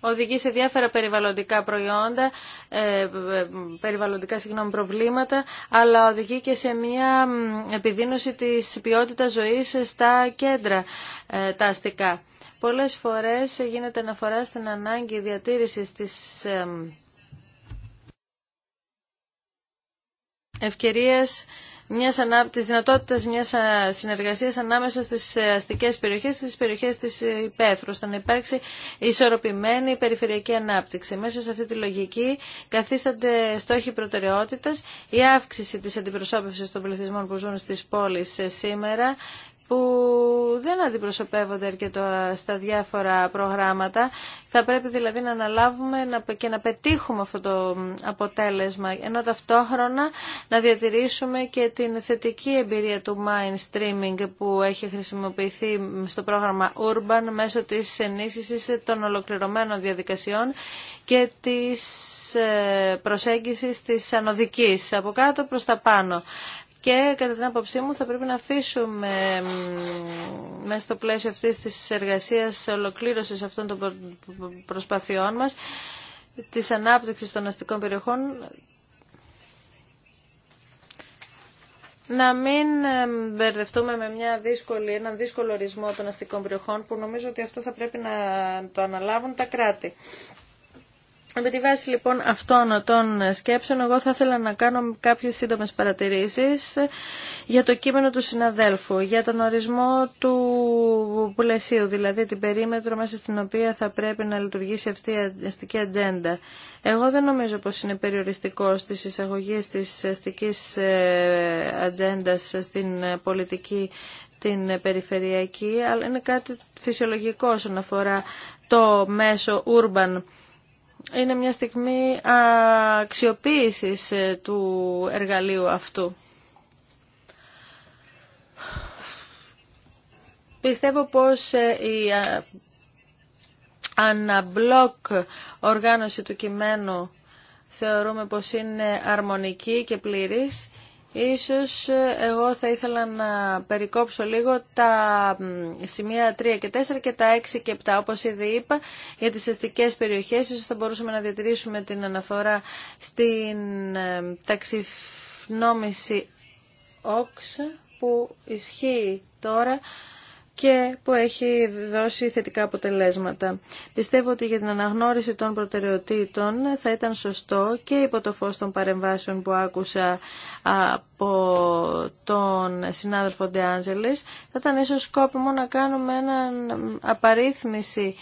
οδηγεί σε διάφορα περιβαλλοντικά προϊόντα, ε, περιβαλλοντικά συγγνώμη, προβλήματα, αλλά οδηγεί και σε μια επιδίνωση της ποιότητας ζωής στα κέντρα τα αστικά. Πολλές φορές γίνεται αναφορά στην ανάγκη διατήρησης της ευκαιρίας μιας ανά, της δυνατότητας μιας συνεργασίας ανάμεσα στις ε, αστικές περιοχές και στις περιοχές της υπαίθρου, ώστε να υπάρξει ισορροπημένη περιφερειακή ανάπτυξη. Μέσα σε αυτή τη λογική καθίστανται στόχοι προτεραιότητας, η αύξηση της αντιπροσώπευσης των πληθυσμών που ζουν στις πόλεις ε, σήμερα, που δεν αντιπροσωπεύονται αρκετά στα διάφορα προγράμματα. Θα πρέπει δηλαδή να αναλάβουμε και να πετύχουμε αυτό το αποτέλεσμα, ενώ ταυτόχρονα να διατηρήσουμε και την θετική εμπειρία του mainstreaming που έχει χρησιμοποιηθεί στο πρόγραμμα Urban μέσω της ενίσχυσης των ολοκληρωμένων διαδικασιών και της ε, προσέγγισης της ανωδικής, από κάτω προς τα πάνω και κατά την άποψή μου θα πρέπει να αφήσουμε μέσα στο πλαίσιο αυτής της εργασίας ολοκλήρωσης αυτών των προσπαθειών μας της ανάπτυξης των αστικών περιοχών να μην μπερδευτούμε με μια δύσκολη, έναν δύσκολο ορισμό των αστικών περιοχών που νομίζω ότι αυτό θα πρέπει να το αναλάβουν τα κράτη. Με τη βάση λοιπόν αυτών των σκέψεων, εγώ θα ήθελα να κάνω κάποιες σύντομες παρατηρήσεις για το κείμενο του συναδέλφου, για τον ορισμό του πλαισίου, δηλαδή την περίμετρο μέσα στην οποία θα πρέπει να λειτουργήσει αυτή η αστική ατζέντα. Εγώ δεν νομίζω πως είναι περιοριστικό στις εισαγωγές της αστικής ε, ατζέντα στην πολιτική την περιφερειακή, αλλά είναι κάτι φυσιολογικό όσον αφορά το μέσο urban είναι μια στιγμή αξιοποίησης ε, του εργαλείου αυτού. Πιστεύω πως ε, η αναμπλοκ οργάνωση του κειμένου θεωρούμε πως είναι αρμονική και πλήρης Ίσως ε, εγώ θα ήθελα να περικόψω λίγο τα σημεία 3 και 4 και τα 6 και 7. Όπως ήδη είπα, για τις αστικές περιοχές ίσως θα μπορούσαμε να διατηρήσουμε την αναφορά στην ε, ταξινόμηση όξ που ισχύει τώρα και που έχει δώσει θετικά αποτελέσματα. Πιστεύω ότι για την αναγνώριση των προτεραιοτήτων θα ήταν σωστό και υπό το φως των παρεμβάσεων που άκουσα από τον συνάδελφο Ντεάντζελης θα ήταν ίσως σκόπιμο να κάνουμε έναν απαρίθμηση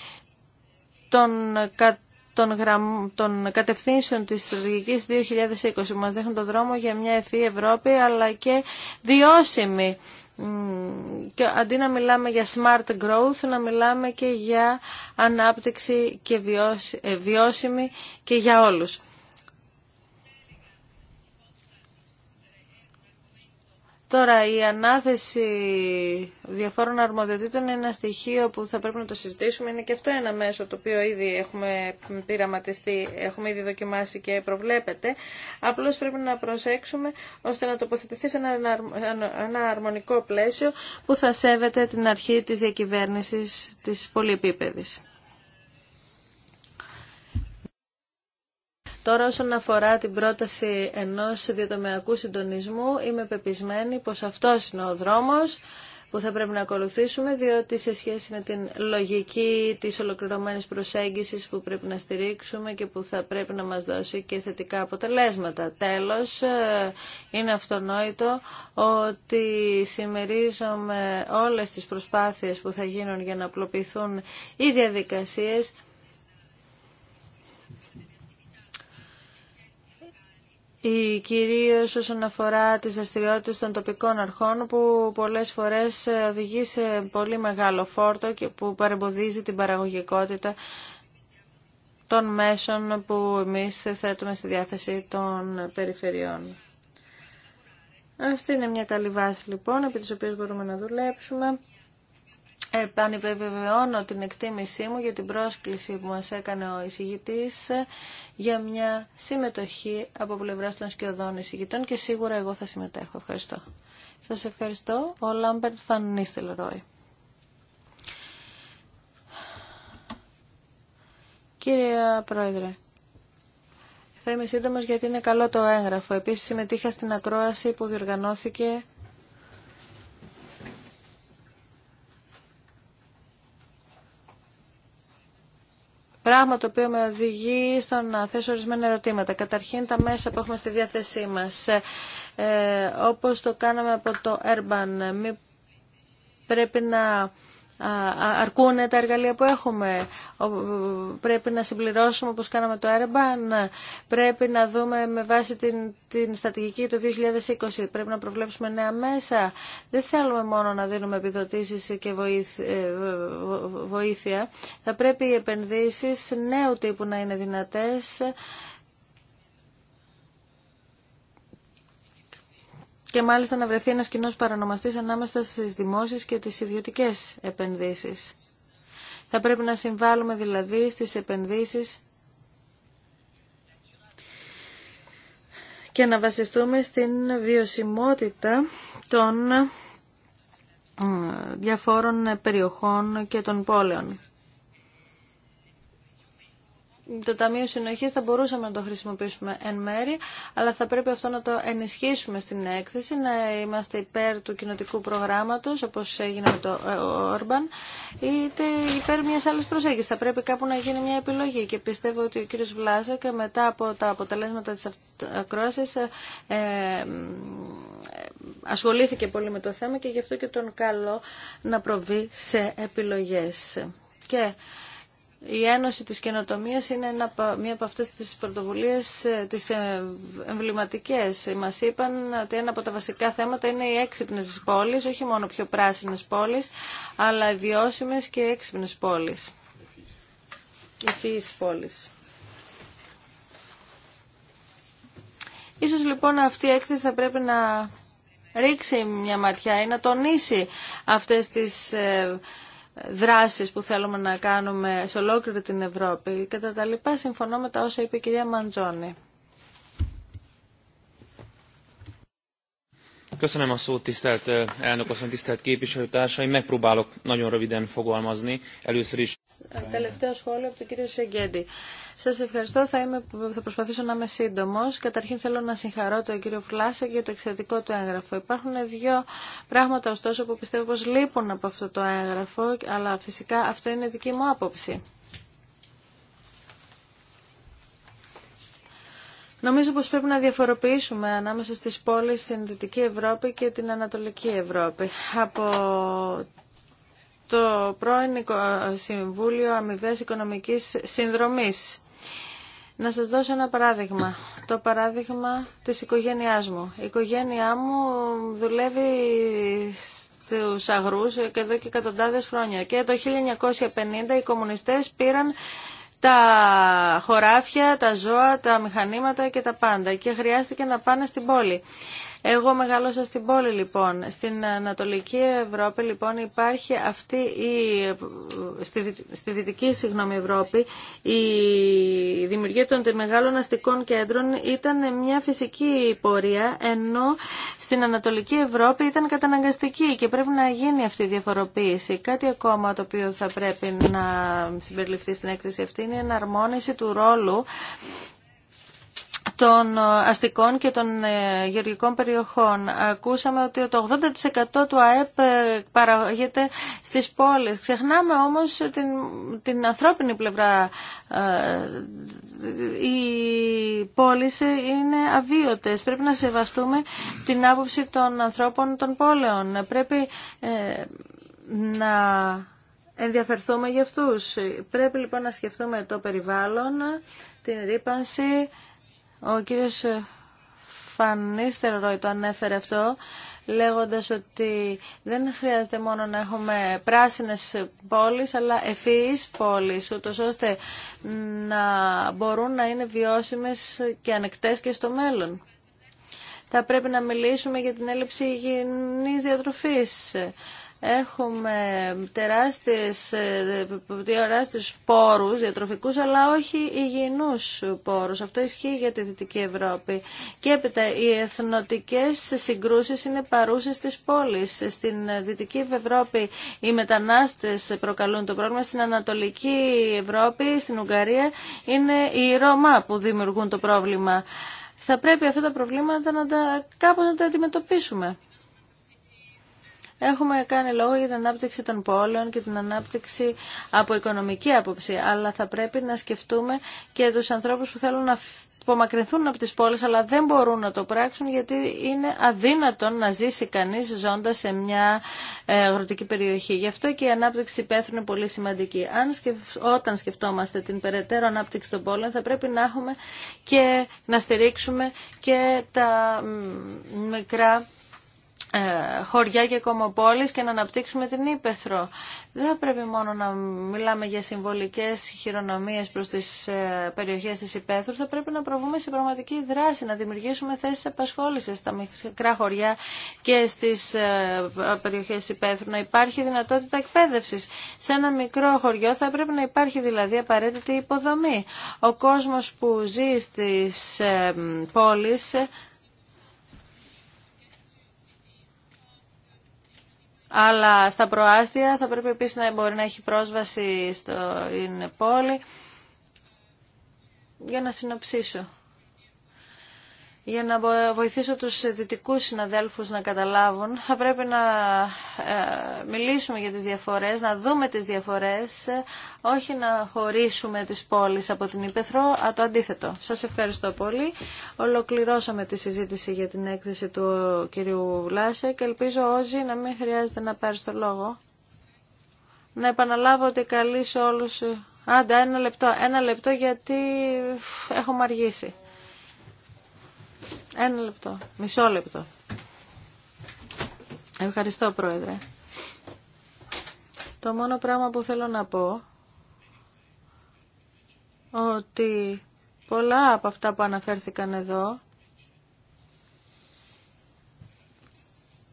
των κατευθύνσεων της στρατηγικής 2020 που μας δείχνουν το δρόμο για μια ευφύ Ευρώπη αλλά και βιώσιμη και αντί να μιλάμε για smart growth, να μιλάμε και για ανάπτυξη και ε, βιώσιμη και για όλους. Τώρα, η ανάθεση διαφόρων αρμοδιοτήτων είναι ένα στοιχείο που θα πρέπει να το συζητήσουμε. Είναι και αυτό ένα μέσο το οποίο ήδη έχουμε πειραματιστεί, έχουμε ήδη δοκιμάσει και προβλέπεται. Απλώς πρέπει να προσέξουμε ώστε να τοποθετηθεί σε ένα, ένα αρμονικό πλαίσιο που θα σέβεται την αρχή της διακυβέρνησης της πολυεπίπεδης. Τώρα όσον αφορά την πρόταση ενός διατομιακού συντονισμού, είμαι πεπισμένη πως αυτός είναι ο δρόμος που θα πρέπει να ακολουθήσουμε, διότι σε σχέση με την λογική της ολοκληρωμένης προσέγγισης που πρέπει να στηρίξουμε και που θα πρέπει να μας δώσει και θετικά αποτελέσματα. Τέλος, ε, είναι αυτονόητο ότι συμμερίζομαι όλες τις προσπάθειες που θα γίνουν για να απλοποιηθούν οι διαδικασίες η ε, κυρίως όσον αφορά τις δραστηριότητε των τοπικών αρχών που πολλές φορές ε, οδηγεί σε πολύ μεγάλο φόρτο και που παρεμποδίζει την παραγωγικότητα των μέσων που εμείς θέτουμε στη διάθεση των περιφερειών. Αυτή είναι μια καλή βάση λοιπόν, επί της οποίας μπορούμε να δουλέψουμε. Επανεπιβεβαιώνω την εκτίμησή μου για την πρόσκληση που μας έκανε ο εισηγητής για μια συμμετοχή από πλευρά των σκιωδών εισηγητών και σίγουρα εγώ θα συμμετέχω. Ευχαριστώ. Σας ευχαριστώ. Ο Λάμπερτ Φανίστελ Ρόι. Κύριε Πρόεδρε, θα είμαι σύντομος γιατί είναι καλό το έγγραφο. Επίσης συμμετείχα στην ακρόαση που διοργανώθηκε Πράγμα το οποίο με οδηγεί στο να θέσω ορισμένα ερωτήματα. Καταρχήν τα μέσα που έχουμε στη διάθεσή μας, ε, ε όπως το κάναμε από το Urban, ε, μη πρέπει να αρκούν τα εργαλεία που έχουμε. Πρέπει να συμπληρώσουμε όπως κάναμε το Airban. πρέπει να δούμε με βάση την, την στατηγική του 2020, πρέπει να προβλέψουμε νέα μέσα. Δεν θέλουμε μόνο να δίνουμε επιδοτήσεις και ε, βοήθεια. Θα πρέπει οι επενδύσεις νέου τύπου να είναι δυνατές και μάλιστα να βρεθεί ένας κοινός παρανομαστής ανάμεσα στις δημόσιες και τις ιδιωτικές επενδύσεις. Θα πρέπει να συμβάλλουμε δηλαδή στις επενδύσεις και να βασιστούμε στην βιωσιμότητα των ε, διαφόρων περιοχών και των πόλεων το Ταμείο Συνοχής θα μπορούσαμε να το χρησιμοποιήσουμε εν μέρη, αλλά θα πρέπει αυτό να το ενισχύσουμε στην έκθεση, να είμαστε υπέρ του κοινοτικού προγράμματος, όπως έγινε με το ε, Όρμπαν, είτε υπέρ μιας άλλης προσέγγισης. Θα πρέπει κάπου να γίνει μια επιλογή και πιστεύω ότι ο κύριος Βλάζακ μετά από τα αποτελέσματα της ακρόασης ε, ε, ε, ασχολήθηκε πολύ με το θέμα και γι' αυτό και τον καλό να προβεί σε επιλογές. Και η Ένωση της Καινοτομίας είναι ένα, μία από αυτές τις πρωτοβουλίες ε, τις ε, εμβληματικές. Μας είπαν ότι ένα από τα βασικά θέματα είναι οι έξυπνες πόλεις, όχι μόνο πιο πράσινες πόλεις, αλλά οι βιώσιμες μια ματιά ή να τονίσει αυτές τις πρωτοβουλιες τις εμβληματικες μας ειπαν οτι ενα απο τα βασικα θεματα ειναι οι εξυπνες πολεις οχι μονο πιο πρασινες πολεις αλλα οι βιωσιμες και εξυπνες πολεις οι πολεις ισως λοιπον αυτη η εκθεση θα πρεπει να ριξει μια ματια η να τονισει αυτες τις δράσεις που θέλουμε να κάνουμε σε ολόκληρη την Ευρώπη. και τα λοιπά συμφωνώ με τα όσα είπε η κυρία Μαντζόνη. Köszönöm a szót, tisztelt eh, elnök asszony, tisztelt képviselőtársaim. Megpróbálok nagyon röviden fogalmazni. Először is. Τελευταίο από τον κύριο Σεγγέντη. Σα ευχαριστώ. Θα, είμαι, θα προσπαθήσω να είμαι σύντομο. Καταρχήν θέλω να συγχαρώ τον κύριο Φλάσσα για το εξαιρετικό του έγγραφο. Υπάρχουν δύο πράγματα ωστόσο που πιστεύω πω λείπουν από αυτό το έγγραφο, αλλά φυσικά αυτό είναι δική μου άποψη. Νομίζω πως πρέπει να διαφοροποιήσουμε ανάμεσα στις πόλεις στην Δυτική Ευρώπη και την Ανατολική Ευρώπη. Από το πρώην Συμβούλιο Αμοιβέ Οικονομικής Συνδρομής. Να σας δώσω ένα παράδειγμα. Το παράδειγμα της οικογένειάς μου. Η οικογένειά μου δουλεύει στους αγρούς και εδώ και εκατοντάδες χρόνια. Και το 1950 οι κομμουνιστές πήραν τα χωράφια, τα ζώα, τα μηχανήματα και τα πάντα και χρειάστηκε να πάνε στην πόλη. Εγώ μεγάλωσα στην πόλη λοιπόν. Στην Ανατολική Ευρώπη λοιπόν υπάρχει αυτή η, στη, Δυτική συγγνώμη, Ευρώπη η δημιουργία των μεγάλων αστικών κέντρων ήταν μια φυσική πορεία ενώ στην Ανατολική Ευρώπη ήταν καταναγκαστική και πρέπει να γίνει αυτή η διαφοροποίηση. Κάτι ακόμα το οποίο θα πρέπει να συμπεριληφθεί στην έκθεση αυτή είναι η εναρμόνιση του ρόλου των ε, αστικών και των ε, γεωργικών περιοχών. Ακούσαμε ότι το 80% του ΑΕΠ ε, παραγωγείται στις πόλεις. Ξεχνάμε όμως την, την ανθρώπινη πλευρά. Οι πόλεις είναι αβίωτες. Πρέπει να σεβαστούμε την άποψη των ανθρώπων των πόλεων. Πρέπει να ενδιαφερθούμε για αυτούς. Πρέπει λοιπόν να σκεφτούμε το περιβάλλον, την ρήπανση, ο κύριος ε, Φανίστερ το ανέφερε αυτό, λέγοντας ότι δεν χρειάζεται μόνο να έχουμε πράσινες πόλεις, αλλά ευφυείς πόλεις, ούτως ώστε να μπορούν να είναι βιώσιμες και ανεκτές και στο μέλλον. Θα πρέπει να μιλήσουμε για την έλλειψη υγιεινής διατροφής έχουμε τεράστιες, ε, τεράστιους πόρους διατροφικούς αλλά όχι υγιεινούς πόρους. Αυτό ισχύει για τη Δυτική Ευρώπη. Και έπειτα οι εθνοτικές συγκρούσεις είναι παρούσες στις πόλεις. Στην Δυτική Ευρώπη οι μετανάστες προκαλούν το πρόβλημα. Στην Ανατολική Ευρώπη, στην Ουγγαρία είναι οι Ρώμα που δημιουργούν το πρόβλημα. Θα πρέπει αυτά τα προβλήματα να τα, να τα αντιμετωπίσουμε. Έχουμε κάνει λόγο για την ανάπτυξη των πόλεων και την ανάπτυξη από οικονομική άποψη, αλλά θα πρέπει να σκεφτούμε και τους ανθρώπους που θέλουν να απομακρυνθούν από τις πόλεις αλλά δεν μπορούν να το πράξουν γιατί είναι αδύνατον να ζήσει κανείς ζώντα σε μια ε, αγροτική περιοχή. Γι' αυτό και η ανάπτυξη υπαίθρου είναι πολύ σημαντική. Όταν σκεφτόμαστε την περαιτέρω ανάπτυξη των πόλεων θα πρέπει να έχουμε και να στηρίξουμε και τα μικρά ε, χωριά και κομοπόλεις και να αναπτύξουμε την Ήπεθρο. Δεν θα πρέπει μόνο να μιλάμε για συμβολικές χειρονομίες προς τις ε, περιοχές της Ήπεθρου, θα πρέπει να προβούμε σε πραγματική δράση, να δημιουργήσουμε θέσεις απασχόλησης στα μικρά χωριά και στις ε, περιοχές της Ήπεθρου, να υπάρχει δυνατότητα εκπαίδευσης. Σε ένα μικρό χωριό θα πρέπει να υπάρχει δηλαδή απαραίτητη υποδομή. Ο κόσμος που ζει στις πόλεις αλλά στα προάστια θα πρέπει επίσης να μπορεί να έχει πρόσβαση στην πόλη. Για να συνοψίσω για να βοηθήσω τους δυτικούς συναδέλφους να καταλάβουν, θα πρέπει να ε, μιλήσουμε για τις διαφορές, να δούμε τις διαφορές, όχι να χωρίσουμε τις πόλεις από την Ήπεθρο, α, το αντίθετο. Σας ευχαριστώ πολύ. Ολοκληρώσαμε τη συζήτηση για την έκθεση του κυρίου Βλάσε και ελπίζω Όζη να μην χρειάζεται να πάρει το λόγο. Να επαναλάβω ότι καλή όλους... Άντε, ένα λεπτό, ένα λεπτό γιατί έχουμε αργήσει. Ένα λεπτό. Μισό λεπτό. Ευχαριστώ, Πρόεδρε. Το μόνο πράγμα που θέλω να πω ότι πολλά από αυτά που αναφέρθηκαν εδώ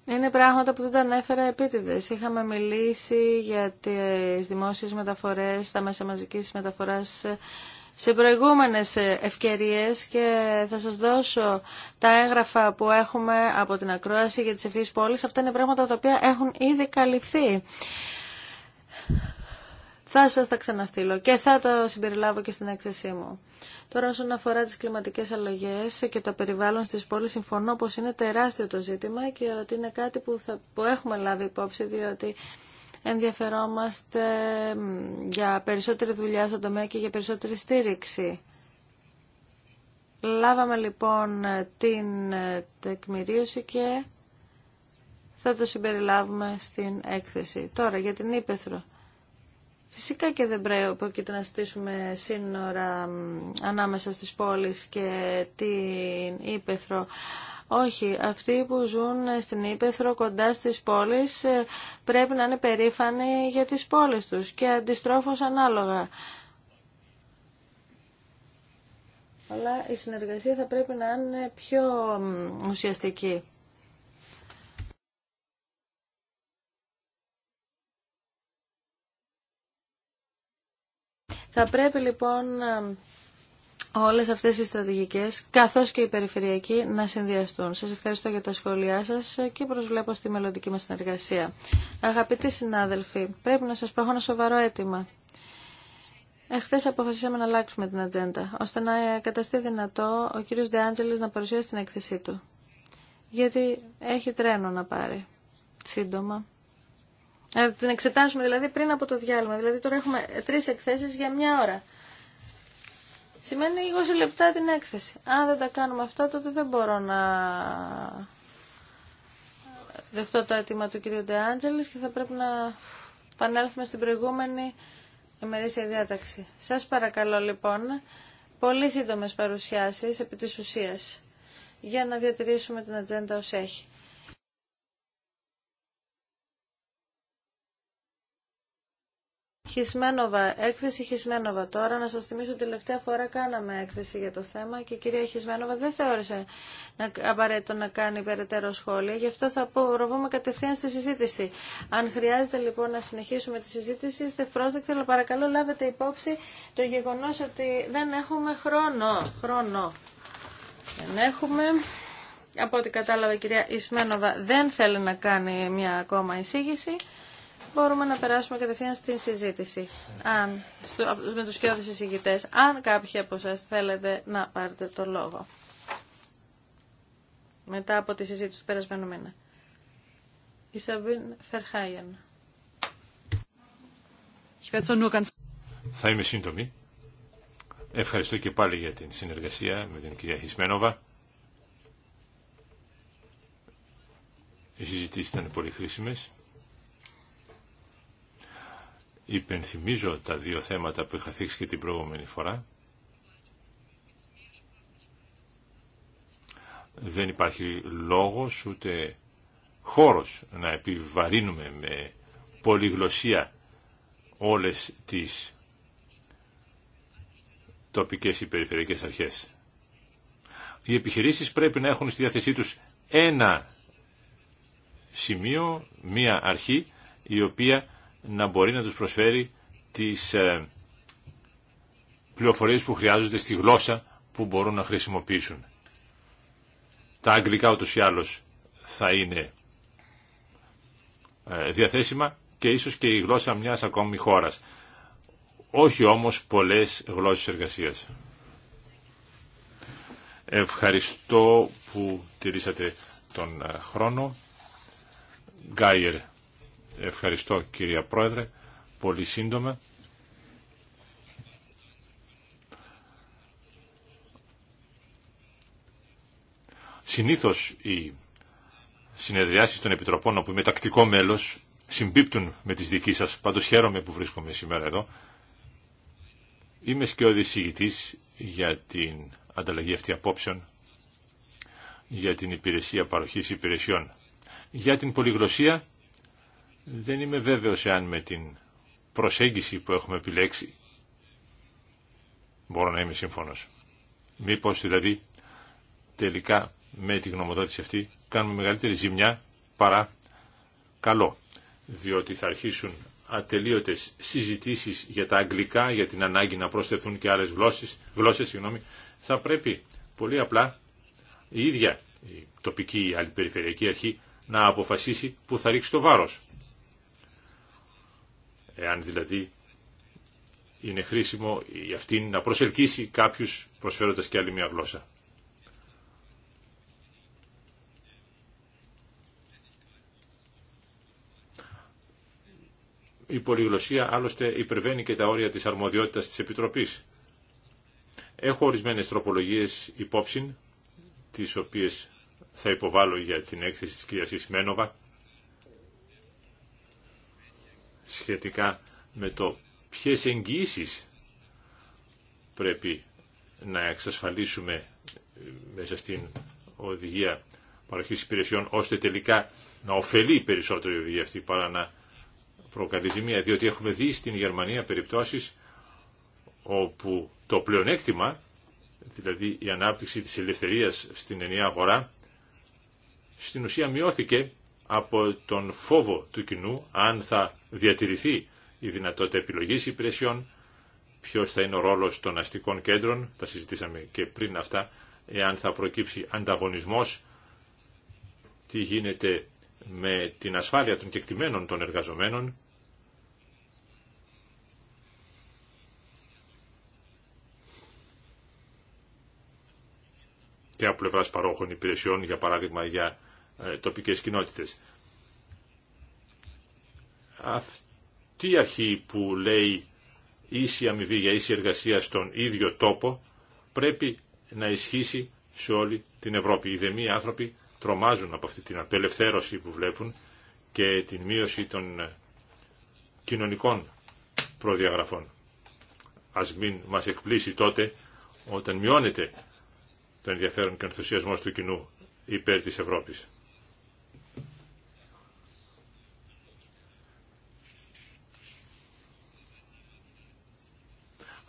Είναι πράγματα που δεν τα ανέφερα επίτηδες. Είχαμε μιλήσει για τις δημόσιες μεταφορές, τα μέσα μαζικής μεταφοράς, σε προηγούμενες ε, ευκαιρίες και θα σας δώσω τα έγγραφα που έχουμε από την ακρόαση για τις ευφύς πόλεις. Αυτά είναι πράγματα τα οποία έχουν ήδη καλυφθεί. Θα σας τα ξαναστείλω και θα το συμπεριλάβω και στην έκθεσή μου. Τώρα όσον αφορά τις κλιματικές αλλαγές και το περιβάλλον στις πόλεις, συμφωνώ πως είναι τεράστιο το ζήτημα και ότι είναι κάτι που, θα, που έχουμε λάβει υπόψη, διότι ενδιαφερόμαστε για περισσότερη δουλειά στον τομέα και για περισσότερη στήριξη. Λάβαμε λοιπόν την ε, τεκμηρίωση και θα το συμπεριλάβουμε στην έκθεση. Τώρα για την Ήπεθρο. Φυσικά και δεν πρέπει να στήσουμε σύνορα ανάμεσα στις πόλεις και την Ήπεθρο. Όχι, αυτοί που ζουν στην Ήπεθρο κοντά στις πόλεις ε, πρέπει να είναι περήφανοι για τις πόλεις τους και αντιστρόφως ανάλογα. Αλλά η συνεργασία θα πρέπει να είναι πιο ουσιαστική. Θα πρέπει λοιπόν όλες αυτές οι στρατηγικές καθώς και οι περιφερειακοί, να συνδυαστούν. Σας ευχαριστώ για τα σχόλιά σας και προσβλέπω στη μελλοντική μας συνεργασία. Αγαπητοί συνάδελφοι, πρέπει να σας πω ένα σοβαρό αίτημα. Εχθέ αποφασίσαμε να αλλάξουμε την ατζέντα, ώστε να καταστεί δυνατό ο κύριος Ντεάντζελης να παρουσιάσει την έκθεσή του. Γιατί έχει τρένο να πάρει σύντομα. Ε, την εξετάσουμε δηλαδή πριν από το διάλειμμα. Δηλαδή τώρα έχουμε τρεις εκθέσεις για μια ώρα σημαίνει 20 λεπτά την έκθεση. Αν δεν τα κάνουμε αυτά, τότε δεν μπορώ να δεχτώ το αίτημα του κ. Ντεάντζελης και θα πρέπει να πανέλθουμε στην προηγούμενη ημερήσια διάταξη. Σας παρακαλώ λοιπόν, πολύ σύντομε παρουσιάσεις επί της ουσίας για να διατηρήσουμε την ατζέντα ως έχει. Χισμένοβα, έκθεση Χισμένοβα. Τώρα να σας θυμίσω τελευταία φορά κάναμε έκθεση για το θέμα και η κυρία Χισμένοβα δεν θεώρησε να, απαραίτητο να κάνει περαιτέρω σχόλια. Γι' αυτό θα προβούμε κατευθείαν στη συζήτηση. Αν χρειάζεται λοιπόν να συνεχίσουμε τη συζήτηση, είστε πρόσδεκτοι, αλλά παρακαλώ λάβετε υπόψη το γεγονός ότι δεν έχουμε χρόνο. χρόνο. Δεν έχουμε... Από ό,τι κατάλαβα η κυρία Ισμένοβα δεν θέλει να κάνει μια ακόμα εισήγηση μπορούμε να περάσουμε κατευθείαν στην συζήτηση αν, στο, με τους κοιόδης εισηγητές, αν κάποιοι από εσάς θέλετε να πάρετε το λόγο. Μετά από τη συζήτηση του περασμένου μήνα. Η Σαμπίν Θα είμαι σύντομη. Ευχαριστώ και πάλι για την συνεργασία με την κυρία Χισμένοβα. Οι συζητήσεις ήταν πολύ χρήσιμες υπενθυμίζω τα δύο θέματα που είχα θίξει και την προηγούμενη φορά. Δεν υπάρχει λόγος ούτε χώρος να επιβαρύνουμε με πολυγλωσία όλες τις τοπικές ή περιφερειακές αρχές. Οι επιχειρήσεις πρέπει να έχουν στη διάθεσή τους ένα σημείο, μία αρχή, η οποία να μπορεί να τους προσφέρει τις ε, πληροφορίες που χρειάζονται στη γλώσσα που μπορούν να χρησιμοποιήσουν. Τα αγγλικά ούτως ή άλλως θα είναι ε, διαθέσιμα και ίσως και η γλώσσα μιας ακόμη χώρας. Όχι όμως πολλές γλώσσες εργασίας. Ευχαριστώ που τηρήσατε τον ε, χρόνο. Γκάιερ. Ευχαριστώ κυρία Πρόεδρε. Πολύ σύντομα. Συνήθως οι συνεδριάσεις των Επιτροπών όπου είμαι τακτικό μέλος συμπίπτουν με τις δική σας. Πάντως χαίρομαι που βρίσκομαι σήμερα εδώ. Είμαι σκιώδης για την ανταλλαγή αυτή απόψεων, για την υπηρεσία παροχής υπηρεσιών, για την πολυγλωσία δεν είμαι βέβαιος εάν με την προσέγγιση που έχουμε επιλέξει μπορώ να είμαι σύμφωνος. Μήπως δηλαδή τελικά με την γνωμοδότηση αυτή κάνουμε μεγαλύτερη ζημιά παρά καλό. Διότι θα αρχίσουν ατελείωτες συζητήσεις για τα αγγλικά, για την ανάγκη να προσθεθούν και άλλες γλώσσες, γλώσσες συγγνώμη, θα πρέπει πολύ απλά η ίδια η τοπική ή η περιφερειακή αρχή να αποφασίσει που θα ρίξει το βάρος εάν δηλαδή είναι χρήσιμο η αυτή να προσελκύσει κάποιους προσφέροντας και άλλη μια γλώσσα. Η πολυγλωσία άλλωστε υπερβαίνει και τα όρια της αρμοδιότητας της Επιτροπής. Έχω ορισμένες τροπολογίες υπόψη, τις οποίες θα υποβάλω για την έκθεση της κυρίας Ισμένοβα σχετικά με το ποιες εγγυήσεις πρέπει να εξασφαλίσουμε μέσα στην οδηγία παροχής υπηρεσιών, ώστε τελικά να ωφελεί περισσότερο η οδηγία αυτή παρά να προκαλεί ζημία. Διότι έχουμε δει στην Γερμανία περιπτώσεις όπου το πλεονέκτημα, δηλαδή η ανάπτυξη της ελευθερίας στην ενιαία αγορά, στην ουσία μειώθηκε από τον φόβο του κοινού αν θα διατηρηθεί η δυνατότητα επιλογής υπηρεσιών, ποιος θα είναι ο ρόλος των αστικών κέντρων, τα συζητήσαμε και πριν αυτά, εάν θα προκύψει ανταγωνισμός, τι γίνεται με την ασφάλεια των κεκτημένων των εργαζομένων, και από πλευράς παρόχων υπηρεσιών, για παράδειγμα για ε, τοπικές κοινότητες αυτή η αρχή που λέει ίση αμοιβή για ίση εργασία στον ίδιο τόπο πρέπει να ισχύσει σε όλη την Ευρώπη. Οι δεμοί άνθρωποι τρομάζουν από αυτή την απελευθέρωση που βλέπουν και την μείωση των κοινωνικών προδιαγραφών. Ας μην μας εκπλήσει τότε όταν μειώνεται το ενδιαφέρον και ο του κοινού υπέρ της Ευρώπης.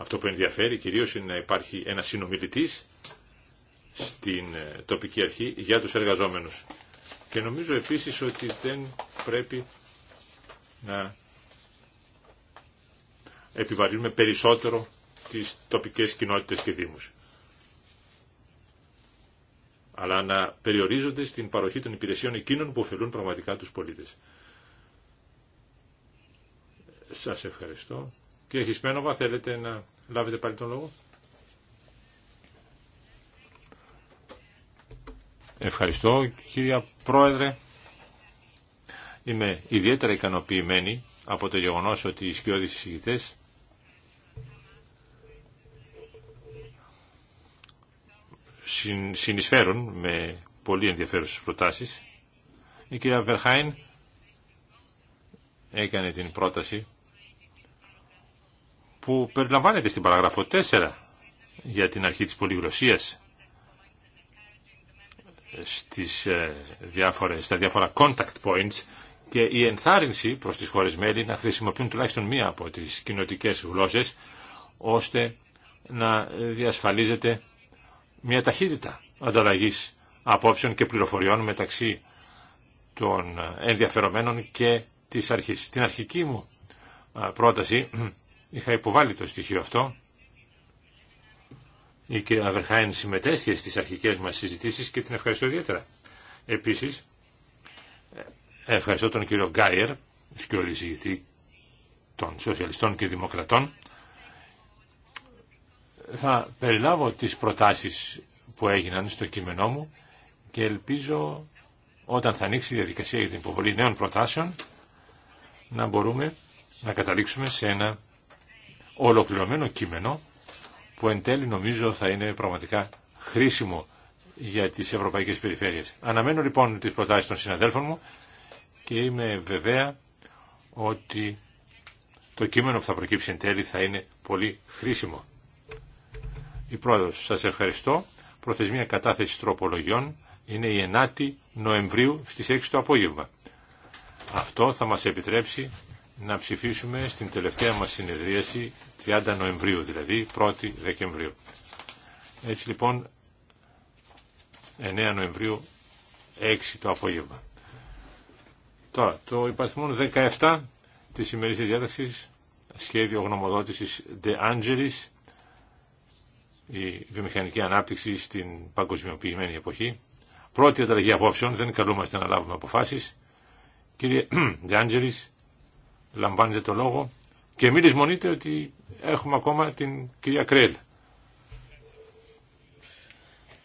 Αυτό που ενδιαφέρει κυρίως είναι να υπάρχει ένα συνομιλητής στην ε, τοπική αρχή για τους εργαζόμενους. Και νομίζω επίσης ότι δεν πρέπει να επιβαρύνουμε περισσότερο τις τοπικές κοινότητες και δήμους. Αλλά να περιορίζονται στην παροχή των υπηρεσιών εκείνων που ωφελούν πραγματικά τους πολίτες. Σας ευχαριστώ. Κύριε Χισπένοβα, θέλετε να λάβετε πάλι τον λόγο. Ευχαριστώ κύριε Πρόεδρε. Είμαι ιδιαίτερα ικανοποιημένη από το γεγονός ότι οι σκιώδεις συζητητές συνεισφέρουν με πολύ ενδιαφέρουσες προτάσεις. Η κυρία Βερχάιν έκανε την πρόταση που περιλαμβάνεται στην παραγραφό 4 για την αρχή της πολυγλωσίας... στις ε, διάφορες, στα διάφορα contact points και η ενθάρρυνση προς τις χώρες μέλη να χρησιμοποιούν τουλάχιστον μία από τις κοινοτικές γλώσσες ώστε να διασφαλίζεται μια ταχύτητα ανταλλαγής απόψεων και πληροφοριών μεταξύ των ενδιαφερομένων και της αρχής. Στην αρχική μου πρόταση Είχα υποβάλει το στοιχείο αυτό. Η κυρία Βερχάιν συμμετέσχε στις αρχικές μας συζητήσεις και την ευχαριστώ ιδιαίτερα. Επίσης, ευχαριστώ τον κύριο Γκάιερ, σκιολυσιγητή των Σοσιαλιστών και Δημοκρατών. Θα περιλάβω τις προτάσεις που έγιναν στο κείμενό μου και ελπίζω όταν θα ανοίξει η διαδικασία για την υποβολή νέων προτάσεων να μπορούμε να καταλήξουμε σε ένα ολοκληρωμένο κείμενο που εν τέλει νομίζω θα είναι πραγματικά χρήσιμο για τις ευρωπαϊκές περιφέρειες. Αναμένω λοιπόν τις προτάσεις των συναδέλφων μου και είμαι βεβαία ότι το κείμενο που θα προκύψει εν τέλει θα είναι πολύ χρήσιμο. Η πρόεδρος, σας ευχαριστώ. Προθεσμία κατάθεση τροπολογιών είναι η 9η Νοεμβρίου στις 6 το απόγευμα. Αυτό θα μας επιτρέψει να ψηφίσουμε στην τελευταία μας συνεδρίαση 30 Νοεμβρίου, δηλαδή 1η Δεκεμβρίου. Έτσι λοιπόν 9 Νοεμβρίου 6 το απόγευμα. Τώρα, το υπαριθμό 17 της σημερινής διάταξης, σχέδιο γνωμοδότησης De Angelis, η βιομηχανική ανάπτυξη στην παγκοσμιοποιημένη εποχή. Πρώτη ανταλλαγή απόψεων, δεν καλούμαστε να λάβουμε αποφάσεις. Κύριε De Angelis, λαμβάνετε το λόγο και μην λησμονείτε ότι έχουμε ακόμα την κυρία Κρέλ.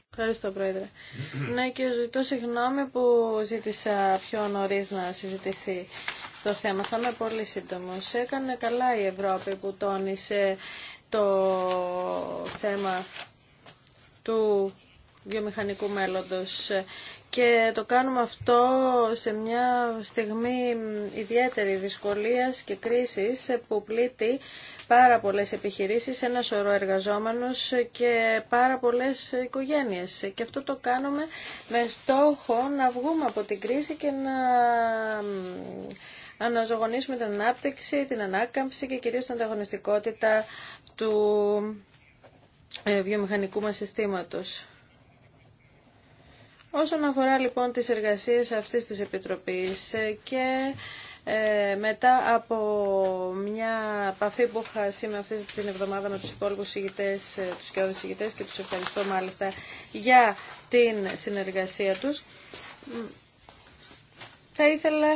Ευχαριστώ, Πρόεδρε. ναι, και ζητώ συγγνώμη που ζήτησα πιο νωρί να συζητηθεί το θέμα. Θα είμαι πολύ σύντομο. Έκανε καλά η Ευρώπη που τόνισε το θέμα του βιομηχανικού μέλλοντος και το κάνουμε αυτό σε μια στιγμή ιδιαίτερη δυσκολίας και κρίσης που πλήττει πάρα πολλές επιχειρήσεις, ένα σωρό εργαζόμενους και πάρα πολλές οικογένειες. Και αυτό το κάνουμε με στόχο να βγούμε από την κρίση και να αναζωογονήσουμε την ανάπτυξη, την ανάκαμψη και κυρίως την ανταγωνιστικότητα του ε, βιομηχανικού μας συστήματος. Όσον αφορά λοιπόν τις εργασίες αυτής της Επιτροπής ε, και ε, μετά από μια επαφή που είχα σήμερα αυτή την εβδομάδα με τους υπόλοιπους ηγητές, ε, τους κοιόδους ηγητές και τους ευχαριστώ μάλιστα για την συνεργασία τους, θα ήθελα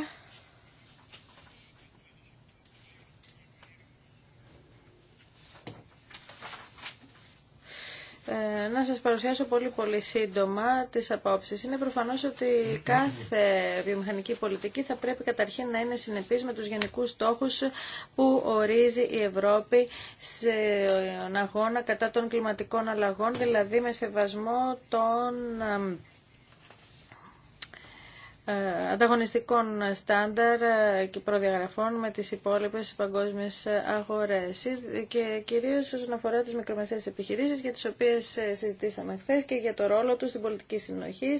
Ε, να σας παρουσιάσω πολύ πολύ σύντομα τις απόψεις. Είναι προφανώς ότι κάθε βιομηχανική πολιτική θα πρέπει καταρχήν να είναι συνεπής με τους γενικούς στόχους που ορίζει η Ευρώπη σε ε, αγώνα κατά των κλιματικών αλλαγών, δηλαδή με σεβασμό των ε, ε, ανταγωνιστικών στάνταρ ε, και προδιαγραφών με τις υπόλοιπες παγκόσμιες αγορές και κυρίως όσον αφορά τις μικρομεσαίες επιχειρήσεις για τις οποίες ε, συζητήσαμε χθε και για το ρόλο τους στην πολιτική συνοχή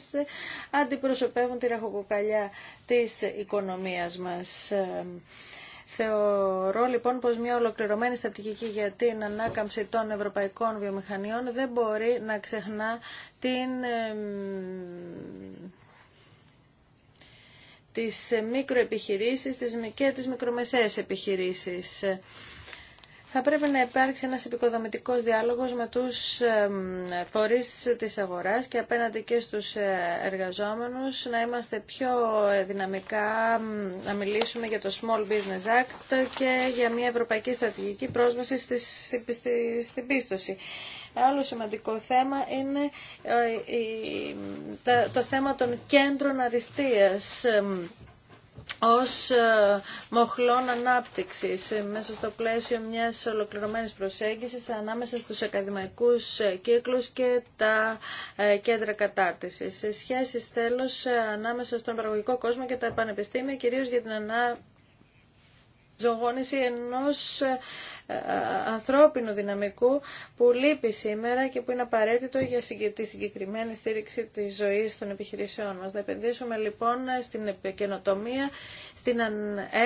αντιπροσωπεύουν τη ραχοκοκαλιά της οικονομίας μας. Θεωρώ λοιπόν πως μια ολοκληρωμένη στρατηγική για την ανάκαμψη των ευρωπαϊκών βιομηχανιών δεν μπορεί να ξεχνά την τις μικροεπιχειρήσεις τις, και τις μικρομεσαίες επιχειρήσεις θα πρέπει να υπάρξει ένας επικοδομητικός διάλογος με τους φορείς της αγοράς και απέναντι και στους ε, εργαζόμενους να είμαστε πιο ε, δυναμικά, να μιλήσουμε για το Small Business Act και για μια ευρωπαϊκή στρατηγική πρόσβαση στην πίστοση. Άλλο σημαντικό θέμα είναι ε, το θέμα των κέντρων αριστείας ως ε, μοχλών ανάπτυξης ε, μέσα στο πλαίσιο μιας ολοκληρωμένης προσέγγισης ανάμεσα στους ακαδημαϊκούς ε, κύκλους και τα κέντρα κατάρτισης. Σε σχέση τέλος ανάμεσα στον παραγωγικό κόσμο και τα επανεπιστήμια, κυρίως για την ανάπτυξη ζωγόνηση ενός ε, ε, ανθρώπινου δυναμικού που λείπει σήμερα και που είναι απαραίτητο για τη συγκεκριμένη στήριξη της ζωής των επιχειρήσεών μας. Να επενδύσουμε λοιπόν στην καινοτομία, στην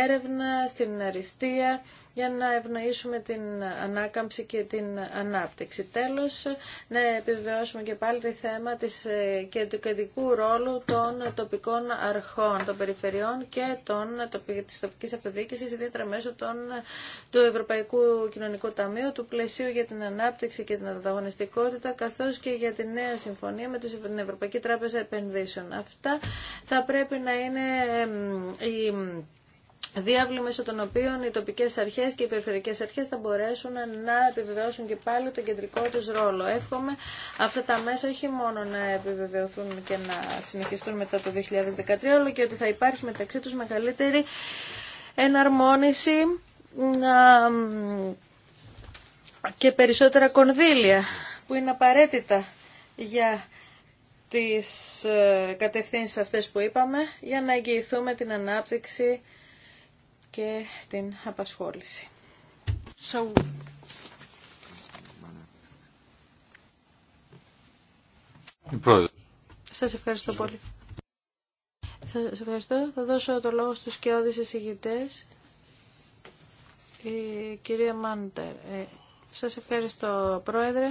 έρευνα, στην αριστεία για να ευνοήσουμε την ανάκαμψη και την ανάπτυξη. Τέλος, να επιβεβαιώσουμε και πάλι το θέμα της ε, κεντρικού ρόλου των τοπικών αρχών, των περιφερειών και των, της τοπικής αυτοδιοίκησης, ιδιαίτερα μέσω των, του Ευρωπαϊκού του Κοινωνικού Ταμείου, του Πλαισίου για την Ανάπτυξη και την Ανταγωνιστικότητα, καθώ και για τη νέα συμφωνία με την Ευρωπαϊκή Τράπεζα Επενδύσεων. Αυτά θα πρέπει να είναι οι διάβλη μέσω των οποίων οι τοπικές αρχές και οι περιφερειακές αρχές θα μπορέσουν να επιβεβαιώσουν και πάλι τον κεντρικό τους ρόλο. Εύχομαι αυτά τα μέσα όχι μόνο να επιβεβαιωθούν και να συνεχιστούν μετά το 2013, αλλά και ότι θα υπάρχει μεταξύ τους μεγαλύτερη εναρμόνιση και περισσότερα κονδύλια που είναι απαραίτητα για τις ε, κατευθύνσεις αυτές που είπαμε για να εγγυηθούμε την ανάπτυξη και την απασχόληση. So... Σας ευχαριστώ πολύ. Σας ευχαριστώ. Θα δώσω το λόγο στους σκιώδεις εισηγητές η ε, κυρία Μάντερ. Ε, σας ευχαριστώ, Πρόεδρε.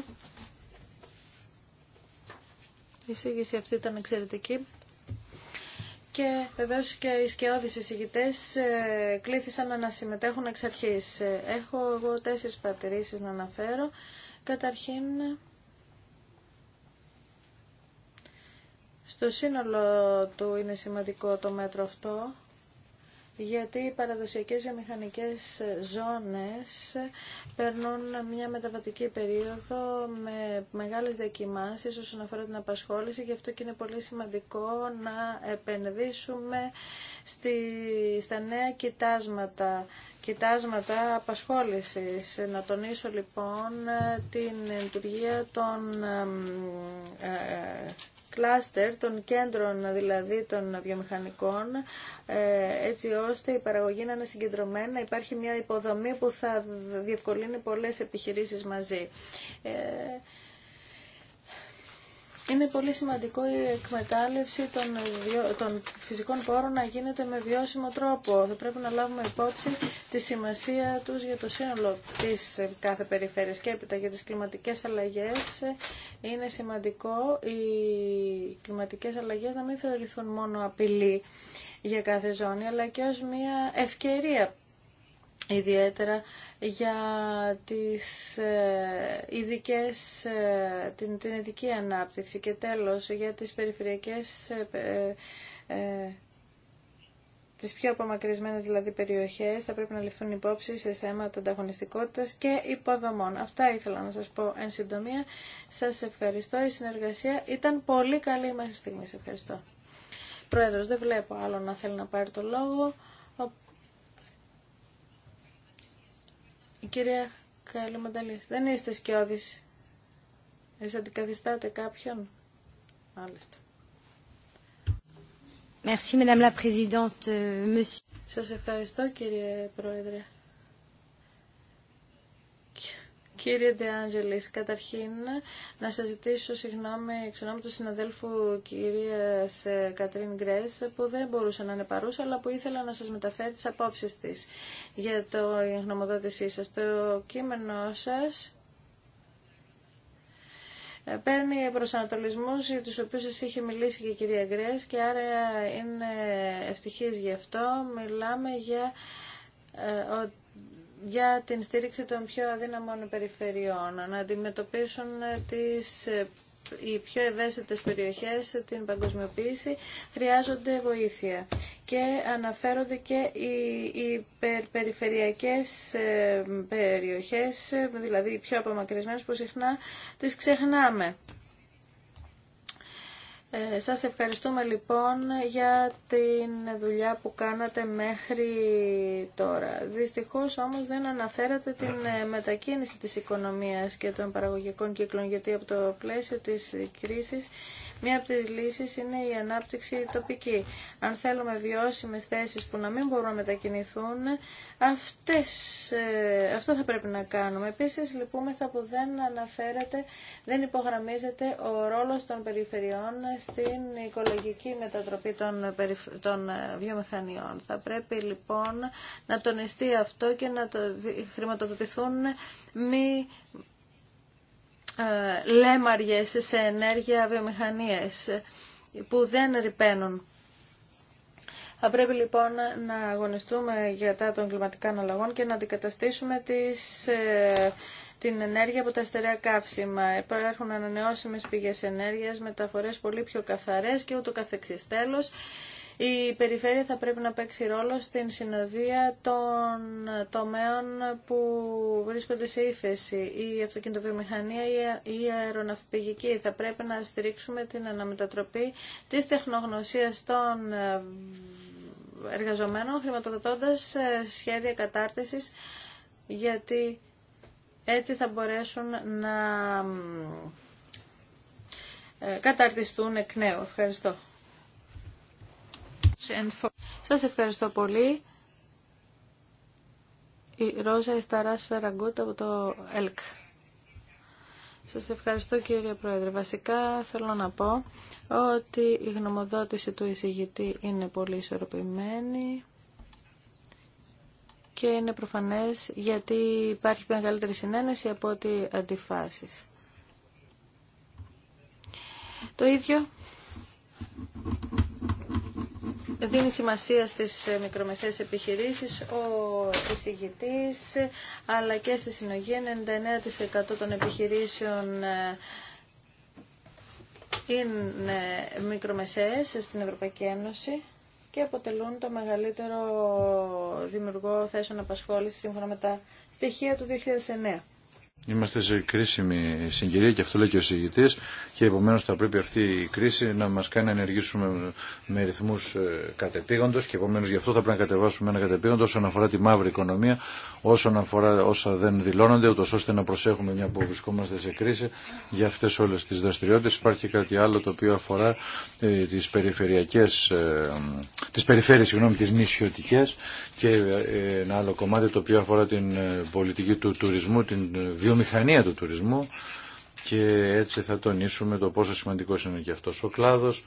Η εισήγηση αυτή ήταν εξαιρετική. Και βεβαίως και οι σκιώδεις εισηγητές ε, κλήθησαν να συμμετέχουν εξ αρχής. Έχω εγώ τέσσερις παρατηρήσεις να αναφέρω. Καταρχήν, στο σύνολο του είναι σημαντικό το μέτρο αυτό γιατί οι παραδοσιακές βιομηχανικές ζώνες περνούν μια μεταβατική περίοδο με μεγάλες δεκιμάσεις όσον αφορά την απασχόληση γι' αυτό και είναι πολύ σημαντικό να επενδύσουμε στη, στα νέα κοιτάσματα, κοιτάσματα απασχόλησης. Να τονίσω λοιπόν την λειτουργία των ε, ε, κλάστερ των κέντρων δηλαδή των βιομηχανικών ε, έτσι ώστε η παραγωγή να είναι συγκεντρωμένη, να υπάρχει μια υποδομή που θα διευκολύνει πολλές επιχειρήσεις μαζί. Ε, είναι πολύ σημαντικό η εκμετάλλευση των, φυσικών πόρων να γίνεται με βιώσιμο τρόπο. Θα πρέπει να λάβουμε υπόψη τη σημασία τους για το σύνολο της κάθε περιφέρειας και έπειτα για τις κλιματικές αλλαγές. Ε, είναι σημαντικό οι κλιματικές αλλαγές να μην θεωρηθούν μόνο απειλή για κάθε ζώνη, αλλά και ως μια ευκαιρία ιδιαίτερα για τις ε, ειδικές, ε, την, την ειδική ανάπτυξη και τέλος για τις περιφερειακές ε, ε, τις πιο απομακρυσμένες δηλαδή περιοχές θα πρέπει να ληφθούν υπόψη σε των ανταγωνιστικότητας και υποδομών. Αυτά ήθελα να σας πω εν συντομία. Σας ευχαριστώ. Η συνεργασία ήταν πολύ καλή μέχρι στιγμής. Ευχαριστώ. Πρόεδρος, δεν βλέπω άλλο να θέλει να πάρει το λόγο. Η κυρία μαντάλης δεν είστε σκιώδης. Εσείς αντικαθιστάτε κάποιον. Μάλιστα. Merci, euh, ευχαριστώ κύριε Πρόεδρε. Κύριε Ντεάντζελη, καταρχήν να σας ζητήσω συγγνώμη εξ του συναδέλφου κυρίας ε, Κατρίν Γκρές που δεν μπορούσε να είναι παρούσα αλλά που ήθελα να σας μεταφέρει τις απόψεις της για το γνωμοδότησή σας. Το κείμενό σας ε, παίρνει προσανατολισμούς για τους οποίους σας είχε μιλήσει και η κυρία Γκρέσ και άρα είναι ευτυχής γι' αυτό. Μιλάμε για ε, για την στήριξη των πιο αδύναμων περιφερειών, να αντιμετωπίσουν τις ε, οι πιο ευαίσθητες περιοχές την παγκοσμιοποίηση χρειάζονται βοήθεια και αναφέρονται και οι, οι περιφερειακές ε, περιοχές, ε, δηλαδή οι πιο απομακρυσμένες που συχνά τις ξεχνάμε. Ε, σας ευχαριστούμε λοιπόν για την δουλειά που κάνατε μέχρι τώρα. Δυστυχώς όμως δεν αναφέρατε την ε, μετακίνηση της οικονομίας και των παραγωγικών κύκλων γιατί από το πλαίσιο της κρίσης μία από τις λύσεις είναι η ανάπτυξη τοπική. Αν θέλουμε βιώσιμες θέσεις που να μην μπορούν να μετακινηθούν, αυτές, ε, αυτό θα πρέπει να κάνουμε. Επίσης λυπούμεθα που δεν αναφέρατε, δεν υπογραμμίζεται ο ρόλος των περιφερειών στην οικολογική μετατροπή των, των ε, βιομηχανιών. Θα πρέπει λοιπόν να τονιστεί αυτό και να το χρηματοδοτηθούν μη ε, λέμαριες σε ενέργεια βιομηχανίες που δεν ρηπαίνουν. Θα πρέπει λοιπόν να αγωνιστούμε για τα των κλιματικών αλλαγών και να αντικαταστήσουμε τις ε, την ενέργεια από τα αστερά καύσιμα. Υπάρχουν ανανεώσιμε πηγέ ενέργεια, μεταφορέ πολύ πιο καθαρέ και ούτω καθεξή. Τέλο, η περιφέρεια θα πρέπει να παίξει ρόλο στην συνοδεία των τομέων που βρίσκονται σε ύφεση. Η αυτοκινητοβιομηχανία ή η αεροναυπηγική. Θα πρέπει να στηρίξουμε την αναμετατροπή της τεχνογνωσίας των εργαζομένων χρηματοδοτώντας ε, σχέδια κατάρτιση γιατί έτσι θα μπορέσουν να ε, καταρτιστούν εκ νέου. Ευχαριστώ. Σας ευχαριστώ πολύ. Η Ρόζα Ισταράς Φεραγκούτ από το ΕΛΚ. Σας ευχαριστώ κύριε Πρόεδρε. Βασικά θέλω να πω ότι η γνωμοδότηση του εισηγητή είναι πολύ ισορροπημένη και είναι προφανές γιατί υπάρχει μεγαλύτερη συνένεση από ότι αντιφάσεις. Το ίδιο δίνει σημασία στις μικρομεσαίες επιχειρήσεις ο εισηγητής αλλά και στη συνογή 99% των επιχειρήσεων ε, είναι μικρομεσαίες στην Ευρωπαϊκή Ένωση και αποτελούν το μεγαλύτερο δημιουργό θέσεων απασχόλησης σύμφωνα με τα στοιχεία του 2009. Είμαστε σε κρίσιμη συγκυρία και αυτό λέει και ο συγητή και επομένω θα πρέπει αυτή η κρίση να μα κάνει να ενεργήσουμε με ρυθμού ε, κατεπήγοντο και επομένω γι' αυτό θα πρέπει να κατεβάσουμε ένα κατεπήγοντο όσον αφορά τη μαύρη οικονομία, όσον αφορά όσα δεν δηλώνονται, ούτω ώστε να προσέχουμε μια που βρισκόμαστε σε κρίση για αυτέ όλε τι δραστηριότητε. Υπάρχει κάτι άλλο το οποίο αφορά ε, τι περιφερειακέ, ε, τι περιφέρειε, συγγνώμη, τι νησιωτικέ και ένα άλλο κομμάτι το οποίο αφορά την πολιτική του τουρισμού, την βιομηχανία του τουρισμού και έτσι θα τονίσουμε το πόσο σημαντικός είναι και αυτός ο κλάδος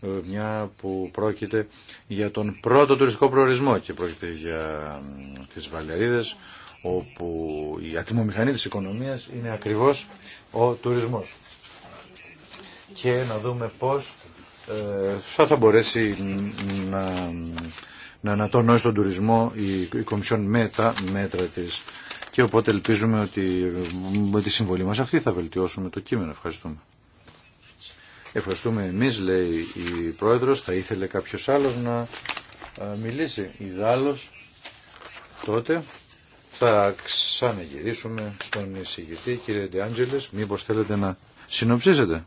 ε, μια που πρόκειται για τον πρώτο τουριστικό προορισμό και πρόκειται για τις Βαλιαρίδες όπου η ατιμομηχανή της οικονομίας είναι ακριβώς ο τουρισμός. Και να δούμε πώς ε, θα, θα μπορέσει να, να ανατονώσει τον τουρισμό η, η Κομισιόν με τα μέτρα της και οπότε ελπίζουμε ότι με τη συμβολή μας αυτή θα βελτιώσουμε το κείμενο. Ευχαριστούμε. Ευχαριστούμε εμείς, λέει η Πρόεδρος. Θα ήθελε κάποιος άλλος να μιλήσει. Ιδάλλως, τότε θα ξαναγυρίσουμε στον εισηγητή, κύριε Ντιάντζελες. Μήπως θέλετε να συνοψίζετε.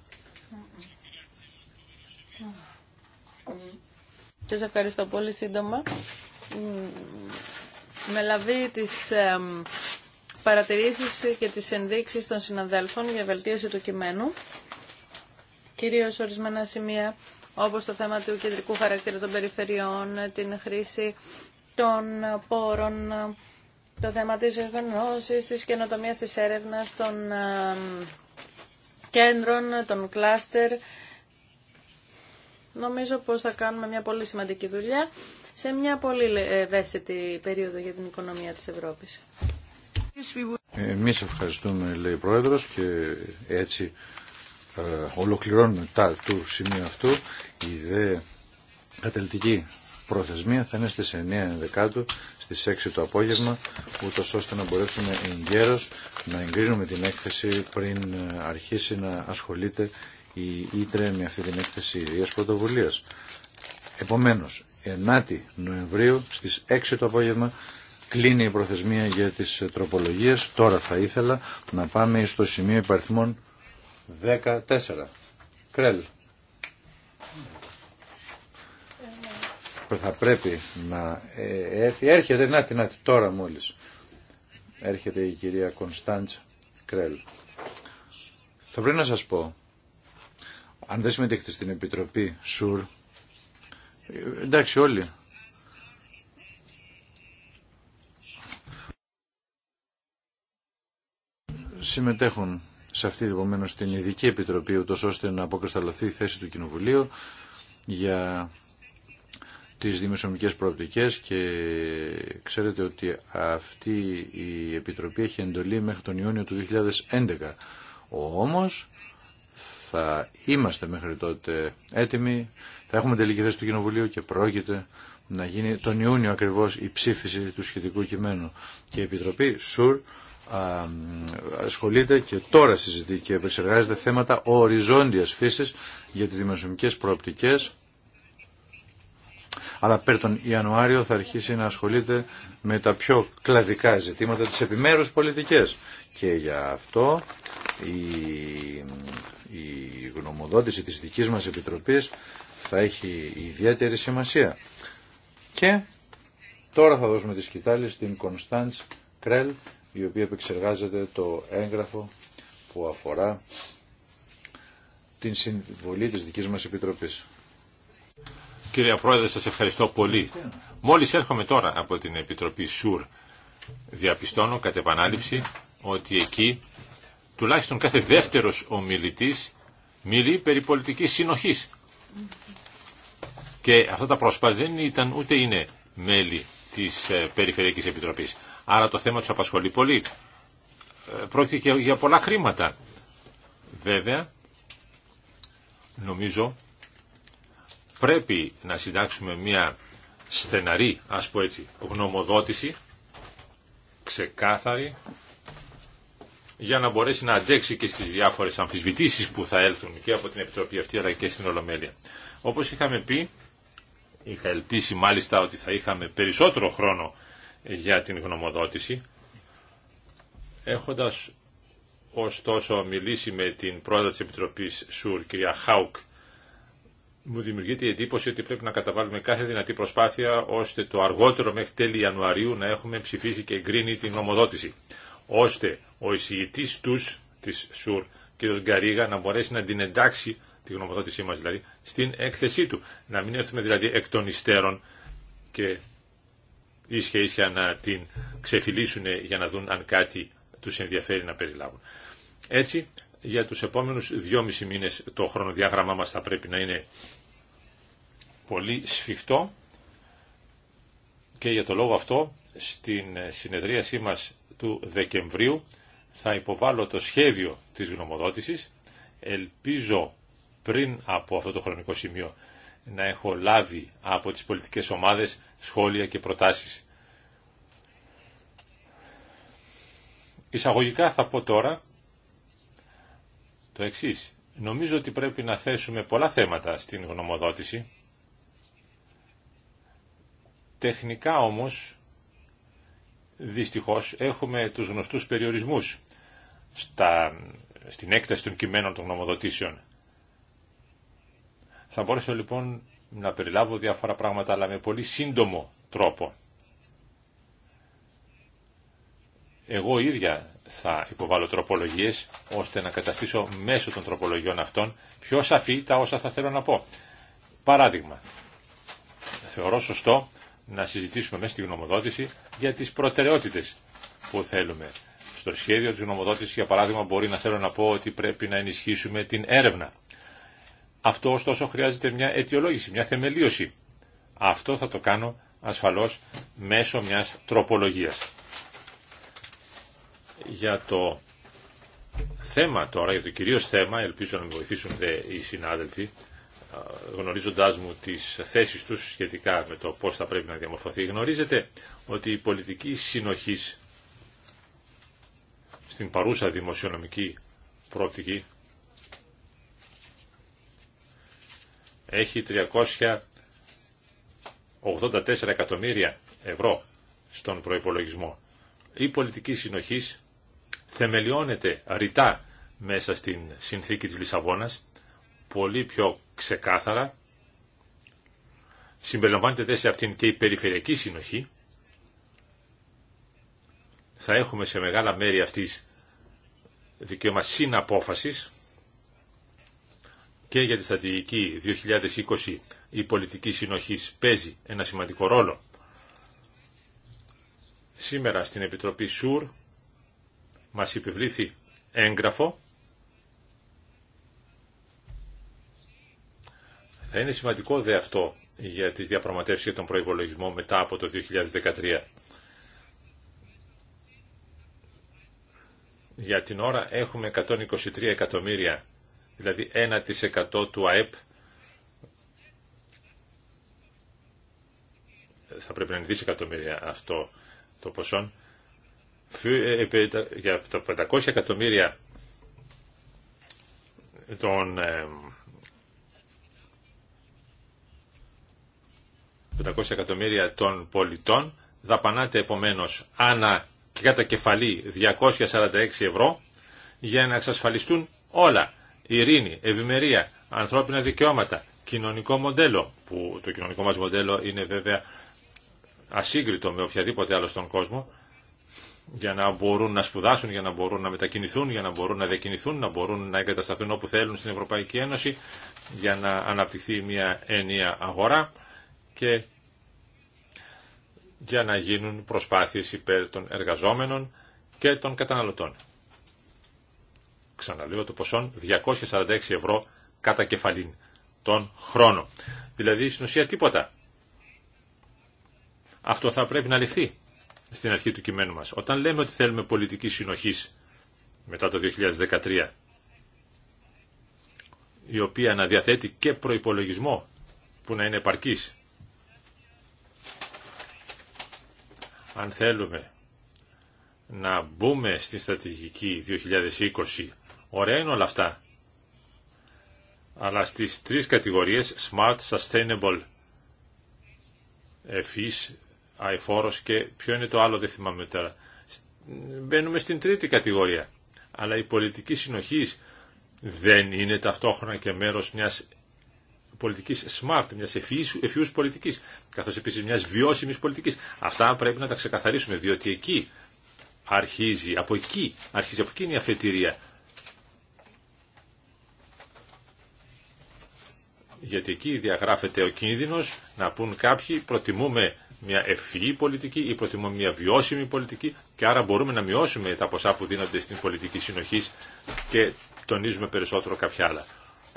Και ευχαριστώ πολύ σύντομα. Με λαβή της παρατηρήσεις και τις ενδείξεις των συναδέλφων για βελτίωση του κειμένου, κυρίως ορισμένα σημεία όπως το θέμα του κεντρικού χαρακτήρα των περιφερειών, την χρήση των πόρων, το θέμα της γνώσης, της καινοτομίας της έρευνας, των κέντρων, των κλάστερ. Νομίζω πως θα κάνουμε μια πολύ σημαντική δουλειά σε μια πολύ ε, ευαίσθητη περίοδο για την οικονομία της Ευρώπης. Εμείς ευχαριστούμε, λέει η Πρόεδρος, και έτσι ε, ολοκληρώνουμε τα του σημείου αυτού. Η δε κατελτική προθεσμία θα είναι στις 9 Δεκάτου, στις 6 το απόγευμα, ούτως ώστε να μπορέσουμε γέρος να εγκρίνουμε την έκθεση πριν ε, αρχίσει να ασχολείται η Ήτρε με αυτή την έκθεση ιδίας πρωτοβουλίας. Επομένως, 9 Νοεμβρίου στις 6 το απόγευμα κλείνει η προθεσμία για τις τροπολογίες. Τώρα θα ήθελα να πάμε στο σημείο υπαριθμών 14. Κρέλ. Θα πρέπει να ε, έρθει. Έρχεται, να την τώρα μόλις. Έρχεται η κυρία Κωνσταντς Κρέλ. Θα πρέπει να σας πω, αν δεν συμμετέχετε στην Επιτροπή ΣΟΥΡ, ε, εντάξει όλοι συμμετέχουν σε αυτή την ειδική επιτροπή, ούτως ώστε να αποκρισταλωθεί η θέση του Κοινοβουλίου για τις δημοσιονομικές προοπτικές και ξέρετε ότι αυτή η επιτροπή έχει εντολή μέχρι τον Ιούνιο του 2011. Όμως θα είμαστε μέχρι τότε έτοιμοι, θα έχουμε τελική θέση του Κοινοβουλίου και πρόκειται να γίνει τον Ιούνιο ακριβώς η ψήφιση του σχετικού κειμένου. Και η Επιτροπή ΣΟΥΡ ασχολείται και τώρα συζητεί και επεξεργάζεται θέματα οριζόντιας φύσης για τις δημοσιομικές προοπτικές αλλά περ' τον Ιανουάριο θα αρχίσει να ασχολείται με τα πιο κλαδικά ζητήματα της επιμέρους πολιτικές και για αυτό η, η γνωμοδότηση της δικής μας Επιτροπής θα έχει ιδιαίτερη σημασία και τώρα θα δώσουμε τη σκητάλη στην Κωνσταντς Κρέλ η οποία επεξεργάζεται το έγγραφο που αφορά την συμβολή της δικής μας Επιτροπής. Κύριε Πρόεδρε, σας ευχαριστώ πολύ. Μόλις έρχομαι τώρα από την Επιτροπή ΣΟΥΡ, διαπιστώνω κατ' επανάληψη ότι εκεί τουλάχιστον κάθε δεύτερος ομιλητής μιλεί περί πολιτικής συνοχής. Και αυτά τα πρόσωπα δεν ήταν ούτε είναι μέλη της ε, Περιφερειακής Επιτροπής. Άρα το θέμα του απασχολεί πολύ. Ε, πρόκειται και για πολλά χρήματα. Βέβαια, νομίζω πρέπει να συντάξουμε μια στεναρή, ας πω έτσι, γνωμοδότηση, ξεκάθαρη, για να μπορέσει να αντέξει και στις διάφορες αμφισβητήσεις που θα έλθουν και από την Επιτροπή αυτή αλλά και στην Ολομέλεια. Όπως είχαμε πει, είχα ελπίσει μάλιστα ότι θα είχαμε περισσότερο χρόνο για την γνωμοδότηση, έχοντας ωστόσο μιλήσει με την πρόεδρο της Επιτροπής ΣΟΥΡ, κυρία Χάουκ, μου δημιουργείται η εντύπωση ότι πρέπει να καταβάλουμε κάθε δυνατή προσπάθεια ώστε το αργότερο μέχρι τέλη Ιανουαρίου να έχουμε ψηφίσει και εγκρίνει την γνωμοδότηση, Ώστε ο εισηγητή του τη ΣΟΥΡ, κ. Γκαρίγα, να μπορέσει να την εντάξει, τη γνωμοδότησή μα δηλαδή, στην έκθεσή του. Να μην έρθουμε δηλαδή εκ των υστέρων και ίσια ίσια να την ξεφυλίσουν για να δουν αν κάτι τους ενδιαφέρει να περιλάβουν. Έτσι, για τους επόμενους δυόμιση μήνες το χρονοδιάγραμμά μας θα πρέπει να είναι πολύ σφιχτό και για το λόγο αυτό στην συνεδρίασή μας του Δεκεμβρίου θα υποβάλω το σχέδιο της γνωμοδότησης. Ελπίζω πριν από αυτό το χρονικό σημείο να έχω λάβει από τις πολιτικές ομάδες σχόλια και προτάσεις. Εισαγωγικά θα πω τώρα το εξής. Νομίζω ότι πρέπει να θέσουμε πολλά θέματα στην γνωμοδότηση. Τεχνικά όμως, δυστυχώς, έχουμε τους γνωστούς περιορισμούς στα, στην έκταση των κειμένων των γνωμοδοτήσεων. Θα μπορέσω λοιπόν να περιλάβω διάφορα πράγματα, αλλά με πολύ σύντομο τρόπο. Εγώ ίδια θα υποβάλω τροπολογίες, ώστε να καταστήσω μέσω των τροπολογιών αυτών πιο σαφή τα όσα θα θέλω να πω. Παράδειγμα, θεωρώ σωστό να συζητήσουμε μέσα στη γνωμοδότηση για τις προτεραιότητες που θέλουμε. Στο σχέδιο της γνωμοδότησης, για παράδειγμα, μπορεί να θέλω να πω ότι πρέπει να ενισχύσουμε την έρευνα αυτό ωστόσο χρειάζεται μια αιτιολόγηση, μια θεμελίωση. Αυτό θα το κάνω ασφαλώς μέσω μιας τροπολογίας. Για το θέμα τώρα, για το κυρίως θέμα, ελπίζω να με βοηθήσουν οι συνάδελφοι, γνωρίζοντάς μου τις θέσεις τους σχετικά με το πώς θα πρέπει να διαμορφωθεί. Γνωρίζετε ότι η πολιτική συνοχής στην παρούσα δημοσιονομική πρόπτικη έχει 384 εκατομμύρια ευρώ στον προϋπολογισμό. Η πολιτική συνοχής θεμελιώνεται ρητά μέσα στην συνθήκη της Λισαβόνας, πολύ πιο ξεκάθαρα. Συμπεριλαμβάνεται σε αυτήν και η περιφερειακή συνοχή. Θα έχουμε σε μεγάλα μέρη αυτής δικαίωμα συναπόφασης, και για τη στρατηγική 2020 η πολιτική συνοχής παίζει ένα σημαντικό ρόλο. Σήμερα στην Επιτροπή ΣΟΥΡ μας επιβλήθη έγγραφο. Θα είναι σημαντικό δε αυτό για τις διαπραγματεύσεις για τον προϋπολογισμό μετά από το 2013. Για την ώρα έχουμε 123 εκατομμύρια δηλαδή 1% του ΑΕΠ θα πρέπει να είναι δισεκατομμύρια αυτό το ποσό ε, ε, για τα 500 εκατομμύρια των 500 ε, εκατομμύρια των πολιτών δαπανάτε επομένως ανά και κατά κεφαλή 246 ευρώ για να εξασφαλιστούν όλα ειρήνη, ευημερία, ανθρώπινα δικαιώματα, κοινωνικό μοντέλο, που το κοινωνικό μας μοντέλο είναι βέβαια ασύγκριτο με οποιαδήποτε άλλο στον κόσμο, για να μπορούν να σπουδάσουν, για να μπορούν να μετακινηθούν, για να μπορούν να διακινηθούν, να μπορούν να εγκατασταθούν όπου θέλουν στην Ευρωπαϊκή Ένωση, για να αναπτυχθεί μια ενιαία αγορά και για να γίνουν προσπάθειες υπέρ των εργαζόμενων και των καταναλωτών ξαναλέω το ποσόν 246 ευρώ κατά κεφαλήν τον χρόνο. Δηλαδή στην ουσία τίποτα. Αυτό θα πρέπει να ληφθεί στην αρχή του κειμένου μας. Όταν λέμε ότι θέλουμε πολιτική συνοχή μετά το 2013, η οποία να διαθέτει και προϋπολογισμό που να είναι επαρκής. Αν θέλουμε να μπούμε στη στρατηγική 2020 Ωραία είναι όλα αυτά. Αλλά στις τρεις κατηγορίες Smart, Sustainable, Εφής, Αϊφόρος και ποιο είναι το άλλο δεν θυμάμαι τώρα. Μπαίνουμε στην τρίτη κατηγορία. Αλλά η πολιτική συνοχής δεν είναι ταυτόχρονα και μέρος μιας πολιτικής smart, μιας ευφυούς, ευφυούς πολιτικής, καθώς επίσης μιας βιώσιμης πολιτικής. Αυτά πρέπει να τα ξεκαθαρίσουμε, διότι εκεί αρχίζει, από εκεί, αρχίζει από είναι η αφετηρία γιατί εκεί διαγράφεται ο κίνδυνος να πούν κάποιοι προτιμούμε μια ευφυή πολιτική ή προτιμούμε μια βιώσιμη πολιτική και άρα μπορούμε να μειώσουμε τα ποσά που δίνονται στην πολιτική συνοχή και τονίζουμε περισσότερο κάποια άλλα.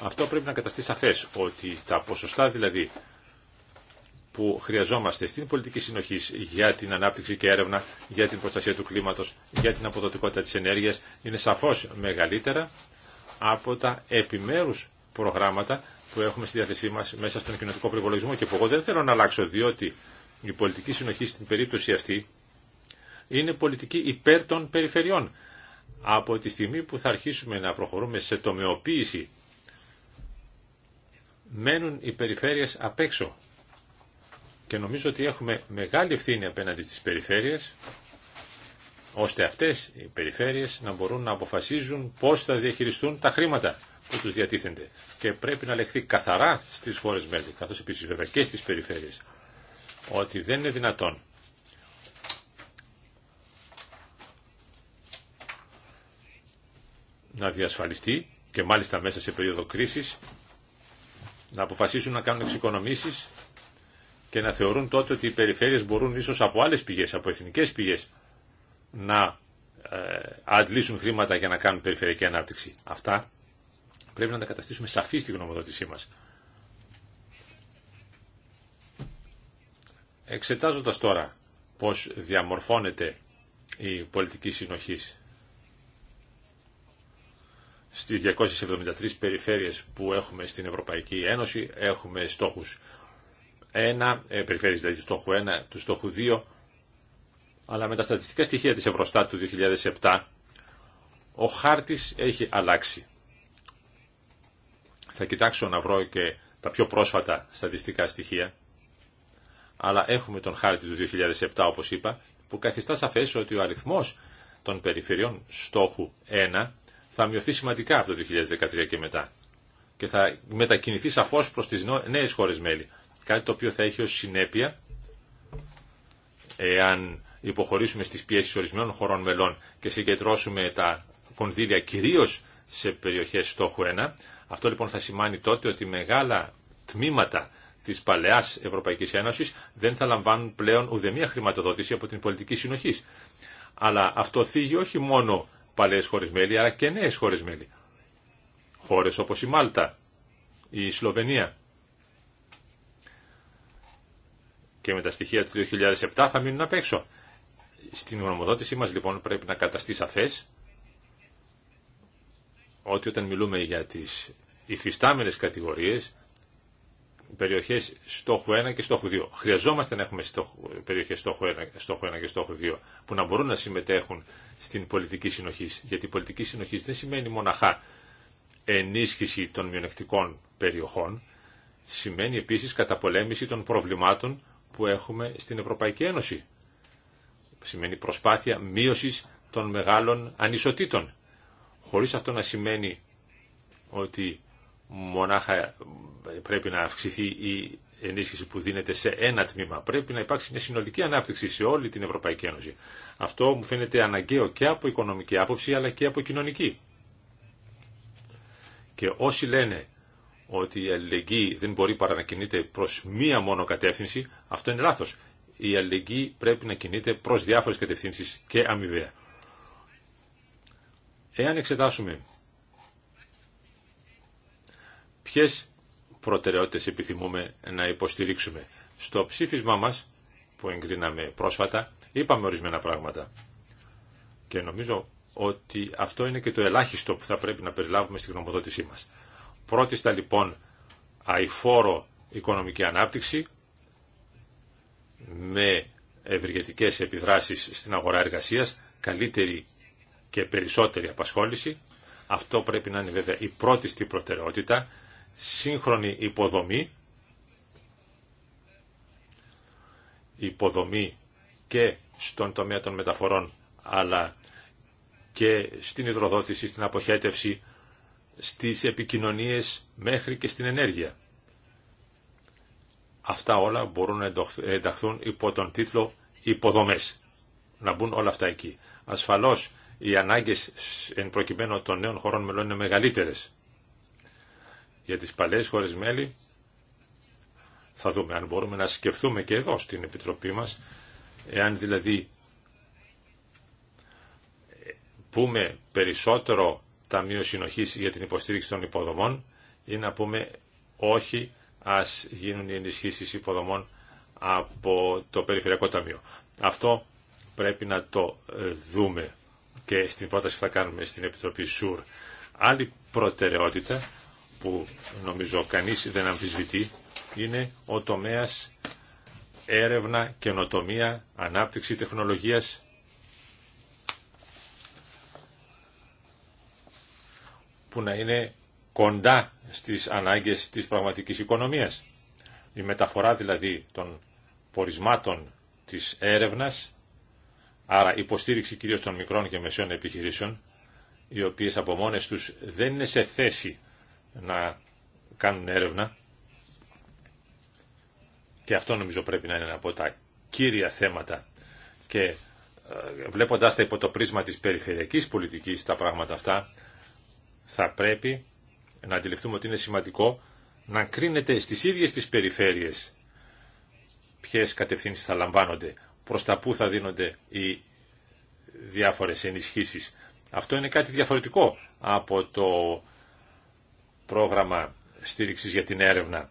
Αυτό πρέπει να καταστεί σαφές ότι τα ποσοστά δηλαδή που χρειαζόμαστε στην πολιτική συνοχή για την ανάπτυξη και έρευνα, για την προστασία του κλίματο, για την αποδοτικότητα τη ενέργεια είναι σαφώ μεγαλύτερα από τα επιμέρου προγράμματα που έχουμε στη διάθεσή μα μέσα στον κοινωτικό προπολογισμό και που εγώ δεν θέλω να αλλάξω διότι η πολιτική συνοχή στην περίπτωση αυτή είναι πολιτική υπέρ των περιφερειών. Από τη στιγμή που θα αρχίσουμε να προχωρούμε σε τομεοποίηση μένουν οι περιφέρειες απ' έξω. Και νομίζω ότι έχουμε μεγάλη ευθύνη απέναντι στις περιφέρειες, ώστε αυτές οι περιφέρειες να μπορούν να αποφασίζουν πώς θα διαχειριστούν τα χρήματα που του διατίθενται και πρέπει να λεχθεί καθαρά στις χώρε μέλη, καθώς επίσης βέβαια και στις περιφέρειες, ότι δεν είναι δυνατόν να διασφαλιστεί και μάλιστα μέσα σε περίοδο κρίσης να αποφασίσουν να κάνουν εξοικονομήσεις και να θεωρούν τότε ότι οι περιφέρειες μπορούν ίσως από άλλες πηγές, από εθνικές πηγές να ε, αντλήσουν χρήματα για να κάνουν περιφερειακή ανάπτυξη. Αυτά Πρέπει να τα καταστήσουμε σαφή στη γνωμοδότησή μας. Εξετάζοντας τώρα πώς διαμορφώνεται η πολιτική συνοχής στις 273 περιφέρειες που έχουμε στην Ευρωπαϊκή Ένωση έχουμε στόχους 1, ε, περιφέρειες δηλαδή του στόχου 1, του στόχου 2, αλλά με τα στατιστικά στοιχεία της Ευρωστάτου του 2007 ο χάρτης έχει αλλάξει. Θα κοιτάξω να βρω και τα πιο πρόσφατα στατιστικά στοιχεία. Αλλά έχουμε τον χάρτη του 2007 όπως είπα που καθιστά σαφές ότι ο αριθμός των περιφερειών στόχου 1 θα μειωθεί σημαντικά από το 2013 και μετά και θα μετακινηθεί σαφώς προς τις νέες χώρες μέλη. Κάτι το οποίο θα έχει ως συνέπεια, εάν υποχωρήσουμε στις πιέσεις ορισμένων χωρών μελών και συγκεντρώσουμε τα κονδύλια κυρίως σε περιοχές στόχου 1, αυτό λοιπόν θα σημαίνει τότε ότι μεγάλα τμήματα τη παλαιά Ευρωπαϊκή Ένωση δεν θα λαμβάνουν πλέον ουδέμια χρηματοδότηση από την πολιτική συνοχή. Αλλά αυτό θίγει όχι μόνο παλαιέ χώρε μέλη, αλλά και νέε χώρε μέλη. Χώρε όπω η Μάλτα, η Σλοβενία. Και με τα στοιχεία του 2007 θα μείνουν απ' έξω. Στην γνωμοδότησή μα λοιπόν πρέπει να καταστεί σαφέ ότι όταν μιλούμε για τις υφιστάμενες κατηγορίες, περιοχές στόχου 1 και στόχου 2. Χρειαζόμαστε να έχουμε στόχου, περιοχές στόχου 1, στόχου 1 και στόχου 2 που να μπορούν να συμμετέχουν στην πολιτική συνοχή. Γιατί η πολιτική συνοχή δεν σημαίνει μοναχά ενίσχυση των μειονεκτικών περιοχών, σημαίνει επίσης καταπολέμηση των προβλημάτων που έχουμε στην Ευρωπαϊκή Ένωση. Σημαίνει προσπάθεια μείωσης των μεγάλων ανισοτήτων χωρίς αυτό να σημαίνει ότι μονάχα πρέπει να αυξηθεί η ενίσχυση που δίνεται σε ένα τμήμα. Πρέπει να υπάρξει μια συνολική ανάπτυξη σε όλη την Ευρωπαϊκή Ένωση. Αυτό μου φαίνεται αναγκαίο και από οικονομική άποψη αλλά και από κοινωνική. Και όσοι λένε ότι η αλληλεγγύη δεν μπορεί παρά να κινείται προς μία μόνο κατεύθυνση, αυτό είναι λάθος. Η αλληλεγγύη πρέπει να κινείται προς διάφορες κατευθύνσεις και αμοιβαία. Εάν εξετάσουμε ποιες προτεραιότητες επιθυμούμε να υποστηρίξουμε, στο ψήφισμά μας που εγκρίναμε πρόσφατα είπαμε ορισμένα πράγματα και νομίζω ότι αυτό είναι και το ελάχιστο που θα πρέπει να περιλάβουμε στη γνωμοδότησή μας. Πρώτιστα λοιπόν αηφόρο οικονομική ανάπτυξη με ευεργετικές επιδράσεις στην αγορά εργασίας, καλύτερη και περισσότερη απασχόληση. Αυτό πρέπει να είναι βέβαια η πρώτη στη προτεραιότητα, σύγχρονη υποδομή, υποδομή και στον τομέα των μεταφορών, αλλά και στην υδροδότηση, στην αποχέτευση, στις επικοινωνίες μέχρι και στην ενέργεια. Αυτά όλα μπορούν να ενταχθούν υπό τον τίτλο «Υποδομές». Να μπουν όλα αυτά εκεί. Ασφαλώς οι ανάγκες εν προκειμένου των νέων χωρών μελών είναι μεγαλύτερες. Για τις παλές χώρες μέλη θα δούμε αν μπορούμε να σκεφτούμε και εδώ στην Επιτροπή μας, εάν δηλαδή πούμε περισσότερο Ταμείο Συνοχής για την υποστήριξη των υποδομών ή να πούμε όχι ας γίνουν οι ενισχύσεις υποδομών από το Περιφερειακό Ταμείο. Αυτό πρέπει να το δούμε και στην πρόταση που θα κάνουμε στην Επιτροπή ΣΟΥΡ. Άλλη προτεραιότητα που νομίζω κανείς δεν αμφισβητεί είναι ο τομέας έρευνα, καινοτομία, ανάπτυξη τεχνολογίας που να είναι κοντά στις ανάγκες της πραγματικής οικονομίας. Η μεταφορά δηλαδή των πορισμάτων της έρευνας Άρα υποστήριξη κυρίως των μικρών και μεσαίων επιχειρήσεων, οι οποίες από μόνες τους δεν είναι σε θέση να κάνουν έρευνα. Και αυτό νομίζω πρέπει να είναι από τα κύρια θέματα. Και ε, βλέποντας τα υπό το πρίσμα της περιφερειακής πολιτικής τα πράγματα αυτά, θα πρέπει να αντιληφθούμε ότι είναι σημαντικό να κρίνεται στις ίδιες τις περιφέρειες ποιες κατευθύνσεις θα λαμβάνονται προς τα που θα δίνονται οι διάφορες ενισχύσεις. Αυτό είναι κάτι διαφορετικό από το πρόγραμμα στήριξης για την έρευνα,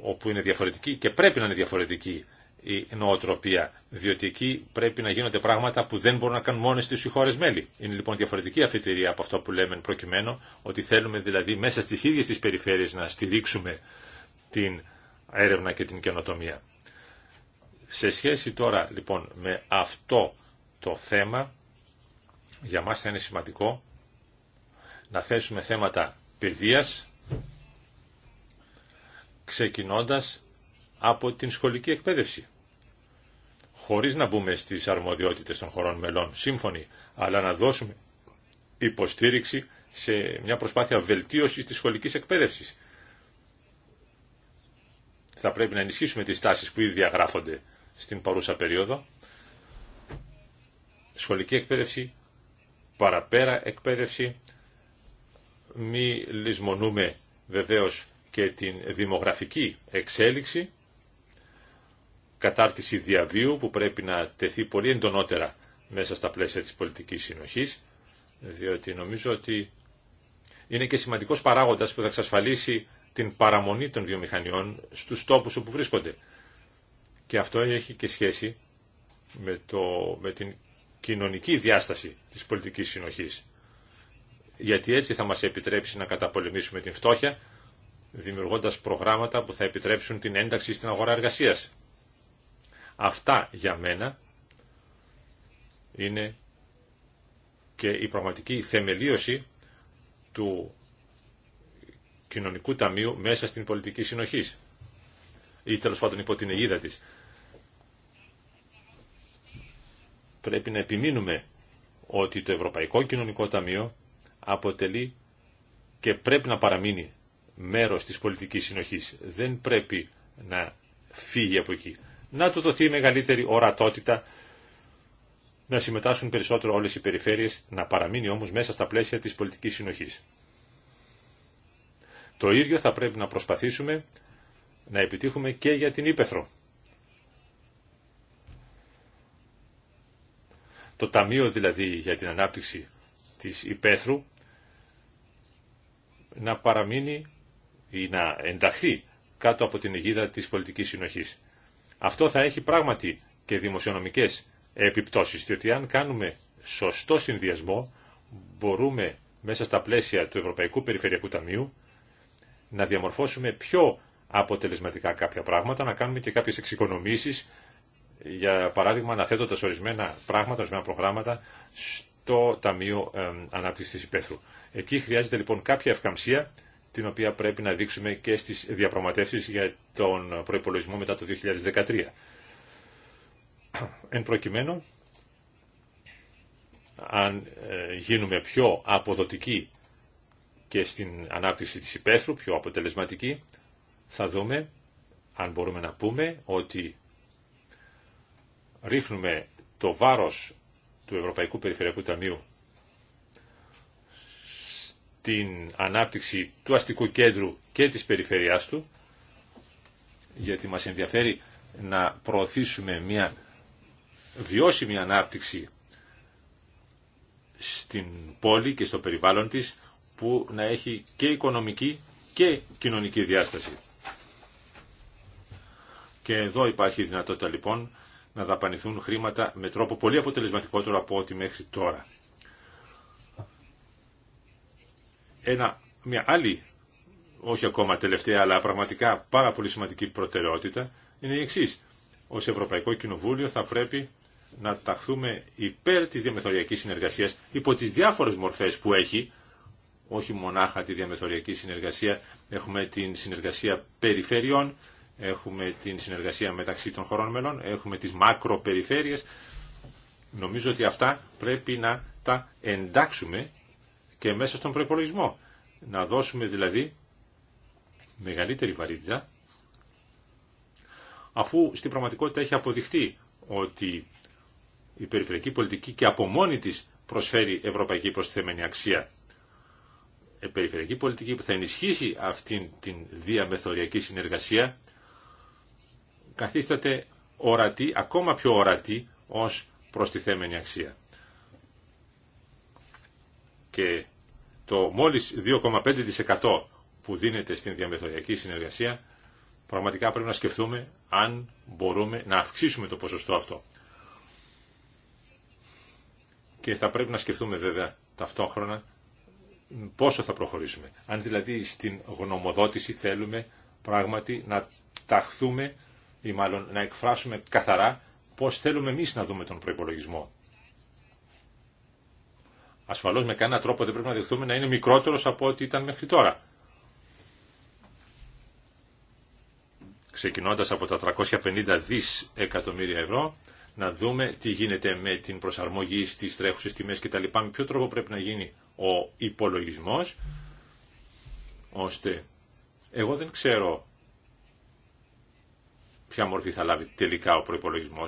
όπου είναι διαφορετική και πρέπει να είναι διαφορετική η νοοτροπία, διότι εκεί πρέπει να γίνονται πράγματα που δεν μπορούν να κάνουν μόνες τους οι χώρες μέλη. Είναι λοιπόν διαφορετική αφιτερία από αυτό που λέμε προκειμένου, ότι θέλουμε δηλαδή μέσα στις ίδιες τις περιφέρειες να στηρίξουμε την έρευνα και την καινοτομία. Σε σχέση τώρα λοιπόν με αυτό το θέμα, για μας θα είναι σημαντικό να θέσουμε θέματα παιδείας, ξεκινώντας από την σχολική εκπαίδευση. Χωρίς να μπούμε στις αρμοδιότητες των χωρών μελών, σύμφωνοι, αλλά να δώσουμε υποστήριξη σε μια προσπάθεια βελτίωσης της σχολικής εκπαίδευσης. Θα πρέπει να ενισχύσουμε τις τάσεις που ήδη διαγράφονται στην παρούσα περίοδο. Σχολική εκπαίδευση, παραπέρα εκπαίδευση. Μη λησμονούμε βεβαίως και την δημογραφική εξέλιξη, κατάρτιση διαβίου που πρέπει να τεθεί πολύ εντονότερα μέσα στα πλαίσια της πολιτικής συνοχής, διότι νομίζω ότι είναι και σημαντικός παράγοντας που θα εξασφαλίσει την παραμονή των βιομηχανιών στους τόπους όπου βρίσκονται. Και αυτό έχει και σχέση με, το, με την κοινωνική διάσταση της πολιτικής συνοχής. Γιατί έτσι θα μας επιτρέψει να καταπολεμήσουμε την φτώχεια, δημιουργώντας προγράμματα που θα επιτρέψουν την ένταξη στην αγορά εργασίας. Αυτά για μένα είναι και η πραγματική θεμελίωση του κοινωνικού ταμείου μέσα στην πολιτική συνοχής ή τέλος πάντων υπό την αιγίδα της. πρέπει να επιμείνουμε ότι το Ευρωπαϊκό Κοινωνικό Ταμείο αποτελεί και πρέπει να παραμείνει μέρος της πολιτικής συνοχής. Δεν πρέπει να φύγει από εκεί. Να του δοθεί μεγαλύτερη ορατότητα, να συμμετάσχουν περισσότερο όλες οι περιφέρειες, να παραμείνει όμως μέσα στα πλαίσια της πολιτικής συνοχής. Το ίδιο θα πρέπει να προσπαθήσουμε να επιτύχουμε και για την Ήπεθρο. το Ταμείο δηλαδή για την Ανάπτυξη της Υπέθρου να παραμείνει ή να ενταχθεί κάτω από την αιγίδα της πολιτικής συνοχής. Αυτό θα έχει πράγματι και δημοσιονομικές επιπτώσεις, διότι αν κάνουμε σωστό συνδυασμό μπορούμε μέσα στα πλαίσια του Ευρωπαϊκού Περιφερειακού Ταμείου να διαμορφώσουμε πιο αποτελεσματικά κάποια πράγματα, να κάνουμε και κάποιες εξοικονομήσεις για παράδειγμα αναθέτοντα ορισμένα πράγματα, ορισμένα προγράμματα στο Ταμείο Ανάπτυξη τη Υπέθρου. Εκεί χρειάζεται λοιπόν κάποια ευκαμψία την οποία πρέπει να δείξουμε και στις διαπραγματεύσει για τον προϋπολογισμό μετά το 2013. Εν προκειμένου, αν ε, γίνουμε πιο αποδοτικοί και στην ανάπτυξη της Υπέθρου, πιο αποτελεσματικοί, θα δούμε αν μπορούμε να πούμε ότι ρίχνουμε το βάρος του Ευρωπαϊκού Περιφερειακού Ταμείου στην ανάπτυξη του αστικού κέντρου και της περιφερειάς του, γιατί μας ενδιαφέρει να προωθήσουμε μια βιώσιμη ανάπτυξη στην πόλη και στο περιβάλλον της, που να έχει και οικονομική και κοινωνική διάσταση. Και εδώ υπάρχει δυνατότητα λοιπόν να δαπανηθούν χρήματα με τρόπο πολύ αποτελεσματικότερο από ό,τι μέχρι τώρα. Ένα, μια άλλη, όχι ακόμα τελευταία, αλλά πραγματικά πάρα πολύ σημαντική προτεραιότητα είναι η εξή. Ω Ευρωπαϊκό Κοινοβούλιο θα πρέπει να ταχθούμε υπέρ της διαμεθοριακή συνεργασίας υπό τις διάφορες μορφές που έχει, όχι μονάχα τη διαμεθοριακή συνεργασία, έχουμε την συνεργασία περιφερειών, έχουμε την συνεργασία μεταξύ των χωρών μελών, έχουμε τις μακροπεριφέρειες. Νομίζω ότι αυτά πρέπει να τα εντάξουμε και μέσα στον προπολογισμό. Να δώσουμε δηλαδή μεγαλύτερη βαρύτητα, αφού στην πραγματικότητα έχει αποδειχτεί ότι η περιφερειακή πολιτική και από μόνη της προσφέρει ευρωπαϊκή προσθεμένη αξία. Η περιφερειακή πολιτική που θα ενισχύσει αυτήν την διαμεθοριακή συνεργασία καθίσταται ορατή, ακόμα πιο ορατή ως προστιθέμενη αξία. Και το μόλις 2,5% που δίνεται στην διαμεθοριακή συνεργασία, πραγματικά πρέπει να σκεφτούμε αν μπορούμε να αυξήσουμε το ποσοστό αυτό. Και θα πρέπει να σκεφτούμε βέβαια ταυτόχρονα πόσο θα προχωρήσουμε. Αν δηλαδή στην γνωμοδότηση θέλουμε πράγματι να ταχθούμε ή μάλλον να εκφράσουμε καθαρά πώς θέλουμε εμείς να δούμε τον προϋπολογισμό. Ασφαλώς με κανένα τρόπο δεν πρέπει να δεχθούμε να είναι μικρότερος από ό,τι ήταν μέχρι τώρα. Ξεκινώντας από τα 350 δις εκατομμύρια ευρώ, να δούμε τι γίνεται με την προσαρμογή στις τρέχουσες τιμές κτλ. Με ποιο τρόπο πρέπει να γίνει ο υπολογισμός, ώστε εγώ δεν ξέρω ποια μορφή θα λάβει τελικά ο προπολογισμό,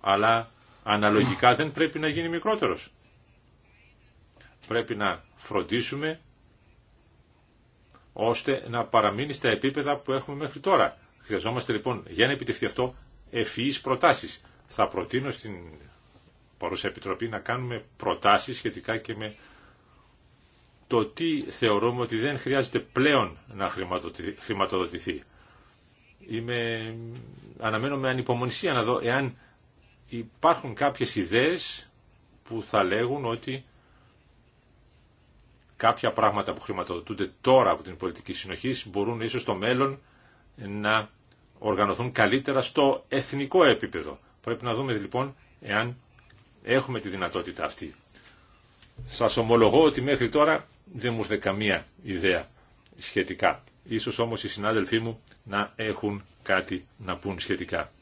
αλλά αναλογικά δεν πρέπει να γίνει μικρότερος. Πρέπει να φροντίσουμε ώστε να παραμείνει στα επίπεδα που έχουμε μέχρι τώρα. Χρειαζόμαστε λοιπόν για να επιτευχθεί αυτό ευφυεί προτάσεις. Θα προτείνω στην παρούσα επιτροπή να κάνουμε προτάσεις σχετικά και με το τι θεωρούμε ότι δεν χρειάζεται πλέον να χρηματοδοτηθεί. Είμαι, αναμένω με ανυπομονησία να δω εάν υπάρχουν κάποιες ιδέες που θα λέγουν ότι κάποια πράγματα που χρηματοδοτούνται τώρα από την πολιτική συνοχή μπορούν ίσως στο μέλλον να οργανωθούν καλύτερα στο εθνικό επίπεδο. Πρέπει να δούμε λοιπόν εάν έχουμε τη δυνατότητα αυτή. Σας ομολογώ ότι μέχρι τώρα δεν μου έρθε καμία ιδέα σχετικά. Ίσως όμως οι συνάδελφοί μου να έχουν κάτι να πούν σχετικά.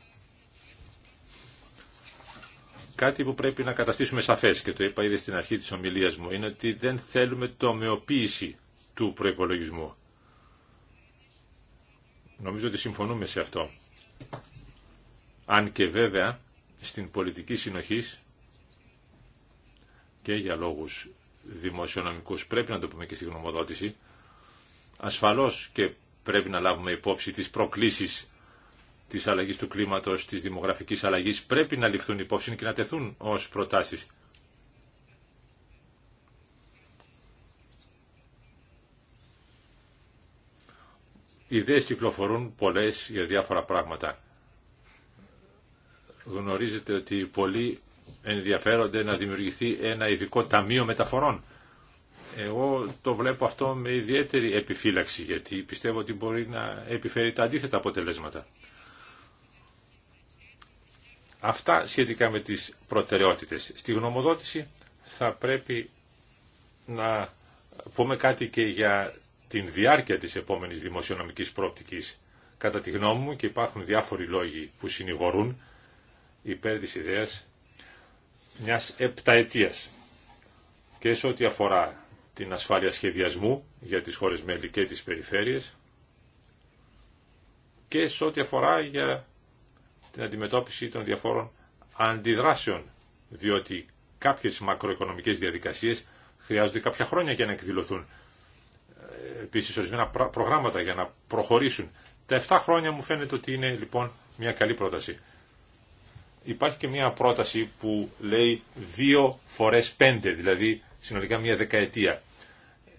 Κάτι που πρέπει να καταστήσουμε σαφές και το είπα ήδη στην αρχή της ομιλίας μου είναι ότι δεν θέλουμε το ομοιοποίηση του προϋπολογισμού. Νομίζω ότι συμφωνούμε σε αυτό. Αν και βέβαια στην πολιτική συνοχής και για λόγους δημοσιονομικούς πρέπει να το πούμε και στην γνωμοδότηση Ασφαλώς και πρέπει να λάβουμε υπόψη τις προκλήσεις της αλλαγής του κλίματος, της δημογραφικής αλλαγής, πρέπει να ληφθούν υπόψη και να τεθούν ως προτάσεις. Ιδέες κυκλοφορούν πολλές για διάφορα πράγματα. Γνωρίζετε ότι πολλοί ενδιαφέρονται να δημιουργηθεί ένα ειδικό ταμείο μεταφορών εγώ το βλέπω αυτό με ιδιαίτερη επιφύλαξη γιατί πιστεύω ότι μπορεί να επιφέρει τα αντίθετα αποτελέσματα. Αυτά σχετικά με τις προτεραιότητες. Στη γνωμοδότηση θα πρέπει να πούμε κάτι και για την διάρκεια της επόμενης δημοσιονομικής πρόπτικης. Κατά τη γνώμη μου και υπάρχουν διάφοροι λόγοι που συνηγορούν υπέρ της ιδέας μιας επταετίας και σε ό,τι αφορά την ασφάλεια σχεδιασμού για τις χώρες μέλη και τις περιφέρειες και σε ό,τι αφορά για την αντιμετώπιση των διαφόρων αντιδράσεων, διότι κάποιες μακροοικονομικές διαδικασίες χρειάζονται κάποια χρόνια για να εκδηλωθούν. Επίσης, ορισμένα προγράμματα για να προχωρήσουν. Τα 7 χρόνια μου φαίνεται ότι είναι λοιπόν μια καλή πρόταση. Υπάρχει και μια πρόταση που λέει 2 φορές 5, δηλαδή συνολικά μια δεκαετία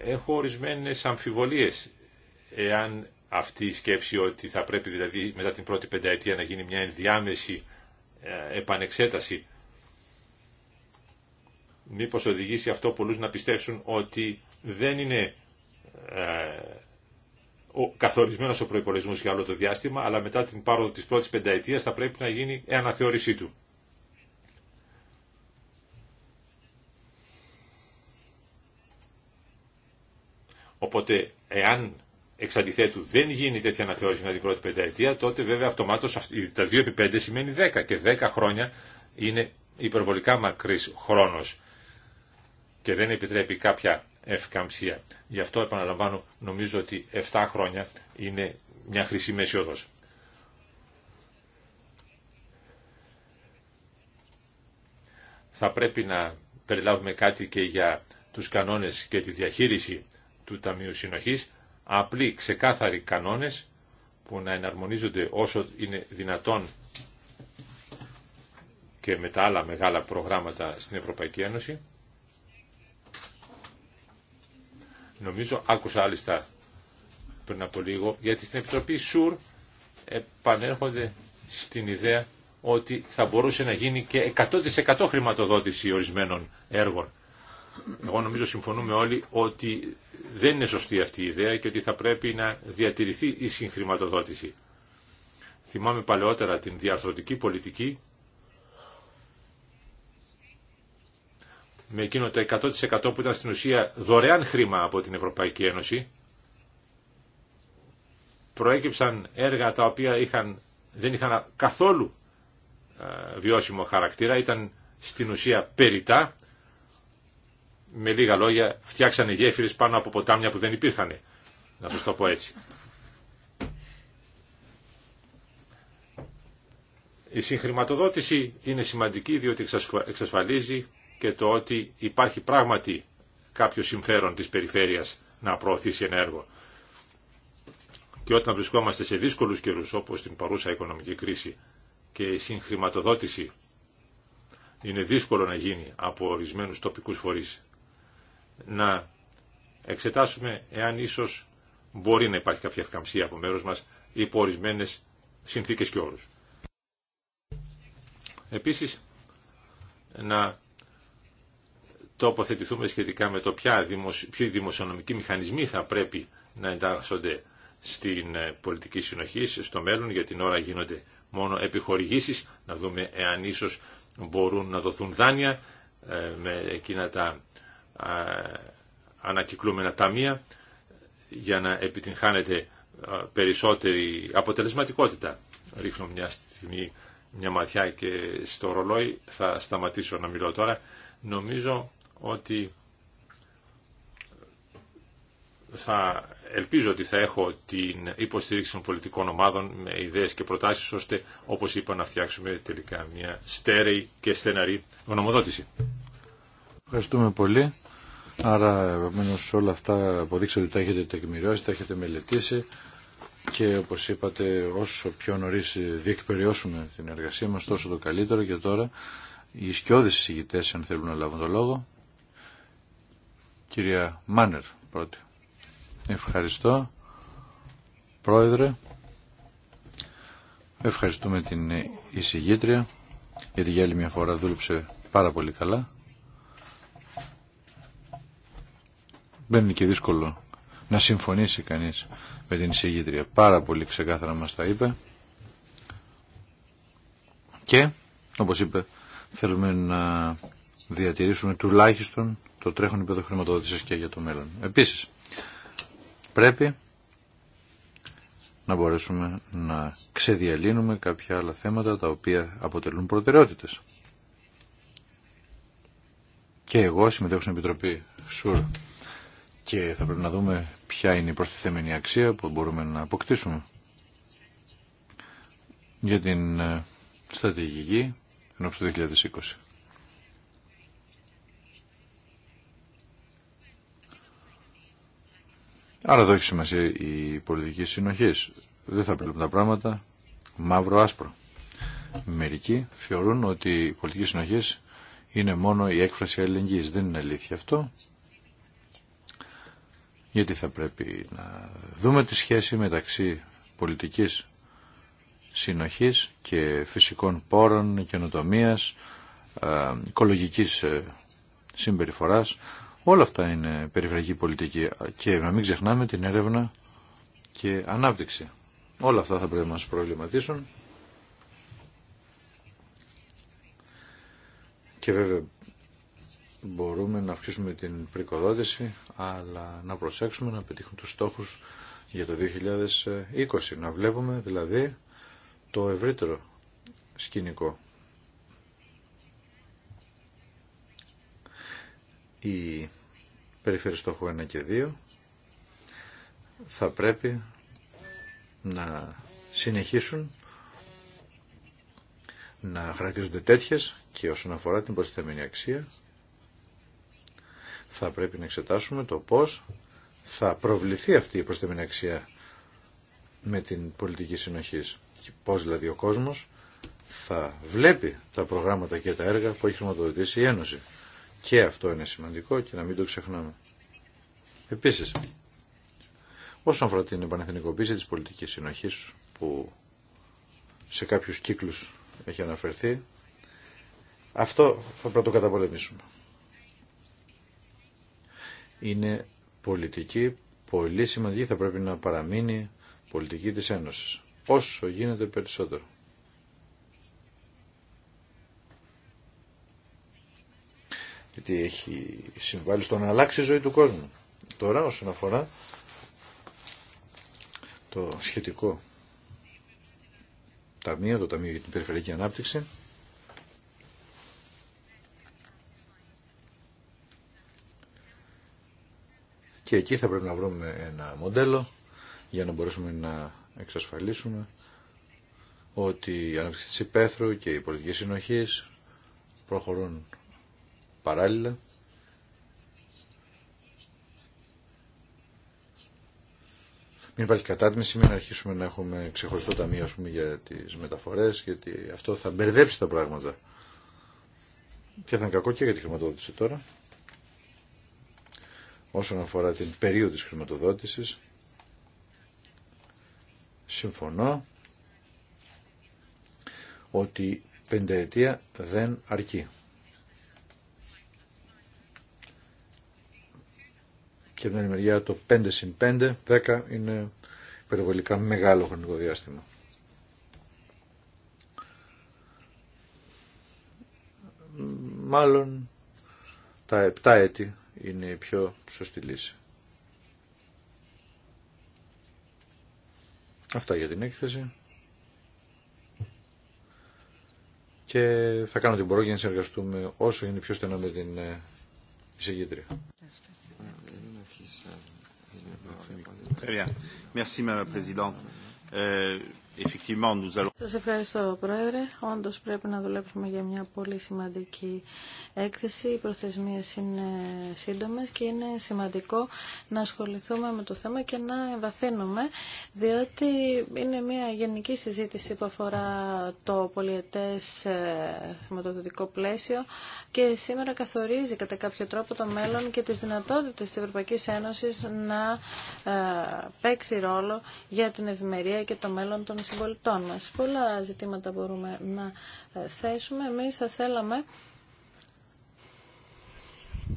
έχω ορισμένες αμφιβολίες εάν αυτή η σκέψη ότι θα πρέπει δηλαδή μετά την πρώτη πενταετία να γίνει μια ενδιάμεση ε, επανεξέταση μήπως οδηγήσει αυτό πολλούς να πιστέψουν ότι δεν είναι ε, ο, καθορισμένος ο προϋπολογισμός για όλο το διάστημα αλλά μετά την πάροδο της πρώτης πενταετίας θα πρέπει να γίνει αναθεώρησή του. Οπότε, εάν εξ αντιθέτου δεν γίνει τέτοια αναθεώρηση μετά την πρώτη πενταετία, τότε βέβαια αυτομάτω τα 2 επί 5 σημαίνει 10 και 10 χρόνια είναι υπερβολικά μακρύ χρόνο και δεν επιτρέπει κάποια ευκαμψία. Γι' αυτό επαναλαμβάνω, νομίζω ότι 7 χρόνια είναι μια χρυσή μεσιόδο. Θα πρέπει να περιλάβουμε κάτι και για τους κανόνες και τη διαχείριση του Ταμείου Συνοχής, απλοί ξεκάθαροι κανόνες που να εναρμονίζονται όσο είναι δυνατόν και με τα άλλα μεγάλα προγράμματα στην Ευρωπαϊκή Ένωση. Νομίζω άκουσα άλλιστα πριν από λίγο, γιατί στην Επιτροπή ΣΟΥΡ επανέρχονται στην ιδέα ότι θα μπορούσε να γίνει και 100% χρηματοδότηση ορισμένων έργων. Εγώ νομίζω συμφωνούμε όλοι ότι δεν είναι σωστή αυτή η ιδέα και ότι θα πρέπει να διατηρηθεί η συγχρηματοδότηση. Θυμάμαι παλαιότερα την διαρθρωτική πολιτική με εκείνο το 100% που ήταν στην ουσία δωρεάν χρήμα από την Ευρωπαϊκή Ένωση. Προέκυψαν έργα τα οποία είχαν, δεν είχαν καθόλου ε, βιώσιμο χαρακτήρα, ήταν στην ουσία περιτά με λίγα λόγια, φτιάξανε γέφυρες πάνω από ποτάμια που δεν υπήρχαν. Να σα το πω έτσι. Η συγχρηματοδότηση είναι σημαντική διότι εξασφαλίζει και το ότι υπάρχει πράγματι κάποιο συμφέρον της περιφέρειας να προωθήσει ένα έργο. Και όταν βρισκόμαστε σε δύσκολους καιρούς όπως την παρούσα οικονομική κρίση και η συγχρηματοδότηση είναι δύσκολο να γίνει από ορισμένους τοπικούς φορείς να εξετάσουμε εάν ίσως μπορεί να υπάρχει κάποια ευκαμψία από μέρος μας υπό ορισμένε συνθήκες και όρους. Επίσης, να τοποθετηθούμε σχετικά με το ποια ποιοι δημοσιονομικοί μηχανισμοί θα πρέπει να εντάσσονται στην ε, πολιτική συνοχή στο μέλλον. Για την ώρα γίνονται μόνο επιχορηγήσεις, να δούμε εάν ίσως μπορούν να δοθούν δάνεια ε, με εκείνα τα ανακυκλούμενα ταμεία για να επιτυγχάνεται περισσότερη αποτελεσματικότητα. Ρίχνω μια στιγμή μια ματιά και στο ρολόι, θα σταματήσω να μιλώ τώρα. Νομίζω ότι θα ελπίζω ότι θα έχω την υποστήριξη των πολιτικών ομάδων με ιδέες και προτάσεις ώστε όπως είπα να φτιάξουμε τελικά μια στέρεη και στεναρή γνωμοδότηση. Ευχαριστούμε πολύ. Άρα, επομένω, όλα αυτά αποδείξατε ότι τα έχετε τεκμηριώσει, τα έχετε μελετήσει και όπως είπατε, όσο πιο νωρίς διεκπεριώσουμε την εργασία μας, τόσο το καλύτερο και τώρα οι σκιώδεις εισηγητές, αν θέλουν να λάβουν το λόγο. Κυρία Μάνερ, πρώτη. Ευχαριστώ. Πρόεδρε, ευχαριστούμε την εισηγήτρια γιατί για άλλη μια φορά δούλεψε πάρα πολύ καλά. δεν και δύσκολο να συμφωνήσει κανείς με την εισηγήτρια. Πάρα πολύ ξεκάθαρα μας τα είπε. Και, όπως είπε, θέλουμε να διατηρήσουμε τουλάχιστον το τρέχον επίπεδο χρηματοδότησης και για το μέλλον. Επίσης, πρέπει να μπορέσουμε να ξεδιαλύνουμε κάποια άλλα θέματα τα οποία αποτελούν προτεραιότητες. Και εγώ συμμετέχω στην Επιτροπή ΣΟΥΡ και θα πρέπει να δούμε ποια είναι η προστιθέμενη αξία που μπορούμε να αποκτήσουμε για την ε, στρατηγική ενώ του 2020. Άρα εδώ έχει σημασία η πολιτική συνοχή. Δεν θα βλέπουν τα πράγματα μαύρο-άσπρο. Μερικοί θεωρούν ότι η πολιτική συνοχή είναι μόνο η έκφραση αλληλεγγύης. Δεν είναι αλήθεια αυτό γιατί θα πρέπει να δούμε τη σχέση μεταξύ πολιτικής συνοχής και φυσικών πόρων, καινοτομία, ε, οικολογικής ε, συμπεριφοράς. Όλα αυτά είναι περιφερειακή πολιτική και να μην ξεχνάμε την έρευνα και ανάπτυξη. Όλα αυτά θα πρέπει να μας προβληματίσουν. Και βέβαια μπορούμε να αυξήσουμε την πρικοδότηση, αλλά να προσέξουμε να πετύχουμε τους στόχους για το 2020. Να βλέπουμε δηλαδή το ευρύτερο σκηνικό. Οι περιφέρειες στόχου 1 και 2 θα πρέπει να συνεχίσουν να χαρακτηρίζονται τέτοιες και όσον αφορά την προσθεμένη αξία θα πρέπει να εξετάσουμε το πώς θα προβληθεί αυτή η προστεμένη αξία με την πολιτική συνοχή. Πώς δηλαδή ο κόσμος θα βλέπει τα προγράμματα και τα έργα που έχει χρηματοδοτήσει η Ένωση. Και αυτό είναι σημαντικό και να μην το ξεχνάμε. Επίσης, όσον αφορά την επανεθνικοποίηση της πολιτικής συνοχής που σε κάποιους κύκλους έχει αναφερθεί, αυτό θα πρέπει να το καταπολεμήσουμε είναι πολιτική πολύ σημαντική, θα πρέπει να παραμείνει πολιτική της Ένωσης. Όσο γίνεται περισσότερο. Γιατί έχει συμβάλει στο να αλλάξει η ζωή του κόσμου. Τώρα όσον αφορά το σχετικό ταμείο, το Ταμείο για την Περιφερειακή Ανάπτυξη, Και εκεί θα πρέπει να βρούμε ένα μοντέλο για να μπορέσουμε να εξασφαλίσουμε ότι η ανάπτυξη της υπαίθρου και οι πολιτικές συνοχής προχωρούν παράλληλα μην υπάρχει κατάτμιση, μην αρχίσουμε να έχουμε ξεχωριστό ταμείο για τις μεταφορές, γιατί αυτό θα μπερδέψει τα πράγματα. Και θα είναι κακό και για τη χρηματοδότηση τώρα όσον αφορά την περίοδο της χρηματοδότησης. Συμφωνώ ότι πενταετία δεν αρκεί. Και από την μεριά το 5 συν 5, 10 είναι περιβολικά μεγάλο χρονικό διάστημα. Μάλλον τα 7 έτη είναι η πιο σωστή λύση. Αυτά για την έκθεση. Και θα κάνω την μπορώ για να συνεργαστούμε όσο είναι πιο στενό με την ε, εισηγήτρια. Σας ευχαριστώ Πρόεδρε. Όντως πρέπει να δουλέψουμε για μια πολύ σημαντική έκθεση. Οι προθεσμίες είναι σύντομες και είναι σημαντικό να ασχοληθούμε με το θέμα και να εμβαθύνουμε διότι είναι μια γενική συζήτηση που αφορά το πολιετές ε, χρηματοδοτικό πλαίσιο και σήμερα καθορίζει κατά κάποιο τρόπο το μέλλον και τις δυνατότητες της Ευρωπαϊκής Ένωσης να ε, παίξει ρόλο για την ευημερία και το μέλλον των συμπολιτών μας. Πολλά ζητήματα μπορούμε να ε, θέσουμε. Εμείς θα θέλαμε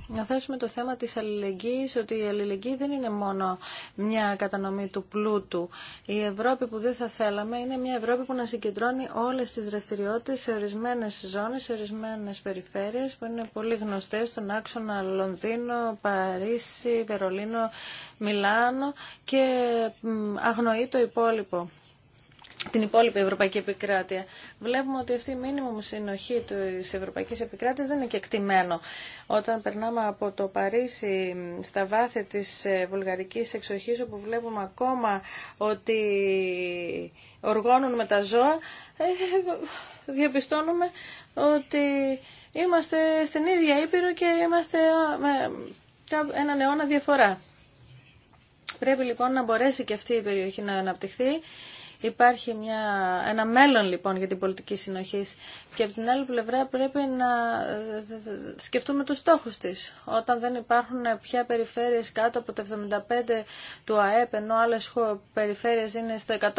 να θέσουμε το θέμα της αλληλεγγύης, ότι η αλληλεγγύη δεν είναι μόνο μια κατανομή του πλούτου. Η Ευρώπη που δεν θα θέλαμε είναι μια Ευρώπη που να συγκεντρώνει όλες τις δραστηριότητες σε ορισμένες ζώνες, σε ορισμένες περιφέρειες που είναι πολύ γνωστές στον άξονα Λονδίνο, Παρίσι, Βερολίνο, Μιλάνο και αγνοεί το υπόλοιπο την υπόλοιπη ευρωπαϊκή επικράτεια. Βλέπουμε ότι αυτή η μου συνοχή της ευρωπαϊκής επικράτειας δεν είναι και εκτιμένο. Όταν περνάμε από το Παρίσι στα βάθη της βουλγαρικής εξοχής, όπου βλέπουμε ακόμα ότι οργώνουν με τα ζώα, ε, διαπιστώνουμε ότι είμαστε στην ίδια Ήπειρο και είμαστε ε, με έναν αιώνα διαφορά. Πρέπει λοιπόν να μπορέσει και αυτή η περιοχή να αναπτυχθεί Υπάρχει μια, ένα μέλλον λοιπόν για την πολιτική συνοχή και από την άλλη πλευρά πρέπει να ε, ε, σκεφτούμε τους στόχους της. Όταν δεν υπάρχουν πια περιφέρειες κάτω από το 75 του ΑΕΠ ενώ άλλες περιφέρειες είναι στο 150%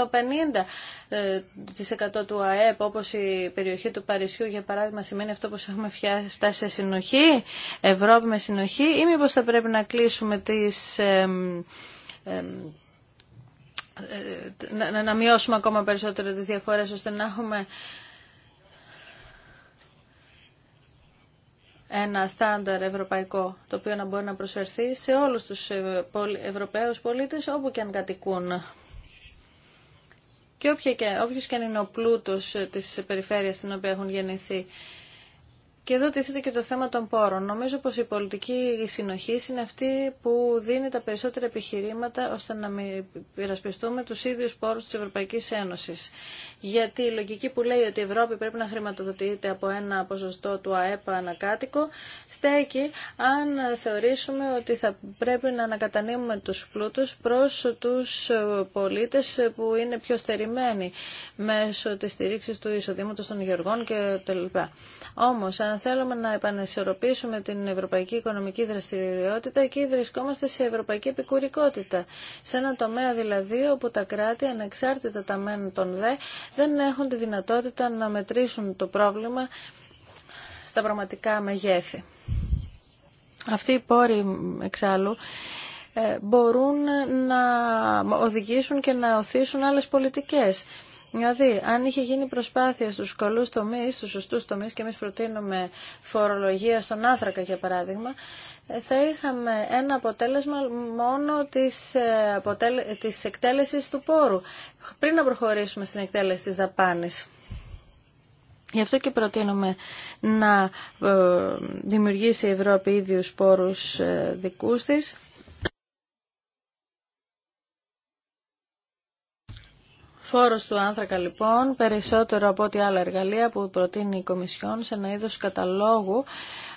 ε, του ΑΕΠ όπως η περιοχή του Παρισιού για παράδειγμα σημαίνει αυτό πως έχουμε φτάσει σε συνοχή, Ευρώπη με συνοχή ή μήπως θα πρέπει να κλείσουμε τις... Ε, ε, να, μειώσουμε ακόμα περισσότερο τις διαφορές ώστε να έχουμε ένα στάνταρ ευρωπαϊκό το οποίο να μπορεί να προσφερθεί σε όλους τους ε, Ευρωπαίους πολίτες όπου και αν κατοικούν. Και όποιος και αν είναι ο πλούτος της περιφέρειας στην οποία έχουν γεννηθεί. Και εδώ τίθεται και το θέμα των πόρων. Νομίζω πως η πολιτική συνοχή είναι αυτή που δίνει τα περισσότερα επιχειρήματα ώστε να μην πειρασπιστούμε τους ίδιους πόρους της Ευρωπαϊκής Ένωσης. Γιατί η λογική που λέει ότι η Ευρώπη πρέπει να χρηματοδοτείται από ένα ποσοστό του ΑΕΠΑ ανακάτοικο στέκει αν θεωρήσουμε ότι θα πρέπει να ανακατανύμουμε τους πλούτους προς τους πολίτες που είναι πιο στερημένοι μέσω της στηρίξης του εισοδήματος των γεωργών κτλ. Όμως, αν θέλουμε να επανεσορροπήσουμε την ευρωπαϊκή οικονομική δραστηριότητα, εκεί βρισκόμαστε σε ευρωπαϊκή επικουρικότητα. Σε ένα τομέα δηλαδή όπου τα κράτη, ανεξάρτητα τα μεν των δε, δεν έχουν τη δυνατότητα να μετρήσουν το πρόβλημα στα πραγματικά μεγέθη. Αυτοί οι πόροι εξάλλου ε, μπορούν να οδηγήσουν και να οθήσουν άλλες πολιτικές. Δηλαδή, αν είχε γίνει προσπάθεια στους καλούς τομεί, στους σωστούς τομείς και εμείς προτείνουμε φορολογία στον άνθρακα για παράδειγμα, ε, θα είχαμε ένα αποτέλεσμα μόνο της, ε, της εκτέλεσης του πόρου, πριν να προχωρήσουμε στην εκτέλεση της δαπάνης. Γι' αυτό και προτείνουμε να ε, δημιουργήσει η Ευρώπη ίδιους πόρους δικούς της Φόρος του άνθρακα λοιπόν, περισσότερο από ό,τι άλλα εργαλεία που προτείνει η Κομισιόν σε ένα είδος καταλόγου,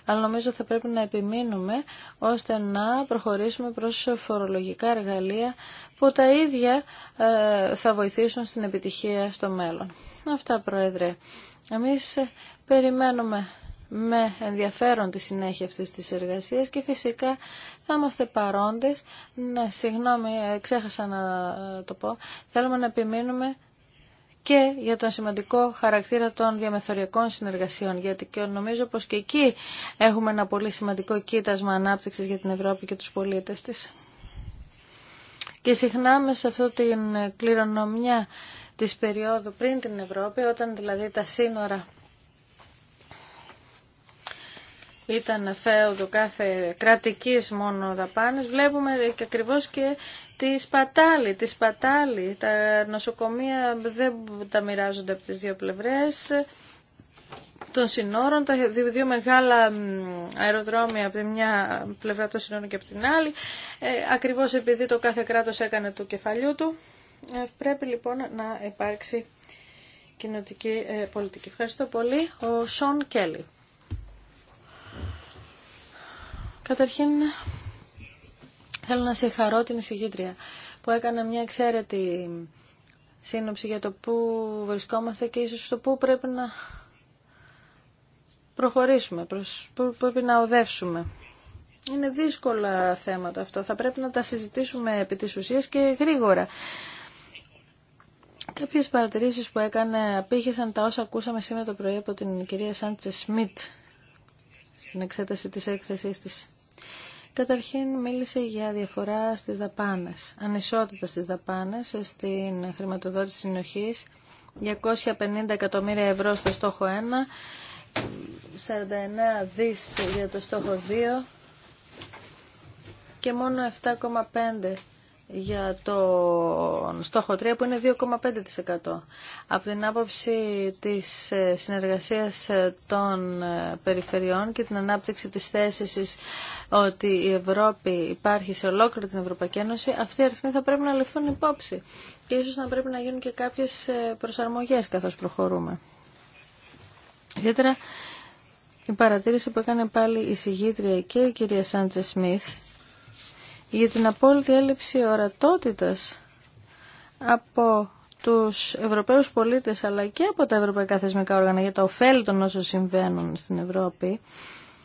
αλλά νομίζω θα πρέπει να επιμείνουμε ώστε να προχωρήσουμε προς φορολογικά εργαλεία που τα ίδια ε, θα βοηθήσουν στην επιτυχία στο μέλλον. Αυτά Πρόεδρε. Εμείς ε, περιμένουμε με ενδιαφέρον τη συνέχεια αυτής της εργασίας και φυσικά θα είμαστε παρόντες. Να, συγγνώμη, ε, ξέχασα να ε, το πω. Θέλουμε να επιμείνουμε και για τον σημαντικό χαρακτήρα των διαμεθοριακών συνεργασιών, γιατί και νομίζω πως και εκεί έχουμε ένα πολύ σημαντικό κοίτασμα ανάπτυξης για την Ευρώπη και τους πολίτες της. Και συχνά με σε αυτή την κληρονομιά της περίοδου πριν την Ευρώπη, όταν δηλαδή τα σύνορα ήταν φέοδο κάθε κρατικής μόνο δαπάνης, βλέπουμε και ακριβώς και τη σπατάλη, τη σπατάλη. Τα νοσοκομεία δεν τα μοιράζονται από τις δύο πλευρές των συνόρων, τα δύο μεγάλα αεροδρόμια από τη μια πλευρά των συνόρων και από την άλλη, ε, ακριβώς επειδή το κάθε κράτος έκανε του κεφαλιού του. πρέπει λοιπόν να υπάρξει κοινοτική ε, πολιτική. Ευχαριστώ πολύ. Ο Σον Κέλλη. Καταρχήν, θέλω να συγχαρώ την εισηγήτρια που έκανε μια εξαίρετη σύνοψη για το πού βρισκόμαστε και ίσως το πού πρέπει να προχωρήσουμε, προς πού πρέπει να οδεύσουμε. Είναι δύσκολα θέματα αυτά. Θα πρέπει να τα συζητήσουμε επί της ουσίας και γρήγορα. Κάποιες παρατηρήσεις που έκανε απήχησαν τα όσα ακούσαμε σήμερα το πρωί από την κυρία Σάντσε Σμιτ στην εξέταση της έκθεσής της. Καταρχήν μίλησε για διαφορά στις δαπάνες, ανισότητα στις δαπάνες, στην χρηματοδότηση συνοχής, 250 εκατομμύρια ευρώ στο στόχο 1, 49 δις για το στόχο 2 και μόνο 7,5 για τον στόχο 3 που είναι 2,5%. Από την άποψη της ε, συνεργασίας ε, των ε, περιφερειών και την ανάπτυξη της θέσης ότι η Ευρώπη υπάρχει σε ολόκληρη την Ευρωπαϊκή Ένωση, αυτοί οι αριθμοί θα πρέπει να ληφθούν υπόψη και ίσως να πρέπει να γίνουν και κάποιες προσαρμογές καθώς προχωρούμε. Ιδιαίτερα η παρατήρηση που έκανε πάλι η συγγήτρια και η κυρία Σάντζε Σμιθ για την απόλυτη έλλειψη ορατότητας από τους Ευρωπαίους πολίτες αλλά και από τα ευρωπαϊκά θεσμικά όργανα για τα ωφέλη των όσων συμβαίνουν στην Ευρώπη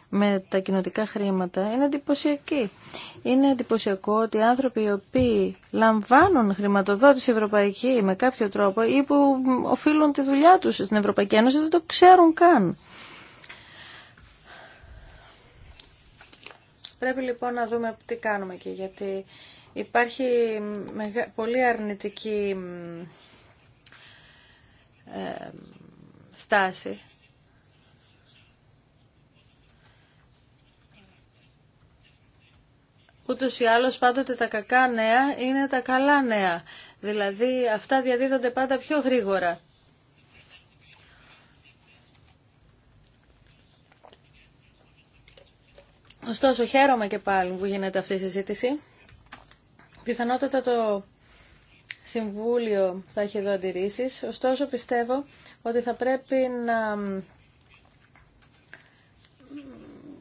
με τα κοινοτικά χρήματα είναι εντυπωσιακή. Είναι εντυπωσιακό ότι οι άνθρωποι οι οποίοι λαμβάνουν χρηματοδότηση ευρωπαϊκή με κάποιο τρόπο ή που οφείλουν τη δουλειά τους στην Ευρωπαϊκή Ένωση δεν το ξέρουν καν. Πρέπει λοιπόν να δούμε τι κάνουμε εκεί, γιατί υπάρχει πολύ αρνητική ε, στάση Ούτως ή άλλως πάντοτε τα κακά νέα είναι τα καλά νέα. Δηλαδή αυτά διαδίδονται πάντα πιο γρήγορα. Ωστόσο, χαίρομαι και πάλι που γίνεται αυτή η συζήτηση. Πιθανότατα το Συμβούλιο θα έχει εδώ αντιρρήσει. Ωστόσο, πιστεύω ότι θα πρέπει να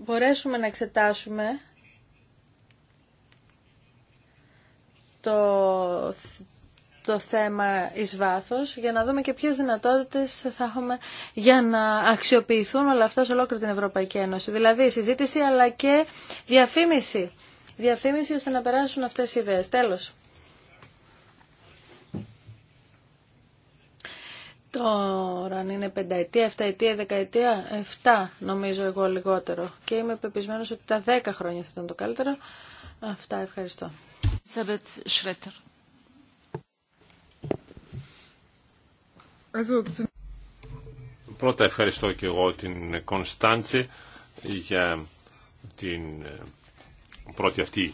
μπορέσουμε να εξετάσουμε το το θέμα εις βάθος για να δούμε και ποιες δυνατότητες θα έχουμε για να αξιοποιηθούν όλα αυτά σε ολόκληρη την Ευρωπαϊκή Ένωση. Δηλαδή συζήτηση αλλά και διαφήμιση. Διαφήμιση ώστε να περάσουν αυτές οι ιδέες. Τέλος. Τώρα αν είναι πενταετία, εφταετία, δεκαετία, εφτά νομίζω εγώ λιγότερο. Και είμαι πεπισμένος ότι τα δέκα χρόνια θα ήταν το καλύτερο. Αυτά ευχαριστώ. Σρέτερ. Πρώτα ευχαριστώ και εγώ την Κωνσταντσε για την ε, πρώτη αυτή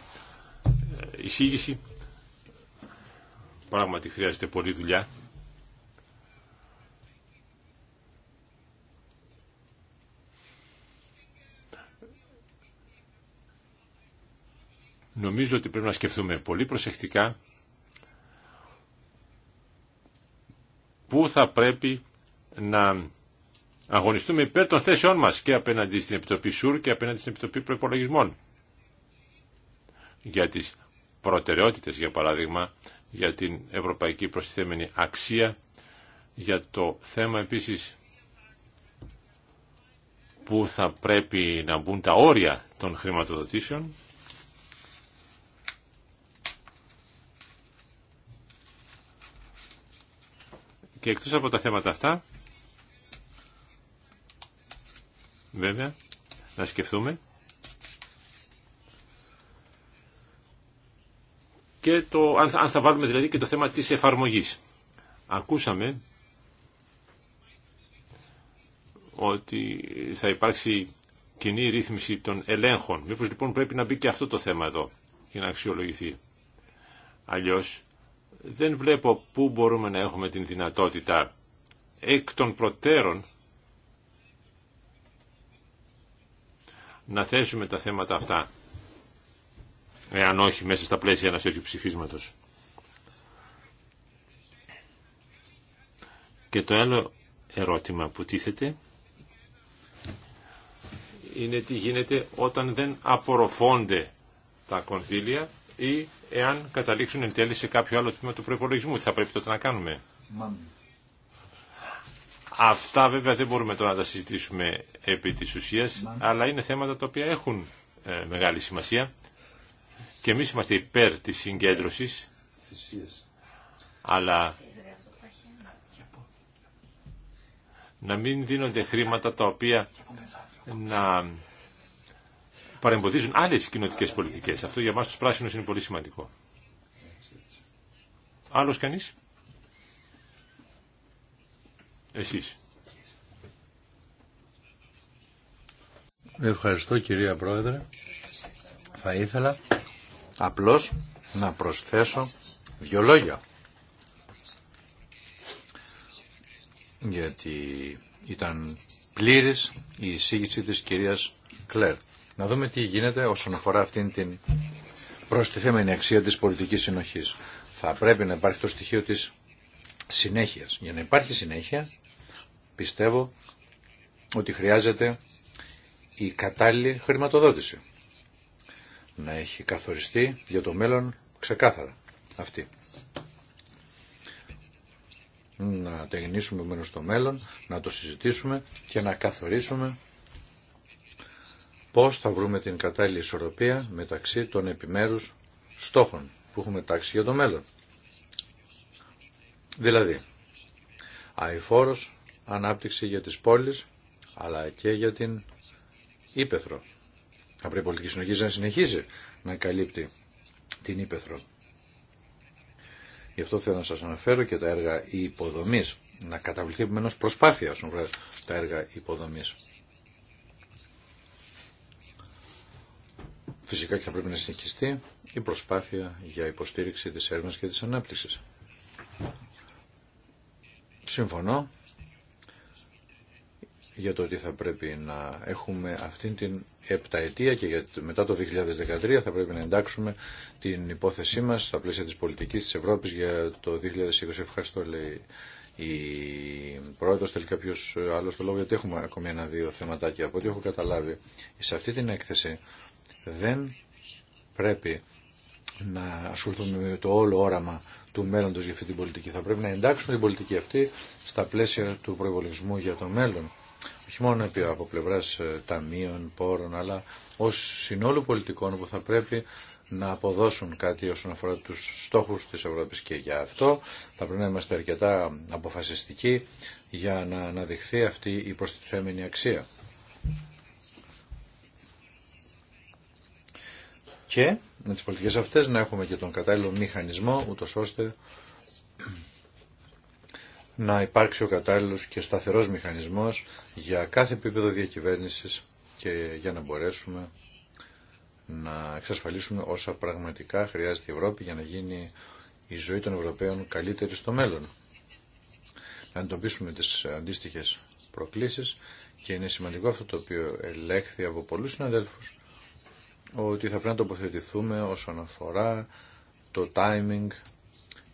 ε, εισήγηση. Πράγματι χρειάζεται πολλή δουλειά. Νομίζω ότι πρέπει να σκεφτούμε πολύ προσεκτικά που θα πρέπει να αγωνιστούμε υπέρ των θέσεών μας και απέναντι στην Επιτροπή ΣΟΥΡ και απέναντι στην Επιτροπή Προπολογισμών. Για τις προτεραιότητες, για παράδειγμα, για την ευρωπαϊκή προστιθέμενη αξία, για το θέμα επίσης που θα πρέπει να μπουν τα όρια των χρηματοδοτήσεων Και εκτός από τα θέματα αυτά, βέβαια, να σκεφτούμε και το, αν θα βάλουμε δηλαδή και το θέμα της εφαρμογής. Ακούσαμε ότι θα υπάρξει κοινή ρύθμιση των ελέγχων. Μήπως λοιπόν πρέπει να μπει και αυτό το θέμα εδώ για να αξιολογηθεί. Αλλιώς δεν βλέπω πού μπορούμε να έχουμε την δυνατότητα εκ των προτέρων να θέσουμε τα θέματα αυτά εάν όχι μέσα στα πλαίσια ένας τέτοιου ψηφίσματος. Και το άλλο ερώτημα που τίθεται είναι τι γίνεται όταν δεν απορροφώνται τα κονδύλια ή εάν καταλήξουν εν τέλει σε κάποιο άλλο τμήμα του προπολογισμού. Τι θα πρέπει τότε να κάνουμε. Αυτά βέβαια δεν μπορούμε τώρα να τα συζητήσουμε επί της ουσίας, αλλά είναι θέματα τα οποία έχουν ε, μεγάλη σημασία και εμείς είμαστε υπέρ της συγκέντρωσης, αλλά να μην δίνονται χρήματα τα οποία να παρεμποδίζουν άλλες κοινοτικέ πολιτικές. Αυτό για μας τους πράσινους είναι πολύ σημαντικό. Άλλος κανείς? Εσείς. Ευχαριστώ κυρία Πρόεδρε. Θα ήθελα απλώς να προσθέσω δύο λόγια. Γιατί ήταν πλήρης η εισήγηση της κυρίας Κλέρ να δούμε τι γίνεται όσον αφορά αυτήν την προστιθέμενη αξία της πολιτικής συνοχής. Θα πρέπει να υπάρχει το στοιχείο της συνέχειας. Για να υπάρχει συνέχεια, πιστεύω ότι χρειάζεται η κατάλληλη χρηματοδότηση. Να έχει καθοριστεί για το μέλλον ξεκάθαρα αυτή. Να τεγνήσουμε μένω στο μέλλον, να το συζητήσουμε και να καθορίσουμε πώς θα βρούμε την κατάλληλη ισορροπία μεταξύ των επιμέρους στόχων που έχουμε τάξει για το μέλλον. Δηλαδή, αηφόρος ανάπτυξη για τις πόλεις, αλλά και για την Ήπεθρο. Θα πρέπει η πολιτική συνοχή να συνεχίζει να καλύπτει την Ήπεθρο. Γι' αυτό θέλω να σας αναφέρω και τα έργα υποδομής, να καταβληθεί επομένως προσπάθεια όσον τα έργα υποδομής. Φυσικά και θα πρέπει να συνεχιστεί η προσπάθεια για υποστήριξη της έρευνας και της ανάπτυξης. Συμφωνώ για το ότι θα πρέπει να έχουμε αυτήν την επταετία και για, μετά το 2013 θα πρέπει να εντάξουμε την υπόθεσή μας στα πλαίσια της πολιτικής της Ευρώπης για το 2020. Ευχαριστώ λέει η πρόεδρος θέλει κάποιο άλλο το λόγο γιατί έχουμε ακόμη ένα-δύο θεματάκια από ό,τι έχω καταλάβει. Σε αυτή την έκθεση δεν πρέπει να ασχοληθούμε με το όλο όραμα του μέλλοντος για αυτή την πολιτική. Θα πρέπει να εντάξουμε την πολιτική αυτή στα πλαίσια του προϋπολογισμού για το μέλλον. Όχι μόνο από πλευράς ε, ταμείων, πόρων, αλλά ως συνόλου πολιτικών που θα πρέπει να αποδώσουν κάτι όσον αφορά τους στόχους της Ευρώπης και για αυτό θα πρέπει να είμαστε αρκετά αποφασιστικοί για να αναδειχθεί αυτή η προστιθέμενη αξία. και με τις πολιτικές αυτές να έχουμε και τον κατάλληλο μηχανισμό ούτως ώστε να υπάρξει ο κατάλληλος και σταθερός μηχανισμός για κάθε επίπεδο διακυβέρνησης και για να μπορέσουμε να εξασφαλίσουμε όσα πραγματικά χρειάζεται η Ευρώπη για να γίνει η ζωή των Ευρωπαίων καλύτερη στο μέλλον. Να αντιμετωπίσουμε τις αντίστοιχες προκλήσεις και είναι σημαντικό αυτό το οποίο ελέγχθη από πολλούς συναδέλφους ότι θα πρέπει να τοποθετηθούμε όσον αφορά το timing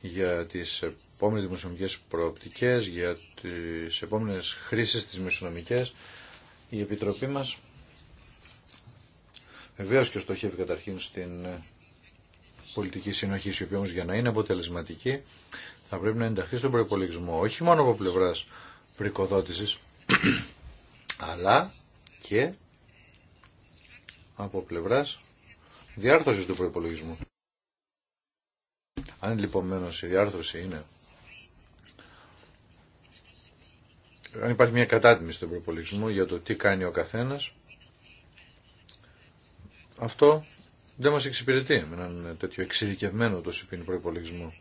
για τις επόμενες δημοσιονομικές προοπτικές, για τις επόμενες χρήσεις της μεσονομικές. Η Επιτροπή μας βεβαίως και στοχεύει καταρχήν στην πολιτική συνοχή, η οποία όμως για να είναι αποτελεσματική θα πρέπει να ενταχθεί στον προπολογισμό, όχι μόνο από πλευράς πρικοδότησης, αλλά και από πλευρά διάρθρωσης του προπολογισμού. Αν λοιπόν η διάρθρωση είναι αν υπάρχει μια κατάτιμηση στον προπολογισμού για το τι κάνει ο καθένας, αυτό δεν μα εξυπηρετεί με έναν τέτοιο εξειδικευμένο το συμπίνη προπολογισμό.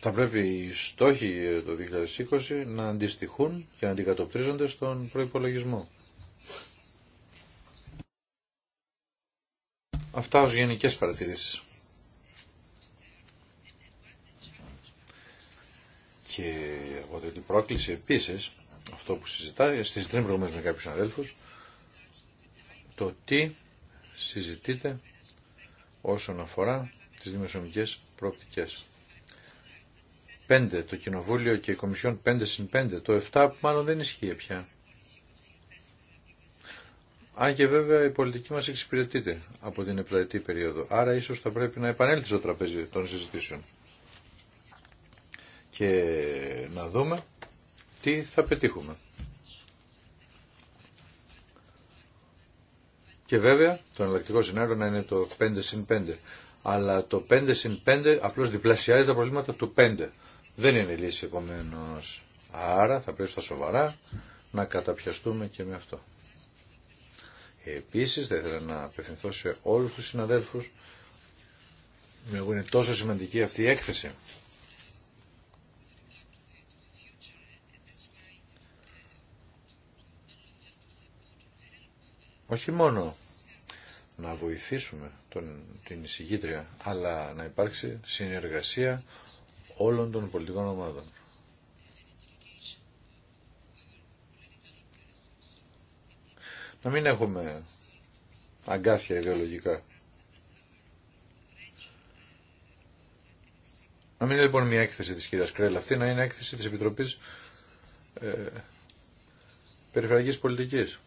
Θα πρέπει οι στόχοι ε, το 2020 να αντιστοιχούν και να αντικατοπτρίζονται στον προϋπολογισμό. Αυτά ως γενικές παρατηρήσεις. Και από την πρόκληση επίσης, αυτό που συζητάει, τρεις προηγούμενες με κάποιους αδέλφους, το τι συζητείται όσον αφορά τις δημοσιονομικές προοπτικές. 5 το Κοινοβούλιο και η Κομισιόν 5 συν 5. Το 7 μάλλον δεν ισχύει πια. Αν και βέβαια η πολιτική μας εξυπηρετείται από την επταετή περίοδο. Άρα ίσως θα πρέπει να επανέλθει στο τραπέζι των συζητήσεων. Και να δούμε τι θα πετύχουμε. Και βέβαια το εναλλακτικό σενάριο να είναι το 5 συν 5. Αλλά το 5 συν 5 απλώς διπλασιάζει τα προβλήματα του 5 δεν είναι λύση επομένω. Άρα θα πρέπει στα σοβαρά να καταπιαστούμε και με αυτό. Επίσης θα ήθελα να απευθυνθώ σε όλους τους συναδέλφους με είναι τόσο σημαντική αυτή η έκθεση. Όχι μόνο να βοηθήσουμε τον, την εισηγήτρια, αλλά να υπάρξει συνεργασία όλων των πολιτικών ομάδων. Να μην έχουμε αγκάθια ιδεολογικά. Να μην είναι λοιπόν μια έκθεση της κυρίας Κρέλ αυτή, να είναι έκθεση της Επιτροπής ε, Περιφερειακής Πολιτικής.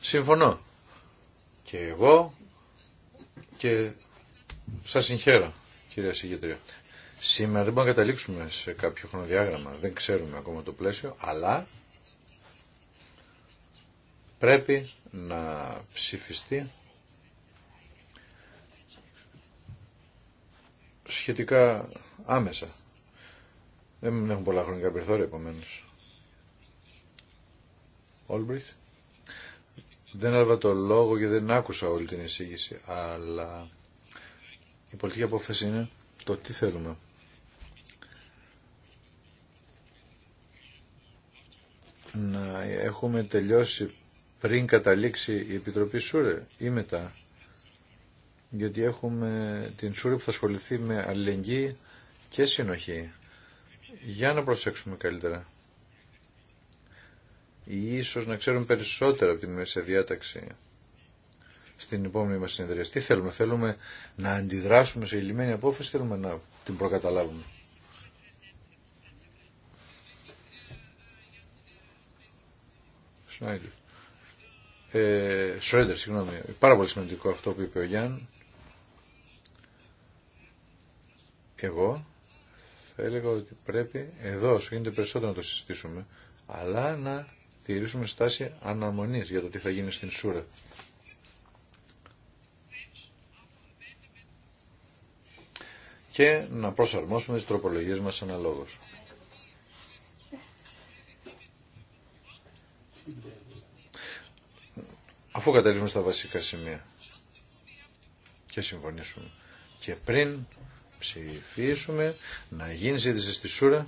Συμφωνώ και εγώ και σας συγχαίρω κυρία Συγγετρία. Σήμερα δεν μπορούμε να καταλήξουμε σε κάποιο χρονοδιάγραμμα, δεν ξέρουμε ακόμα το πλαίσιο, αλλά πρέπει να ψηφιστεί σχετικά άμεσα. Δεν έχουν πολλά χρονικά περιθώρια επομένω. Όλμπριχτ. Δεν έλαβα το λόγο και δεν άκουσα όλη την εισήγηση, αλλά η πολιτική απόφαση είναι το τι θέλουμε. Να έχουμε τελειώσει πριν καταλήξει η Επιτροπή Σούρε ή μετά. Γιατί έχουμε την Σούρε που θα ασχοληθεί με αλληλεγγύη και συνοχή. Για να προσέξουμε καλύτερα ή ίσως να ξέρουμε περισσότερα από την μέσα Διάταξη στην επόμενη μας συνεδρία. Τι θέλουμε, θέλουμε να αντιδράσουμε σε ηλυμένη απόφαση, θέλουμε να την προκαταλάβουμε. Ε, Σρέντερ, συγγνώμη. Πάρα πολύ σημαντικό αυτό που είπε ο Γιάνν. Εγώ θα έλεγα ότι πρέπει εδώ όσο γίνεται περισσότερο να το συζητήσουμε, αλλά να τηρήσουμε στάση αναμονής για το τι θα γίνει στην Σούρα. και να προσαρμόσουμε τις τροπολογίες μας αναλόγως. Αφού καταλήγουμε στα βασικά σημεία και συμφωνήσουμε και πριν ψηφίσουμε να γίνει ζήτηση στη Σούρα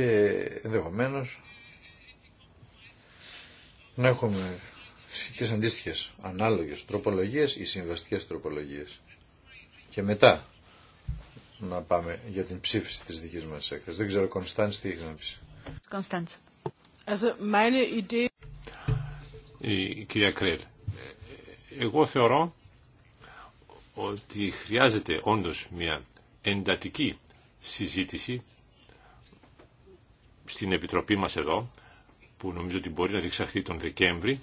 και ενδεχομένω να έχουμε φυσικέ αντίστοιχε ανάλογε τροπολογίες ή συμβαστικέ τροπολογίες. Και μετά να πάμε για την ψήφιση της δική μα έκθεση. Δεν ξέρω, Κωνσταντ, τι έχει να πει. Κωνσταντ. Η κυρία Κρέλ. Εγώ θεωρώ ότι χρειάζεται όντως μια εντατική συζήτηση στην Επιτροπή μας εδώ, που νομίζω ότι μπορεί να διεξαχθεί τον Δεκέμβρη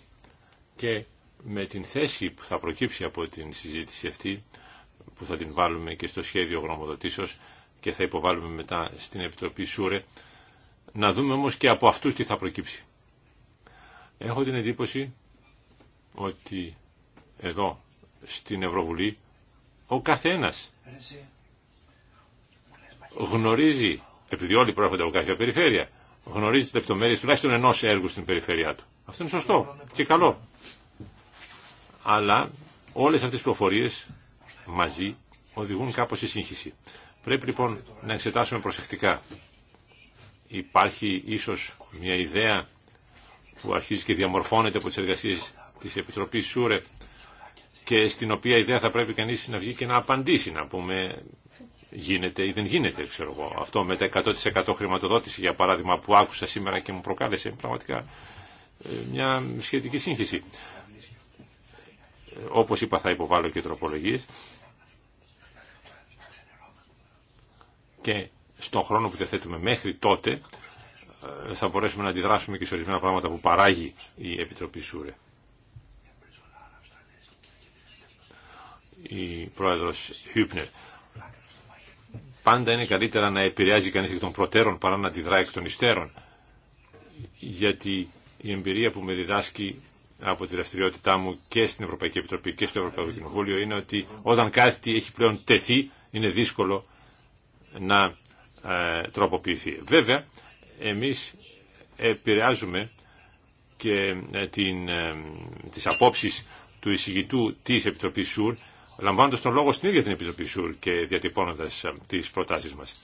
και με την θέση που θα προκύψει από την συζήτηση αυτή, που θα την βάλουμε και στο σχέδιο γνωμοδοτήσεως και θα υποβάλουμε μετά στην Επιτροπή ΣΟΥΡΕ, να δούμε όμως και από αυτούς τι θα προκύψει. Έχω την εντύπωση ότι εδώ στην Ευρωβουλή ο καθένας γνωρίζει, επειδή όλοι προέρχονται από κάποια περιφέρεια, γνωρίζει τι λεπτομέρειε τουλάχιστον ενό έργου στην περιφέρειά του. Αυτό είναι σωστό και καλό. Αλλά όλες αυτές τι προφορίες μαζί οδηγούν κάπως σε σύγχυση. Πρέπει λοιπόν να εξετάσουμε προσεκτικά. Υπάρχει ίσως μια ιδέα που αρχίζει και διαμορφώνεται από τι εργασίε τη επιτροπή ΣΟΥΡΕ και στην οποία ιδέα θα πρέπει κανεί να βγει και να απαντήσει, να πούμε γίνεται ή δεν γίνεται, ξέρω εγώ. Αυτό με τα 100% χρηματοδότηση, για παράδειγμα, που άκουσα σήμερα και μου προκάλεσε πραγματικά ε, μια σχετική σύγχυση. Ε, όπως είπα, θα υποβάλω και τροπολογίες. Και στον χρόνο που διαθέτουμε μέχρι τότε, ε, θα μπορέσουμε να αντιδράσουμε και σε ορισμένα πράγματα που παράγει η Επιτροπή ΣΟΥΡΕ. Η πρόεδρος Χιούπνερ. Πάντα είναι καλύτερα να επηρεάζει κανείς εκ των προτέρων παρά να αντιδρά εκ των υστέρων. Γιατί η εμπειρία που με διδάσκει από τη δραστηριότητά μου και στην Ευρωπαϊκή Επιτροπή και στο Ευρωπαϊκό Κοινοβούλιο είναι ότι όταν κάτι έχει πλέον τεθεί είναι δύσκολο να ε, τροποποιηθεί. Βέβαια, εμείς επηρεάζουμε και ε, την, ε, τις απόψεις του εισηγητού της Επιτροπής ΣΟΥΡ λαμβάνοντας τον λόγο στην ίδια την Επιτροπή ΣΟΥΡ και διατυπώνοντας ε, τις προτάσεις μας.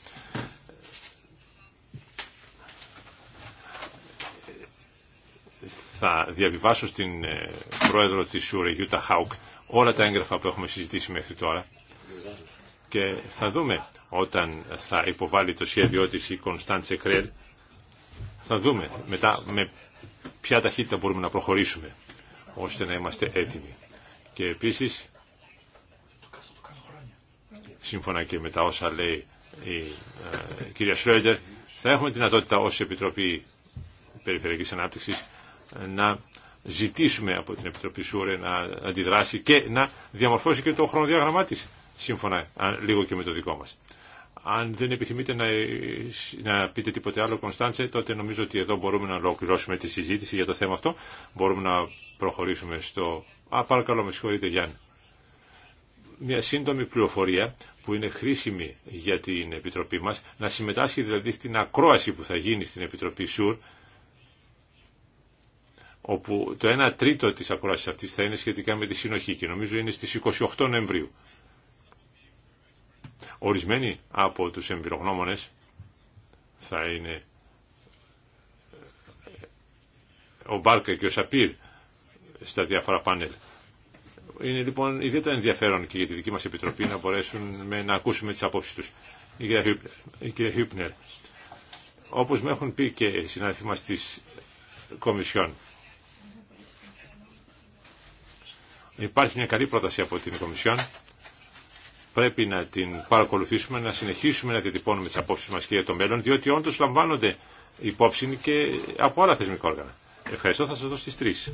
Θα διαβιβάσω στην ε, πρόεδρο της ΣΟΥΡ, Γιούτα Χάουκ, όλα τα έγγραφα που έχουμε συζητήσει μέχρι τώρα και θα δούμε όταν θα υποβάλει το σχέδιό της η Κωνσταντσε Κρέλ θα δούμε μετά με ποια ταχύτητα μπορούμε να προχωρήσουμε ώστε να είμαστε έτοιμοι. Και επίσης σύμφωνα και με τα όσα λέει η ε, κυρία Σρέντερ, θα έχουμε τη δυνατότητα ως Επιτροπή Περιφερειακής Ανάπτυξης ε, να ζητήσουμε από την Επιτροπή Σούρε να αντιδράσει και να διαμορφώσει και το χρονοδιάγραμμά της, σύμφωνα λίγο και με το δικό μας. Αν δεν επιθυμείτε να, να πείτε τίποτε άλλο, Κωνσταντσε, τότε νομίζω ότι εδώ μπορούμε να ολοκληρώσουμε τη συζήτηση για το θέμα αυτό. Μπορούμε να προχωρήσουμε στο... Α, παρακαλώ, με συγχωρείτε, Γιάννη μια σύντομη πληροφορία που είναι χρήσιμη για την Επιτροπή μας, να συμμετάσχει δηλαδή στην ακρόαση που θα γίνει στην Επιτροπή ΣΟΥΡ, όπου το 1 τρίτο της ακρόασης αυτής θα είναι σχετικά με τη συνοχή και νομίζω είναι στις 28 Νοεμβρίου. Ορισμένοι από τους εμπειρογνώμονες θα είναι ε, ο Μπάρκα και ο Σαπίρ στα διάφορα πάνελ. Είναι λοιπόν ιδιαίτερα ενδιαφέρον και για τη δική μας Επιτροπή να με, να ακούσουμε τις απόψεις τους. Η κυρία Χίπνερ, όπως με έχουν πει και οι συνάδελφοι μας της Κομισιόν, υπάρχει μια καλή πρόταση από την Κομισιόν, πρέπει να την παρακολουθήσουμε, να συνεχίσουμε να διατυπώνουμε τις απόψεις μας και για το μέλλον, διότι όντως λαμβάνονται υπόψη και από άλλα θεσμικά όργανα. Ευχαριστώ, θα σας δώσω τις τρεις.